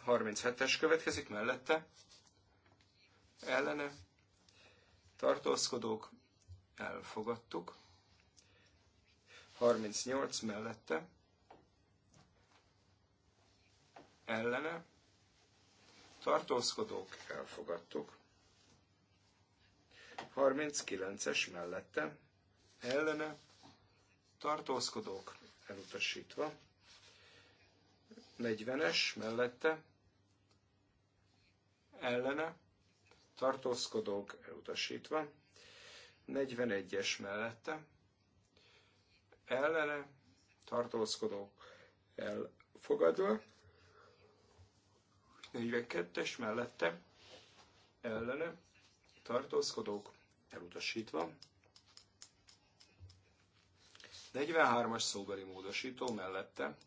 [SPEAKER 2] 37-es következik mellette, ellene, tartózkodók, elfogadtuk, 38 mellette, ellene, tartózkodók, elfogadtuk, 39-es mellette, ellene, tartózkodók, elutasítva, 40-es mellette ellene tartózkodók elutasítva, 41-es mellette ellene tartózkodók elfogadva, 42-es mellette ellene tartózkodók elutasítva, 43-as szóbeli módosító mellette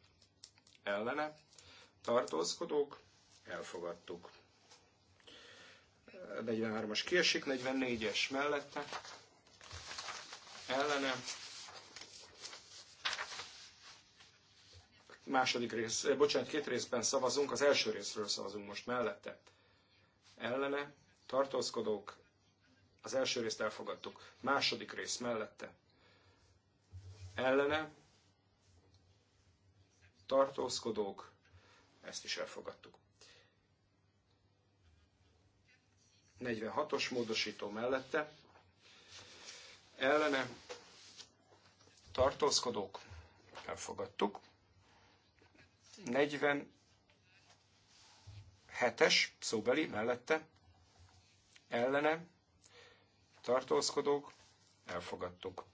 [SPEAKER 2] ellene tartózkodók, elfogadtuk. 43-as kiesik, 44-es mellette, ellene. Második rész, eh, bocsánat, két részben szavazunk, az első részről szavazunk most mellette. Ellene, tartózkodók, az első részt elfogadtuk, második rész mellette. Ellene, tartózkodók, ezt is elfogadtuk. 46-os módosító mellette ellene tartózkodók, elfogadtuk. 47-es szóbeli mellette ellene tartózkodók, elfogadtuk.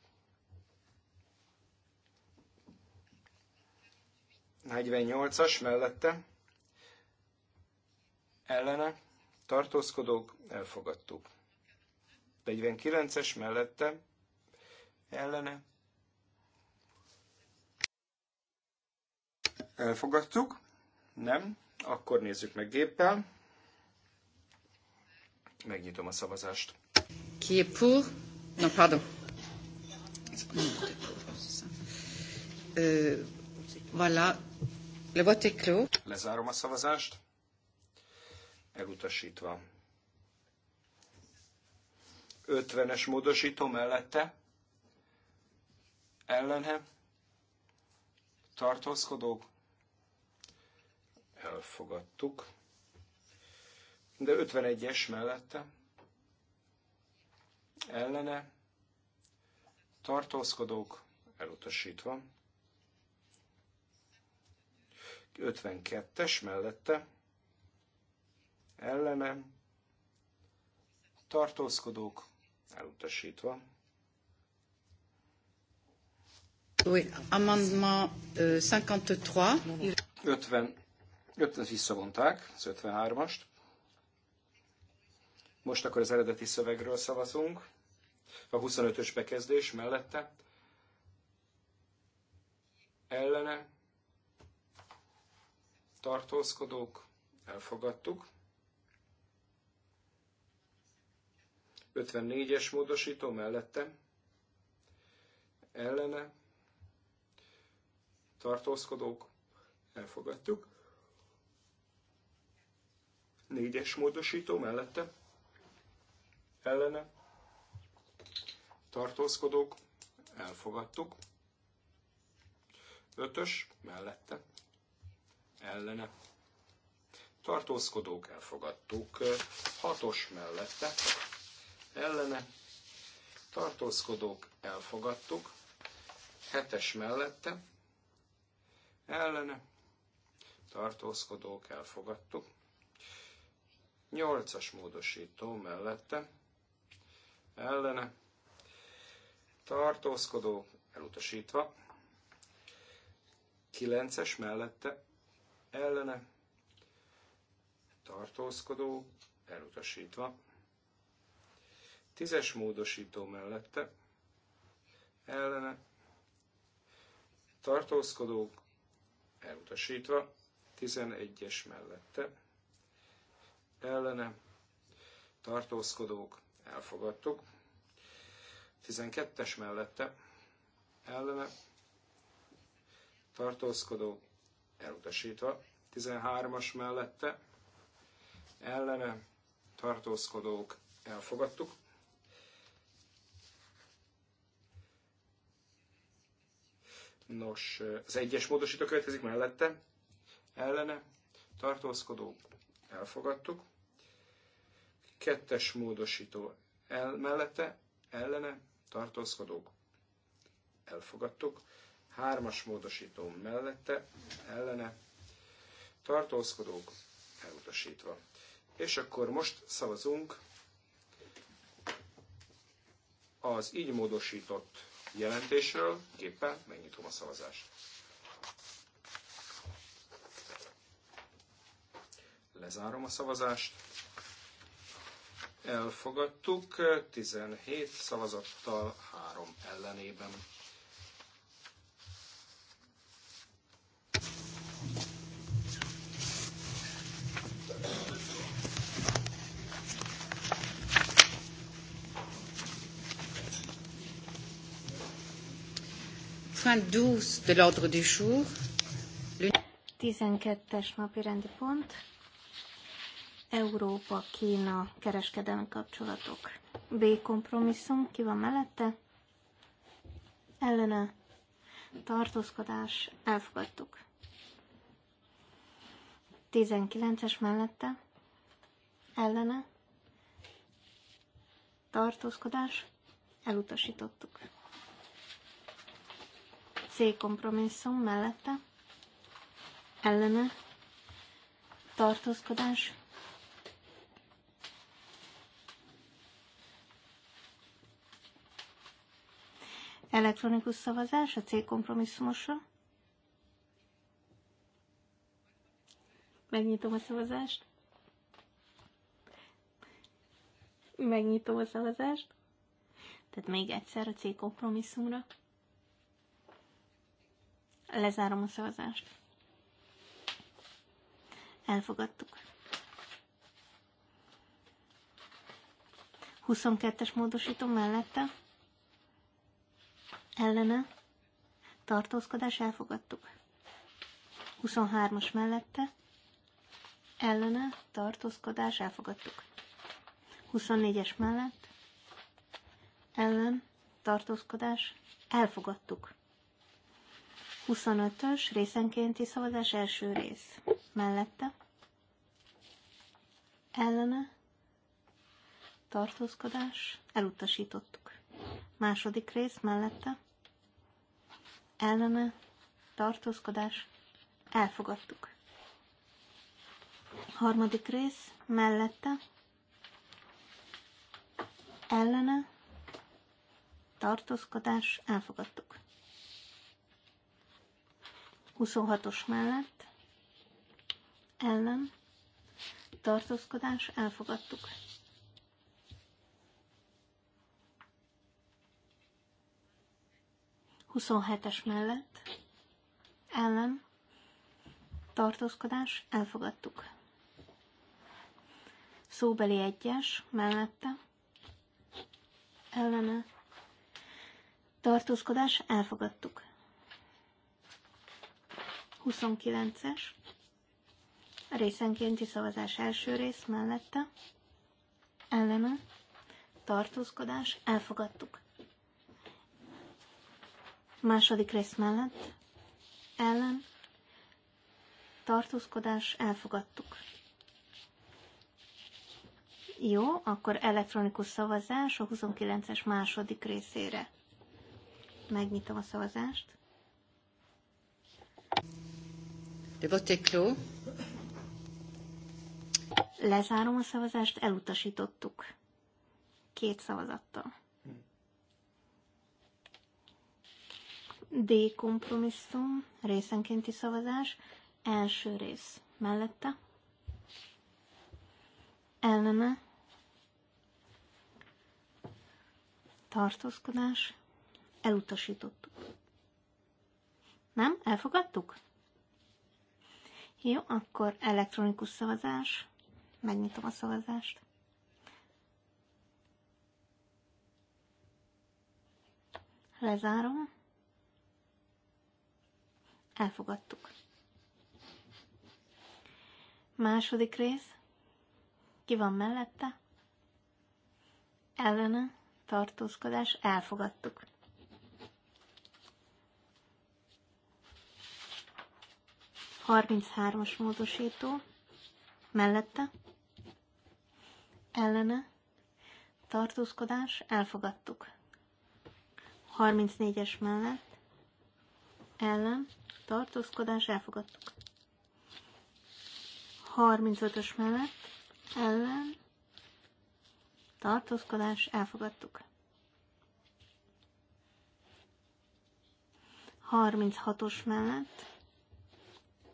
[SPEAKER 2] 48-as mellette ellene tartózkodók elfogadtuk. 49-es mellette ellene elfogadtuk. Nem, akkor nézzük meg géppel. Megnyitom a szavazást.
[SPEAKER 1] Ki est pour?
[SPEAKER 4] Non, pardon. Euh, voilà, le vote est clos.
[SPEAKER 2] Lezárom a szavazást. Elutasítva. 50-es módosító mellette. Ellene. Tartózkodók. Elfogadtuk. De 51-es mellette. Ellene. Tartózkodók. Elutasítva. 52-es mellette ellene tartózkodók elutasítva.
[SPEAKER 1] Oui, amendement 53.
[SPEAKER 2] 50, 50 visszavonták, az 53-ast. Most akkor az eredeti szövegről szavazunk. A 25-ös bekezdés mellette. Ellene tartózkodók, elfogadtuk. 54-es módosító mellette, ellene, tartózkodók, elfogadtuk. 4-es módosító mellette, ellene, tartózkodók, elfogadtuk. 5-ös mellette, ellene tartózkodók elfogadtuk, hatos mellette ellene tartózkodók elfogadtuk, hetes mellette ellene tartózkodók elfogadtuk, nyolcas módosító mellette ellene tartózkodók elutasítva, Kilences mellette ellene, tartózkodó, elutasítva. Tízes módosító mellette, ellene, tartózkodó, elutasítva. tizenegyes mellette, ellene, tartózkodók, elfogadtuk. 12-es mellette, ellene, tartózkodók, elutasítva, 13-as mellette, ellene tartózkodók elfogadtuk. Nos, az egyes módosító következik mellette, ellene tartózkodók elfogadtuk. Kettes módosító el, mellette, ellene tartózkodók elfogadtuk. Hármas módosító mellette, ellene, tartózkodók elutasítva. És akkor most szavazunk az így módosított jelentésről, képpen megnyitom a szavazást. Lezárom a szavazást. Elfogadtuk 17 szavazattal 3 ellenében.
[SPEAKER 3] Tizenkettes 12 es napi rendi pont. Európa-Kína kereskedelmi kapcsolatok. B kompromisszum, ki van mellette? Ellene tartózkodás, elfogadtuk. 19-es mellette, ellene, tartózkodás, elutasítottuk. C kompromisszum mellette, ellene, tartózkodás, elektronikus szavazás a C kompromisszumosra. Megnyitom a szavazást. Megnyitom a szavazást. Tehát még egyszer a C kompromisszumra. Lezárom a szavazást. Elfogadtuk. 22-es módosítom mellette ellene tartózkodás elfogadtuk. 23-as mellette ellene tartózkodás elfogadtuk. 24-es mellett ellen tartózkodás elfogadtuk. 25-ös részenkénti szavazás első rész. Mellette. Ellene. Tartózkodás. Elutasítottuk. Második rész mellette. Ellene. Tartózkodás. Elfogadtuk. Harmadik rész mellette. Ellene. Tartózkodás. Elfogadtuk. 26-os mellett ellen tartózkodás elfogadtuk. Huszonhetes mellett ellen tartózkodás elfogadtuk. Szóbeli egyes mellette ellene tartózkodás elfogadtuk. 29-es. Részenkénti szavazás első rész mellette. Ellene. Tartózkodás. Elfogadtuk. Második rész mellett. Ellen. Tartózkodás. Elfogadtuk. Jó, akkor elektronikus szavazás a 29-es második részére. Megnyitom a szavazást.
[SPEAKER 1] Le vote est clos.
[SPEAKER 3] Lezárom a szavazást, elutasítottuk. Két szavazattal. D kompromisszum, részenkénti szavazás, első rész mellette, ellene, tartózkodás, elutasítottuk. Nem? Elfogadtuk? Jó, akkor elektronikus szavazás. Megnyitom a szavazást. Lezárom. Elfogadtuk. Második rész. Ki van mellette? Ellene, tartózkodás, elfogadtuk. 33-as módosító mellette ellene tartózkodás elfogadtuk. 34-es mellett ellen tartózkodás elfogadtuk. 35-ös mellett ellen tartózkodás elfogadtuk. 36-os mellett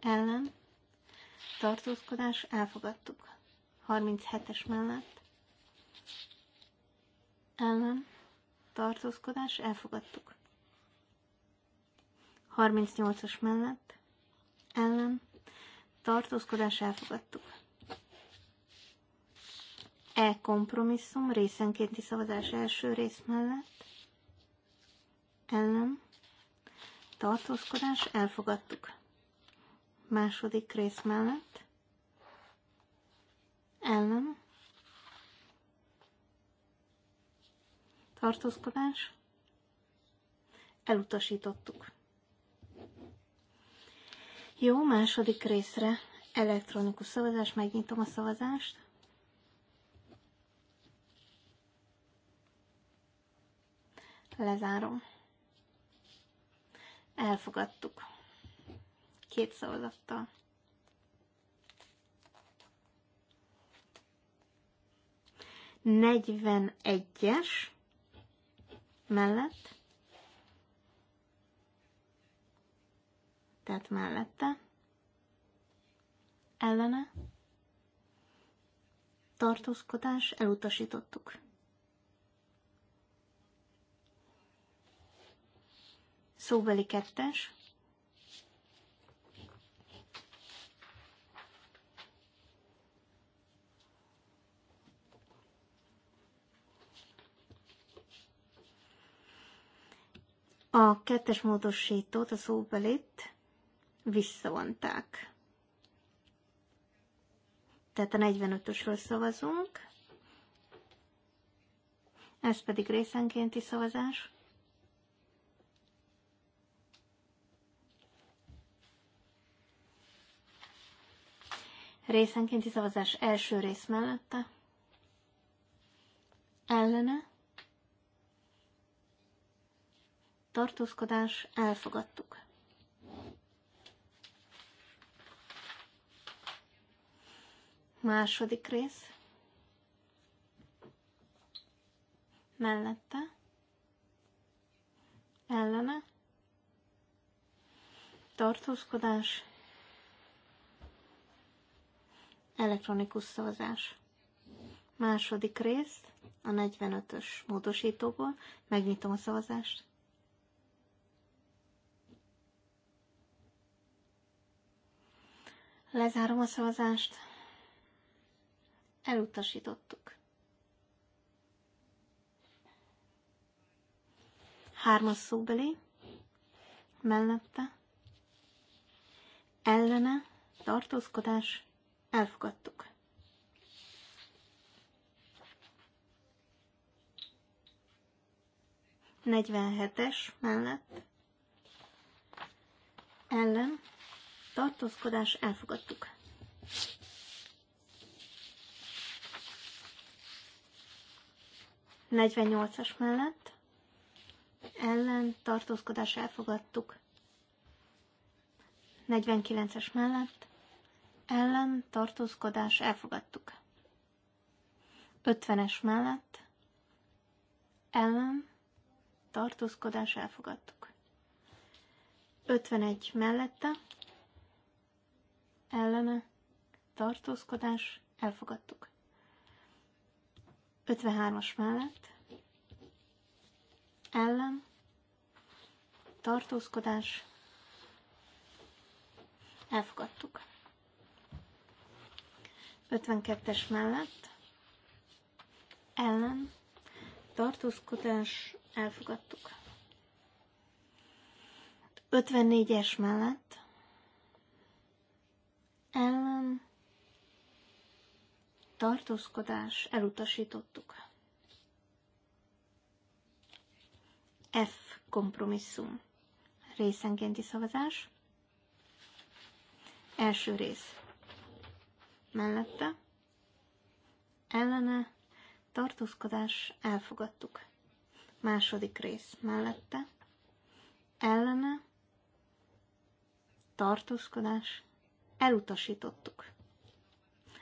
[SPEAKER 3] ellen tartózkodás elfogadtuk. 37-es mellett ellen tartózkodás elfogadtuk. 38-as mellett ellen tartózkodás elfogadtuk. E kompromisszum részenkénti szavazás első rész mellett ellen tartózkodás elfogadtuk második rész mellett, ellen, tartózkodás, elutasítottuk. Jó, második részre elektronikus szavazás, megnyitom a szavazást. Lezárom. Elfogadtuk két szavazattal. Negyven egyes mellett, tehát mellette, ellene, tartózkodás, elutasítottuk. Szóbeli kettes, A kettes módosítót, a szóbelit visszavonták. Tehát a 45-ösről szavazunk. Ez pedig részenkénti szavazás. Részenkénti szavazás első rész mellette. Ellene. tartózkodás, elfogadtuk. Második rész. Mellette. Ellene. Tartózkodás. Elektronikus szavazás. Második rész a 45-ös módosítóból. Megnyitom a szavazást. Lezárom a szavazást. Elutasítottuk. Hármas szóbeli. Mellette. Ellene. Tartózkodás. Elfogadtuk. Negyvenhetes mellett. Ellen tartózkodás elfogadtuk. Negyvennyolcas mellett ellen tartózkodás elfogadtuk. 49-es mellett ellen tartózkodás elfogadtuk. 50-es mellett ellen tartózkodás elfogadtuk. 51 mellette ellene, tartózkodás, elfogadtuk. 53-as mellett, ellen, tartózkodás, elfogadtuk. 52-es mellett, ellen, tartózkodás, elfogadtuk. 54-es mellett, ellen tartózkodás elutasítottuk. F kompromisszum részenkénti szavazás. Első rész mellette ellene tartózkodás elfogadtuk. Második rész mellette ellene tartózkodás Elutasítottuk.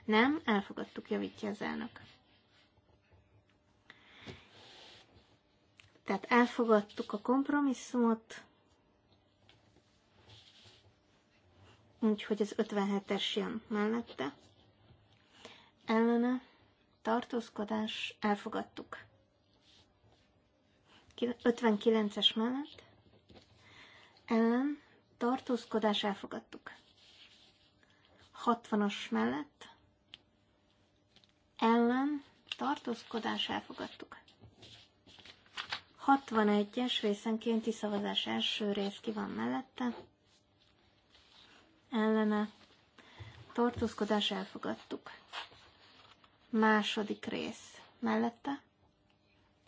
[SPEAKER 3] Nem, elfogadtuk, javítja az elnök. Tehát elfogadtuk a kompromisszumot, úgyhogy az 57-es jön mellette. Ellene tartózkodás elfogadtuk. 59-es mellett ellen tartózkodás elfogadtuk. 60-as mellett ellen tartózkodás elfogadtuk. 61-es részenkénti szavazás első rész ki van mellette. Ellene tartózkodás elfogadtuk. Második rész mellette.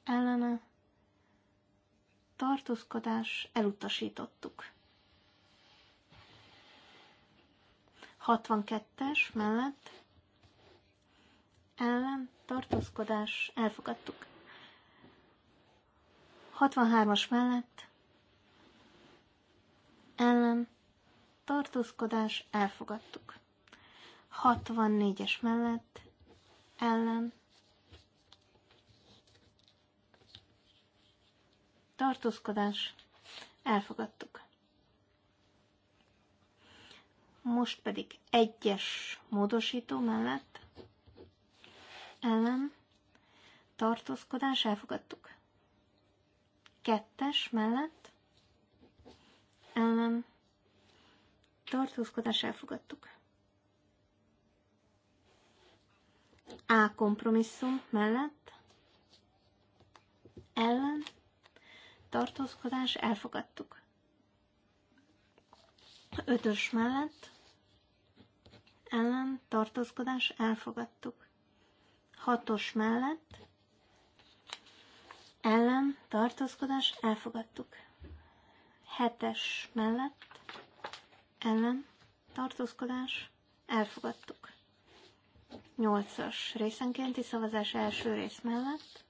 [SPEAKER 3] Ellene tartózkodás elutasítottuk. 62-es mellett ellen tartózkodás elfogadtuk. 63-as mellett ellen tartózkodás elfogadtuk. 64-es mellett ellen tartózkodás elfogadtuk. Most pedig egyes módosító mellett ellen tartózkodás elfogadtuk. Kettes mellett ellen tartózkodás elfogadtuk. A kompromisszum mellett ellen tartózkodás elfogadtuk. Ötös mellett ellen tartózkodás elfogadtuk. Hatos mellett ellen tartózkodás elfogadtuk. Hetes mellett ellen tartózkodás elfogadtuk. Nyolcas részenkénti szavazás első rész mellett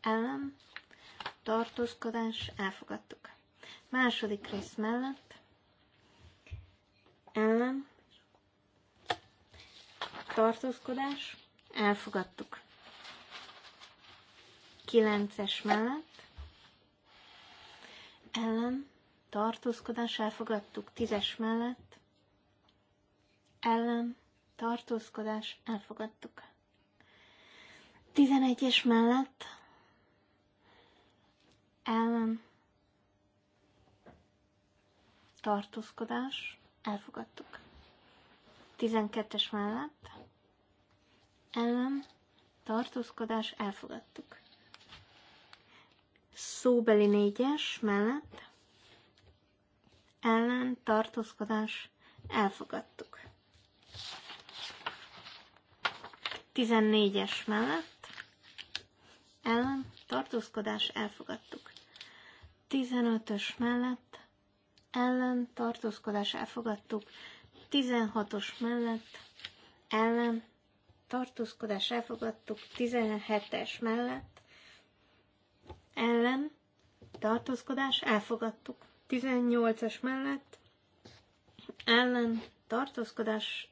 [SPEAKER 3] ellen tartózkodás elfogadtuk. Második rész mellett ellen tartózkodás, elfogadtuk. 9-es mellett, ellen, tartózkodás, elfogadtuk. 10-es mellett, ellen, tartózkodás, elfogadtuk. 11-es mellett, ellen, tartózkodás, elfogadtuk. 12-es mellett ellen tartózkodás elfogadtuk. Szóbeli négyes mellett ellen tartózkodás elfogadtuk. 14-es mellett ellen tartózkodás elfogadtuk. 15-ös mellett ellen tartózkodás elfogadtuk. 16-os mellett ellen tartózkodás elfogadtuk, 17-es mellett ellen tartózkodás elfogadtuk, 18-es mellett ellen tartózkodás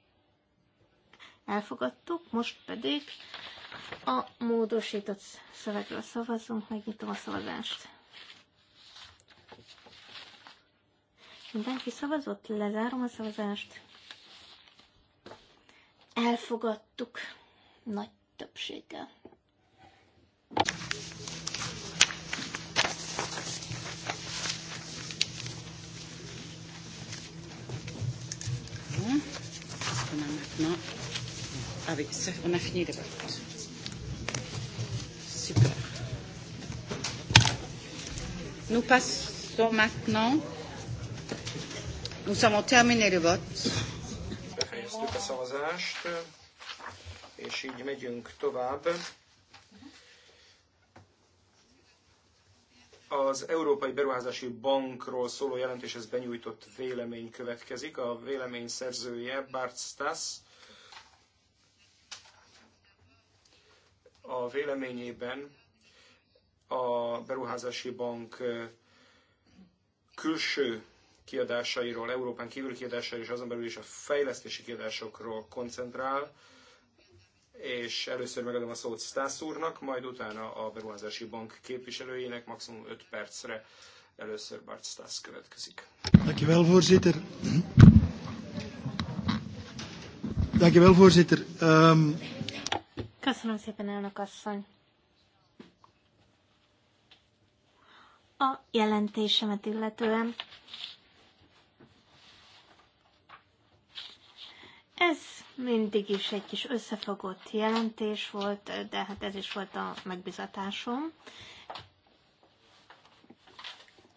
[SPEAKER 3] elfogadtuk, most pedig a módosított szövegről szavazunk, megnyitom a szavazást. Mindenki szavazott, lezárom a szavazást elfogadtuk nagy többséggel.
[SPEAKER 1] maintenant. Ah oui, on a fini les Super. Nous passons maintenant. Nous avons terminé le vote
[SPEAKER 2] szavazást, és így megyünk tovább. Az Európai Beruházási Bankról szóló jelentéshez benyújtott vélemény következik. A vélemény szerzője Bart Stass A véleményében a Beruházási Bank külső kiadásairól, Európán kívül kiadásairól és azon belül is a fejlesztési kiadásokról koncentrál, és először megadom a szót Stász úrnak, majd utána a Beruházási Bank képviselőjének maximum 5 percre. Először Bart Stász következik.
[SPEAKER 4] Dankjewel, voorzitter. Dankjewel, voorzitter. Um...
[SPEAKER 3] Köszönöm szépen, elnök asszony. A jelentésemet illetően Ez mindig is egy kis összefogott jelentés volt, de hát ez is volt a megbizatásom.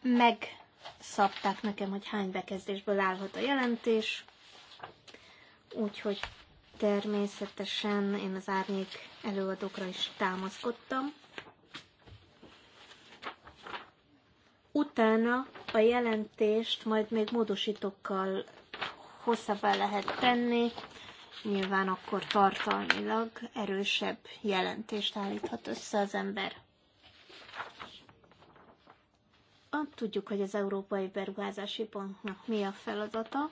[SPEAKER 3] Megszabták nekem, hogy hány bekezdésből állhat a jelentés, úgyhogy természetesen én az árnyék előadókra is támaszkodtam. Utána a jelentést majd még módosítókkal hosszabbá lehet tenni, nyilván akkor tartalmilag erősebb jelentést állíthat össze az ember. tudjuk, hogy az Európai Beruházási Banknak mi a feladata.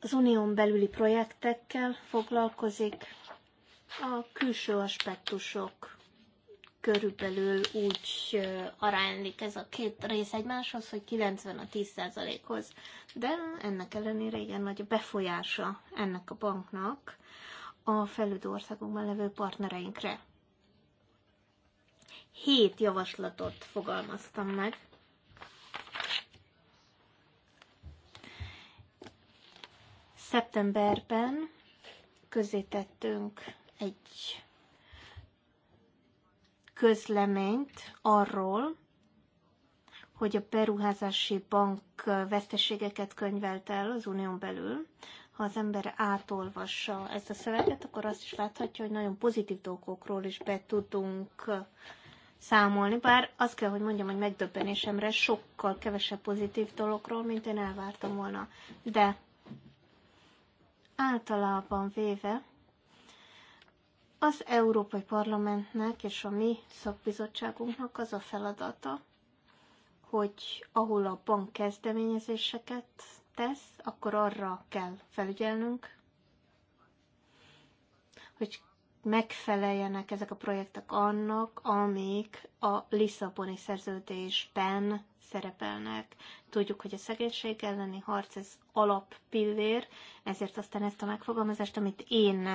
[SPEAKER 3] Az unión belüli projektekkel foglalkozik, a külső aspektusok körülbelül úgy aránylik ez a két rész egymáshoz, hogy 90 a 10 hoz de ennek ellenére igen nagy a befolyása ennek a banknak a fejlődő országokban levő partnereinkre. Hét javaslatot fogalmaztam meg. Szeptemberben közé tettünk egy közleményt arról, hogy a beruházási bank veszteségeket könyvelt el az unión belül. Ha az ember átolvassa ezt a szöveget, akkor azt is láthatja, hogy nagyon pozitív dolgokról is be tudunk számolni, bár azt kell, hogy mondjam, hogy megdöbbenésemre sokkal kevesebb pozitív dologról, mint én elvártam volna. De általában véve az Európai Parlamentnek és a mi szakbizottságunknak az a feladata, hogy ahol a bank kezdeményezéseket tesz, akkor arra kell felügyelnünk, hogy megfeleljenek ezek a projektek annak, amik a Lisszaboni szerződésben szerepelnek. Tudjuk, hogy a szegénység elleni harc, ez alappillér, ezért aztán ezt a megfogalmazást, amit én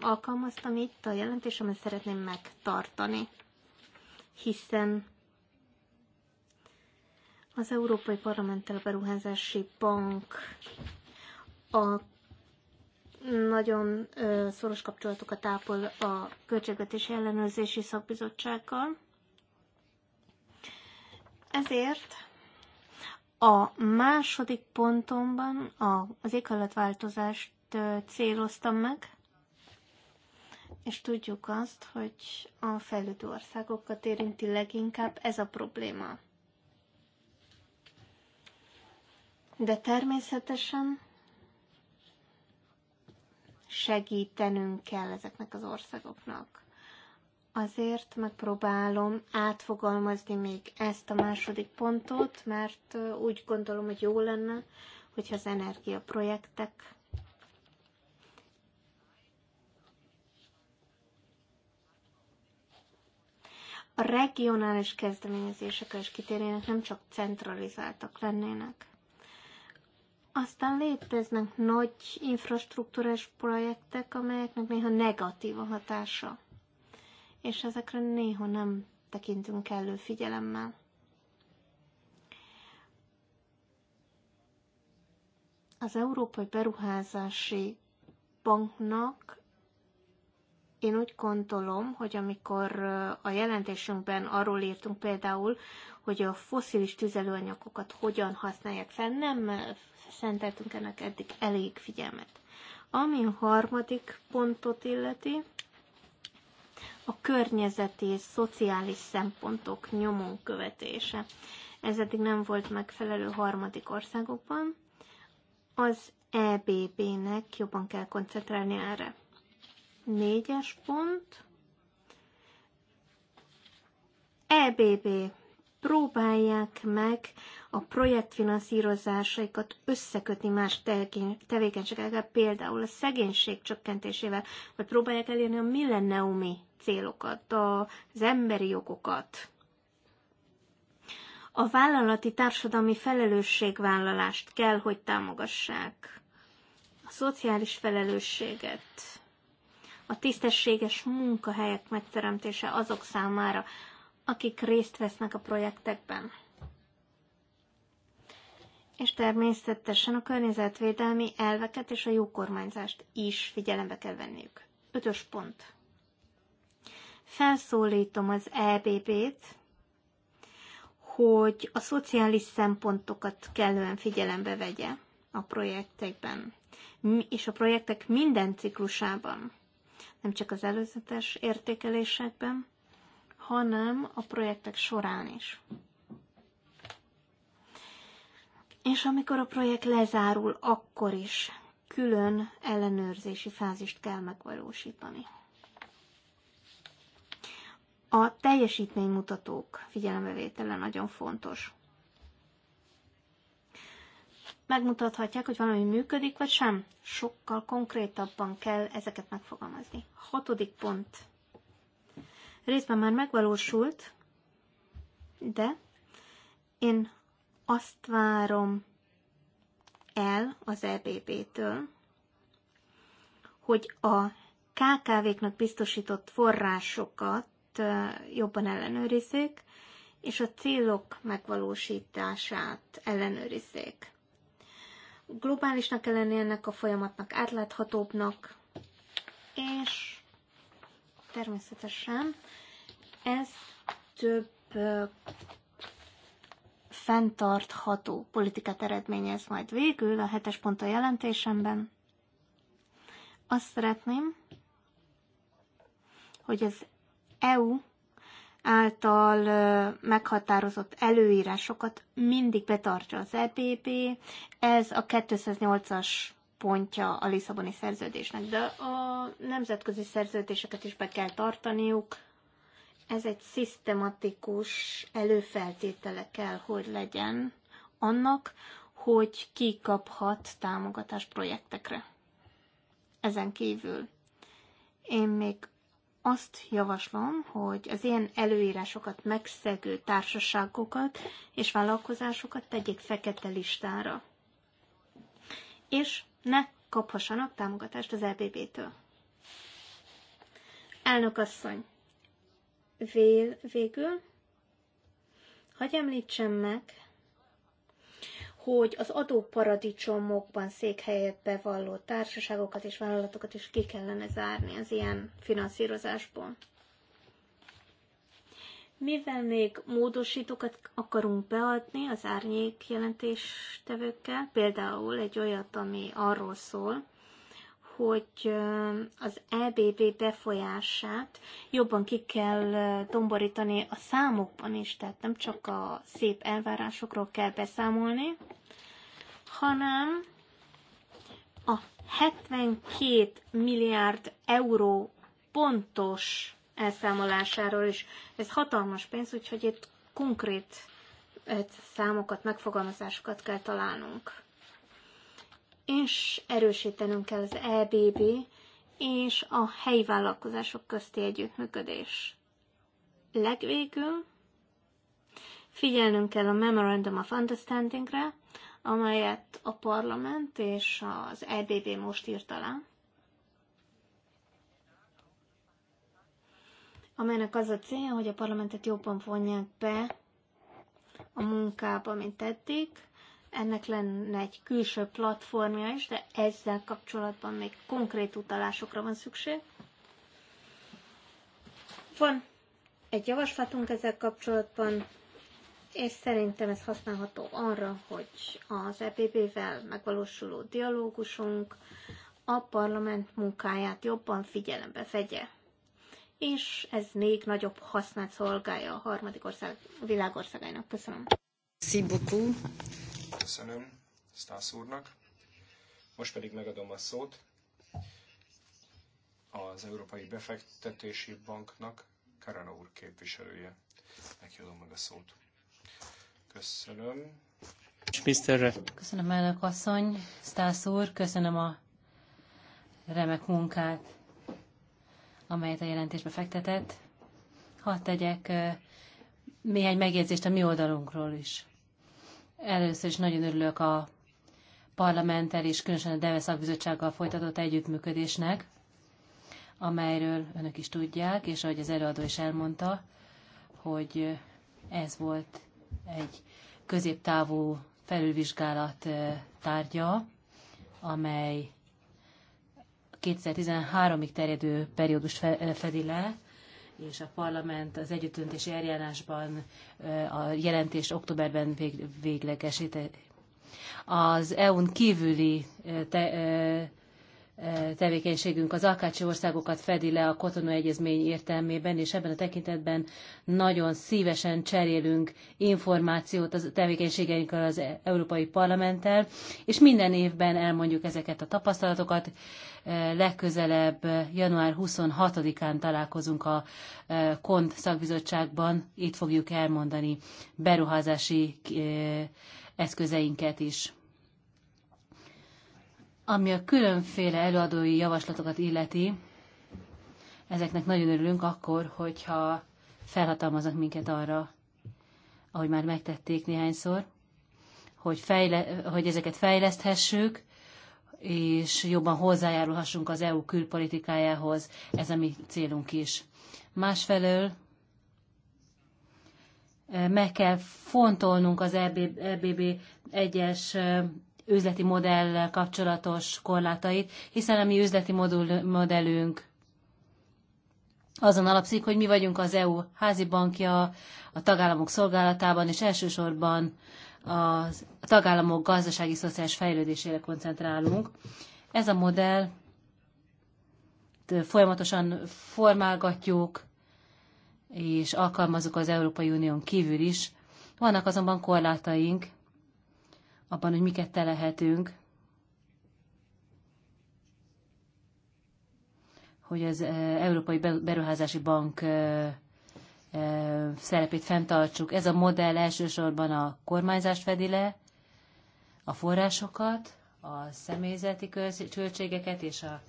[SPEAKER 3] alkalmaztam itt a jelentésemben, szeretném megtartani. Hiszen az Európai Parlamenttel Beruházási Bank a nagyon szoros kapcsolatokat ápol a Költségvetési Ellenőrzési Szakbizottsággal, ezért a második pontomban az éghajlatváltozást céloztam meg, és tudjuk azt, hogy a fejlődő országokat érinti leginkább ez a probléma. De természetesen segítenünk kell ezeknek az országoknak azért megpróbálom átfogalmazni még ezt a második pontot, mert úgy gondolom, hogy jó lenne, hogyha az energiaprojektek a regionális kezdeményezések és kitérjenek, nem csak centralizáltak lennének. Aztán léteznek nagy infrastruktúrás projektek, amelyeknek néha negatív a hatása és ezekre néha nem tekintünk kellő figyelemmel. Az Európai Beruházási Banknak én úgy gondolom, hogy amikor a jelentésünkben arról írtunk például, hogy a foszilis tüzelőanyagokat hogyan használják fel, nem szenteltünk ennek eddig elég figyelmet. Ami a harmadik pontot illeti, a környezeti és szociális szempontok nyomon követése. Ez eddig nem volt megfelelő harmadik országokban. Az EBB-nek jobban kell koncentrálni erre. Négyes pont. EBB. Próbálják meg a projektfinanszírozásaikat összekötni más tevékenységekkel, például a szegénység csökkentésével, vagy próbálják elérni a millenniumi célokat, az emberi jogokat, a vállalati társadalmi felelősségvállalást kell, hogy támogassák, a szociális felelősséget, a tisztességes munkahelyek megteremtése azok számára, akik részt vesznek a projektekben. És természetesen a környezetvédelmi elveket és a jó kormányzást is figyelembe kell venniük. Ötös pont felszólítom az EBB-t, hogy a szociális szempontokat kellően figyelembe vegye a projektekben, és a projektek minden ciklusában, nem csak az előzetes értékelésekben, hanem a projektek során is. És amikor a projekt lezárul, akkor is külön ellenőrzési fázist kell megvalósítani. A teljesítménymutatók figyelembevétele nagyon fontos. Megmutathatják, hogy valami működik, vagy sem. Sokkal konkrétabban kell ezeket megfogalmazni. Hatodik pont. Részben már megvalósult, de én azt várom el az EBB-től, hogy a KKV-knak biztosított forrásokat jobban ellenőrizzék, és a célok megvalósítását ellenőrizzék. Globálisnak kell lenni ennek a folyamatnak, átláthatóbbnak, és természetesen ez több fenntartható politikát eredményez majd végül a hetes pont a jelentésemben. Azt szeretném, hogy az EU által meghatározott előírásokat mindig betartja az EPP. Ez a 208-as pontja a Lisszaboni szerződésnek, de a nemzetközi szerződéseket is be kell tartaniuk. Ez egy szisztematikus előfeltétele kell, hogy legyen annak, hogy ki kaphat támogatást projektekre. Ezen kívül én még azt javaslom, hogy az ilyen előírásokat megszegő társaságokat és vállalkozásokat tegyék fekete listára. És ne kaphassanak támogatást az EBB-től. Elnök asszony, vél végül, hagy említsem meg, hogy az adóparadicsomokban székhelyet bevalló társaságokat és vállalatokat is ki kellene zárni az ilyen finanszírozásból. Mivel még módosítókat akarunk beadni az árnyék jelentéstevőkkel, például egy olyat, ami arról szól, hogy az EBB befolyását jobban ki kell domborítani a számokban is, tehát nem csak a szép elvárásokról kell beszámolni, hanem a 72 milliárd euró pontos elszámolásáról is. Ez hatalmas pénz, úgyhogy itt konkrét számokat, megfogalmazásokat kell találnunk és erősítenünk kell az EBB és a helyi vállalkozások közti együttműködés. Legvégül figyelnünk kell a Memorandum of Understandingre, amelyet a parlament és az EBB most írt alá, amelynek az a célja, hogy a parlamentet jobban vonják be a munkába, mint eddig, ennek lenne egy külső platformja is, de ezzel kapcsolatban még konkrét utalásokra van szükség. Van egy javaslatunk ezzel kapcsolatban, és szerintem ez használható arra, hogy az EPP-vel megvalósuló dialógusunk a parlament munkáját jobban figyelembe vegye. És ez még nagyobb hasznát szolgálja a harmadik ország világországainak. Köszönöm.
[SPEAKER 2] Merci Köszönöm Stász úrnak. Most pedig megadom a szót az Európai Befektetési Banknak, Karana úr képviselője. Neki adom meg a szót. Köszönöm.
[SPEAKER 1] Köszönöm, elnök asszony, Stász úr, köszönöm a remek munkát, amelyet a jelentésbe fektetett. Hadd tegyek néhány megjegyzést a mi oldalunkról is. Először is nagyon örülök a parlamenttel és különösen a Deve szakbizottsággal folytatott együttműködésnek, amelyről önök is tudják, és ahogy az előadó is elmondta, hogy ez volt egy középtávú felülvizsgálat tárgya, amely 2013-ig terjedő periódust fedi le, és a parlament az együttöntési eljárásban a jelentést októberben vég, Az EU-n kívüli te, tevékenységünk az Akácsi országokat fedi le a Kotonó Egyezmény értelmében, és ebben a tekintetben nagyon szívesen cserélünk információt a tevékenységeinkről az Európai Parlamenttel, és minden évben elmondjuk ezeket a tapasztalatokat. E, legközelebb január 26-án találkozunk a e, KONT szakbizottságban, itt fogjuk elmondani beruházási e, eszközeinket is. Ami a különféle előadói javaslatokat illeti, ezeknek nagyon örülünk akkor, hogyha felhatalmaznak minket arra, ahogy már megtették néhányszor, hogy, fejle, hogy ezeket fejleszthessük, és jobban hozzájárulhassunk az EU külpolitikájához. Ez a mi célunk is. Másfelől eh, meg kell fontolnunk az EBB e egyes eh, üzleti modell kapcsolatos korlátait, hiszen a mi üzleti modul, modellünk azon alapszik, hogy mi vagyunk az EU házi bankja a tagállamok szolgálatában, és elsősorban a tagállamok gazdasági szociális fejlődésére koncentrálunk. Ez a modell folyamatosan formálgatjuk, és alkalmazunk az Európai Unión kívül is. Vannak azonban korlátaink, abban, hogy miket te lehetünk, hogy az eh, Európai Beruházási Bank eh, eh, szerepét fenntartsuk. Ez a modell elsősorban a kormányzást fedi le, a forrásokat, a személyzeti költségeket és a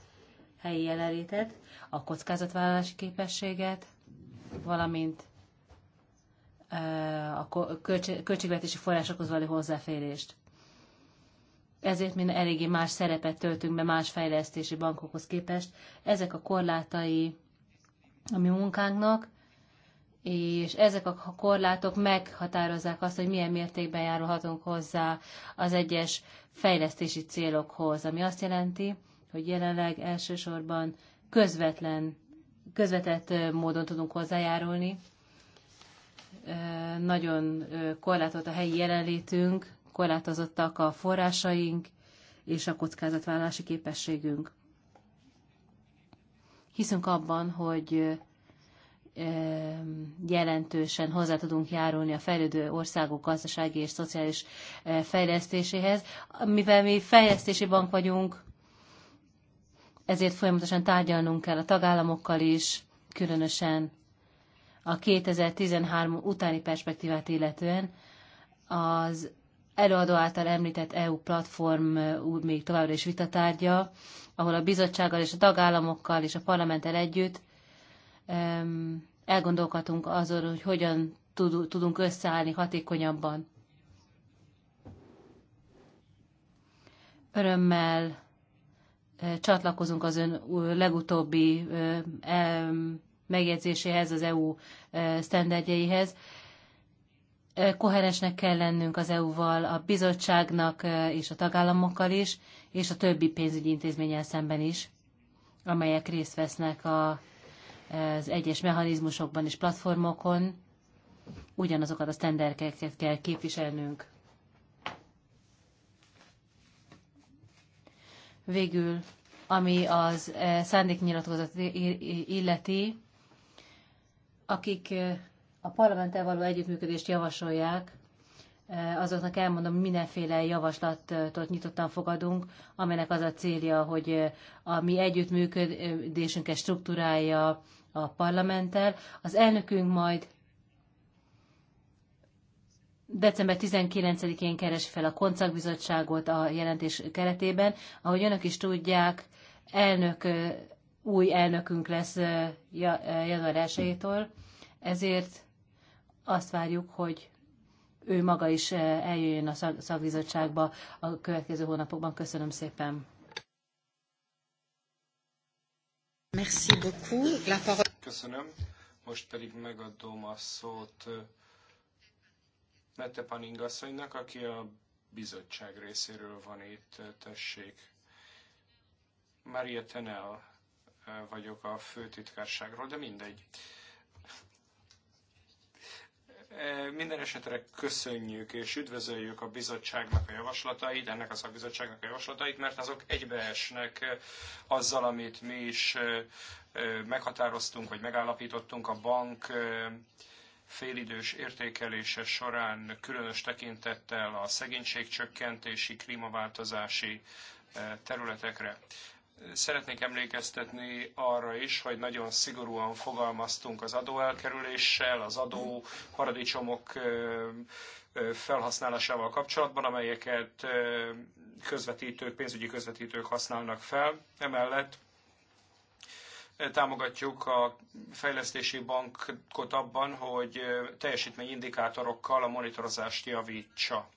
[SPEAKER 1] helyi jelenlétet, a kockázatvállalási képességet, valamint a költségvetési forrásokhoz való hozzáférést ezért mi eléggé más szerepet töltünk be más fejlesztési bankokhoz képest. Ezek a korlátai a mi munkánknak, és ezek a korlátok meghatározzák azt, hogy milyen mértékben járulhatunk hozzá az egyes fejlesztési célokhoz, ami azt jelenti, hogy jelenleg elsősorban közvetlen, közvetett módon tudunk hozzájárulni. Nagyon korlátolt a helyi jelenlétünk, korlátozottak a forrásaink és a kockázatvállalási képességünk. Hiszünk abban, hogy jelentősen hozzá tudunk járulni a fejlődő országok gazdasági és szociális fejlesztéséhez. Mivel mi fejlesztési bank vagyunk, ezért folyamatosan tárgyalnunk kell a tagállamokkal is, különösen a 2013 utáni perspektívát illetően, az előadó által említett EU platform úr még továbbra is vitatárgya, ahol a bizottsággal és a tagállamokkal és a parlamenttel együtt elgondolkodhatunk azon, hogy hogyan tudunk összeállni hatékonyabban. Örömmel csatlakozunk az ön legutóbbi megjegyzéséhez, az EU standardjeihez koherensnek kell lennünk az EU-val, a bizottságnak és a tagállamokkal is, és a többi pénzügyi intézménnyel szemben is, amelyek részt vesznek a, az egyes mechanizmusokban és platformokon. Ugyanazokat a sztenderkeket kell képviselnünk. Végül, ami az szándéknyilatkozat illeti, akik a parlamenttel való együttműködést javasolják, azoknak elmondom, mindenféle javaslatot nyitottan fogadunk, amelynek az a célja, hogy a mi együttműködésünket struktúrálja a parlamenttel. Az elnökünk majd december 19-én keres fel a koncakbizottságot a jelentés keretében. Ahogy önök is tudják, elnök, új elnökünk lesz január 1 ezért azt várjuk, hogy ő maga is eh, eljöjjön a szakbizottságba a következő hónapokban. Köszönöm szépen. Merci beaucoup. La parole...
[SPEAKER 2] Köszönöm. Most pedig megadom a szót Mette eh, Paning asszonynak, aki a bizottság részéről van itt. Eh, tessék. Maria Tenel vagyok a főtitkárságról, de mindegy. Minden esetre köszönjük és üdvözöljük a bizottságnak a javaslatait, ennek a szakbizottságnak a javaslatait, mert azok egybeesnek azzal, amit mi is meghatároztunk, vagy megállapítottunk a bank félidős értékelése során különös tekintettel a csökkentési, klímaváltozási területekre. Szeretnék emlékeztetni arra is, hogy nagyon szigorúan fogalmaztunk az adóelkerüléssel, az adó paradicsomok felhasználásával kapcsolatban, amelyeket közvetítők, pénzügyi közvetítők használnak fel. Emellett támogatjuk a fejlesztési bankot abban, hogy teljesítményindikátorokkal a monitorozást javítsa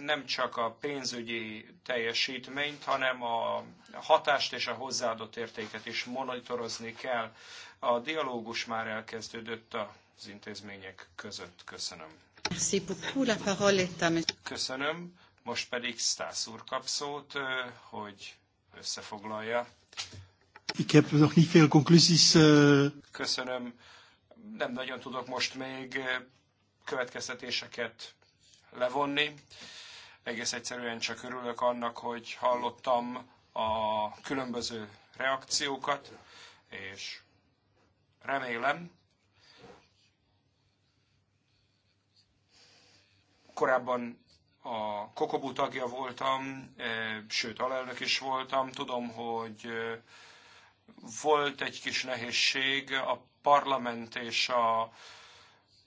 [SPEAKER 2] nem csak a pénzügyi teljesítményt, hanem a hatást és a hozzáadott értéket is monitorozni kell. A dialógus már elkezdődött az intézmények között. Köszönöm. Köszönöm. Most pedig Stász úr kap szót, hogy összefoglalja.
[SPEAKER 4] Eh.
[SPEAKER 2] Köszönöm. Nem nagyon tudok most még következtetéseket levonni. Egész egyszerűen csak örülök annak, hogy hallottam a különböző reakciókat, és remélem, korábban a Kokobu tagja voltam, e, sőt, alelnök is voltam. Tudom, hogy e, volt egy kis nehézség a parlament és a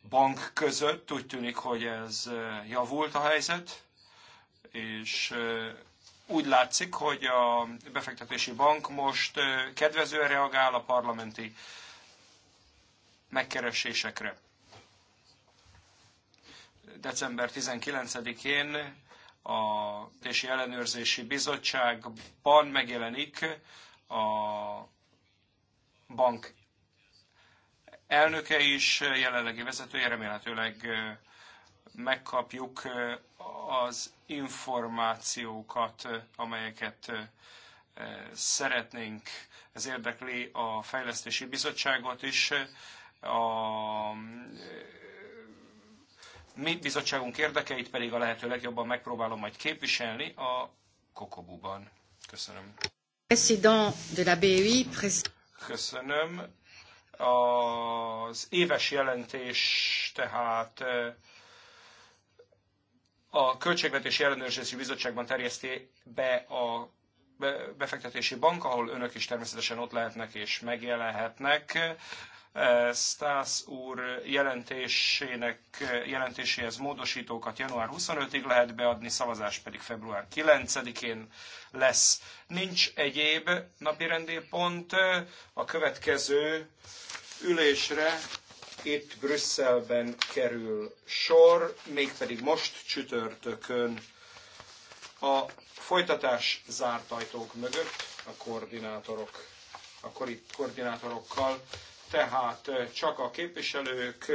[SPEAKER 2] bank között. Úgy tűnik, hogy ez e, javult a helyzet és úgy látszik, hogy a befektetési bank most kedvezően reagál a parlamenti megkeresésekre. December 19-én a Tési Ellenőrzési Bizottságban megjelenik a bank elnöke is, jelenlegi vezetője, remélhetőleg megkapjuk az információkat, amelyeket szeretnénk. Ez érdekli a Fejlesztési Bizottságot is. A mi bizottságunk érdekeit pedig a lehető legjobban megpróbálom majd képviselni a Kokobuban. Köszönöm. BEI, Köszönöm. Az éves jelentés tehát a Költségvetési Ellenőrzési Bizottságban terjeszti be a befektetési bank, ahol önök is természetesen ott lehetnek és megjelenhetnek. E, Stász úr jelentésének, jelentéséhez módosítókat január 25-ig lehet beadni, szavazás pedig február 9-én lesz. Nincs egyéb napirendi pont. A következő ülésre itt Brüsszelben kerül sor, mégpedig most csütörtökön a folytatás zárt ajtók mögött a koordinátorok, a koordinátorokkal, tehát eh, csak a képviselők,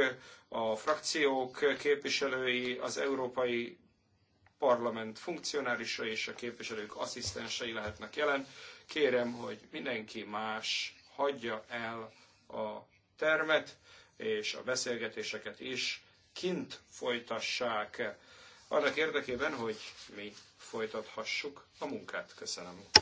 [SPEAKER 2] a frakciók képviselői, az Európai Parlament funkcionálisai és a képviselők asszisztensei lehetnek jelen. Kérem, hogy mindenki más hagyja el a termet és a beszélgetéseket is kint folytassák, annak érdekében, hogy mi folytathassuk a munkát. Köszönöm.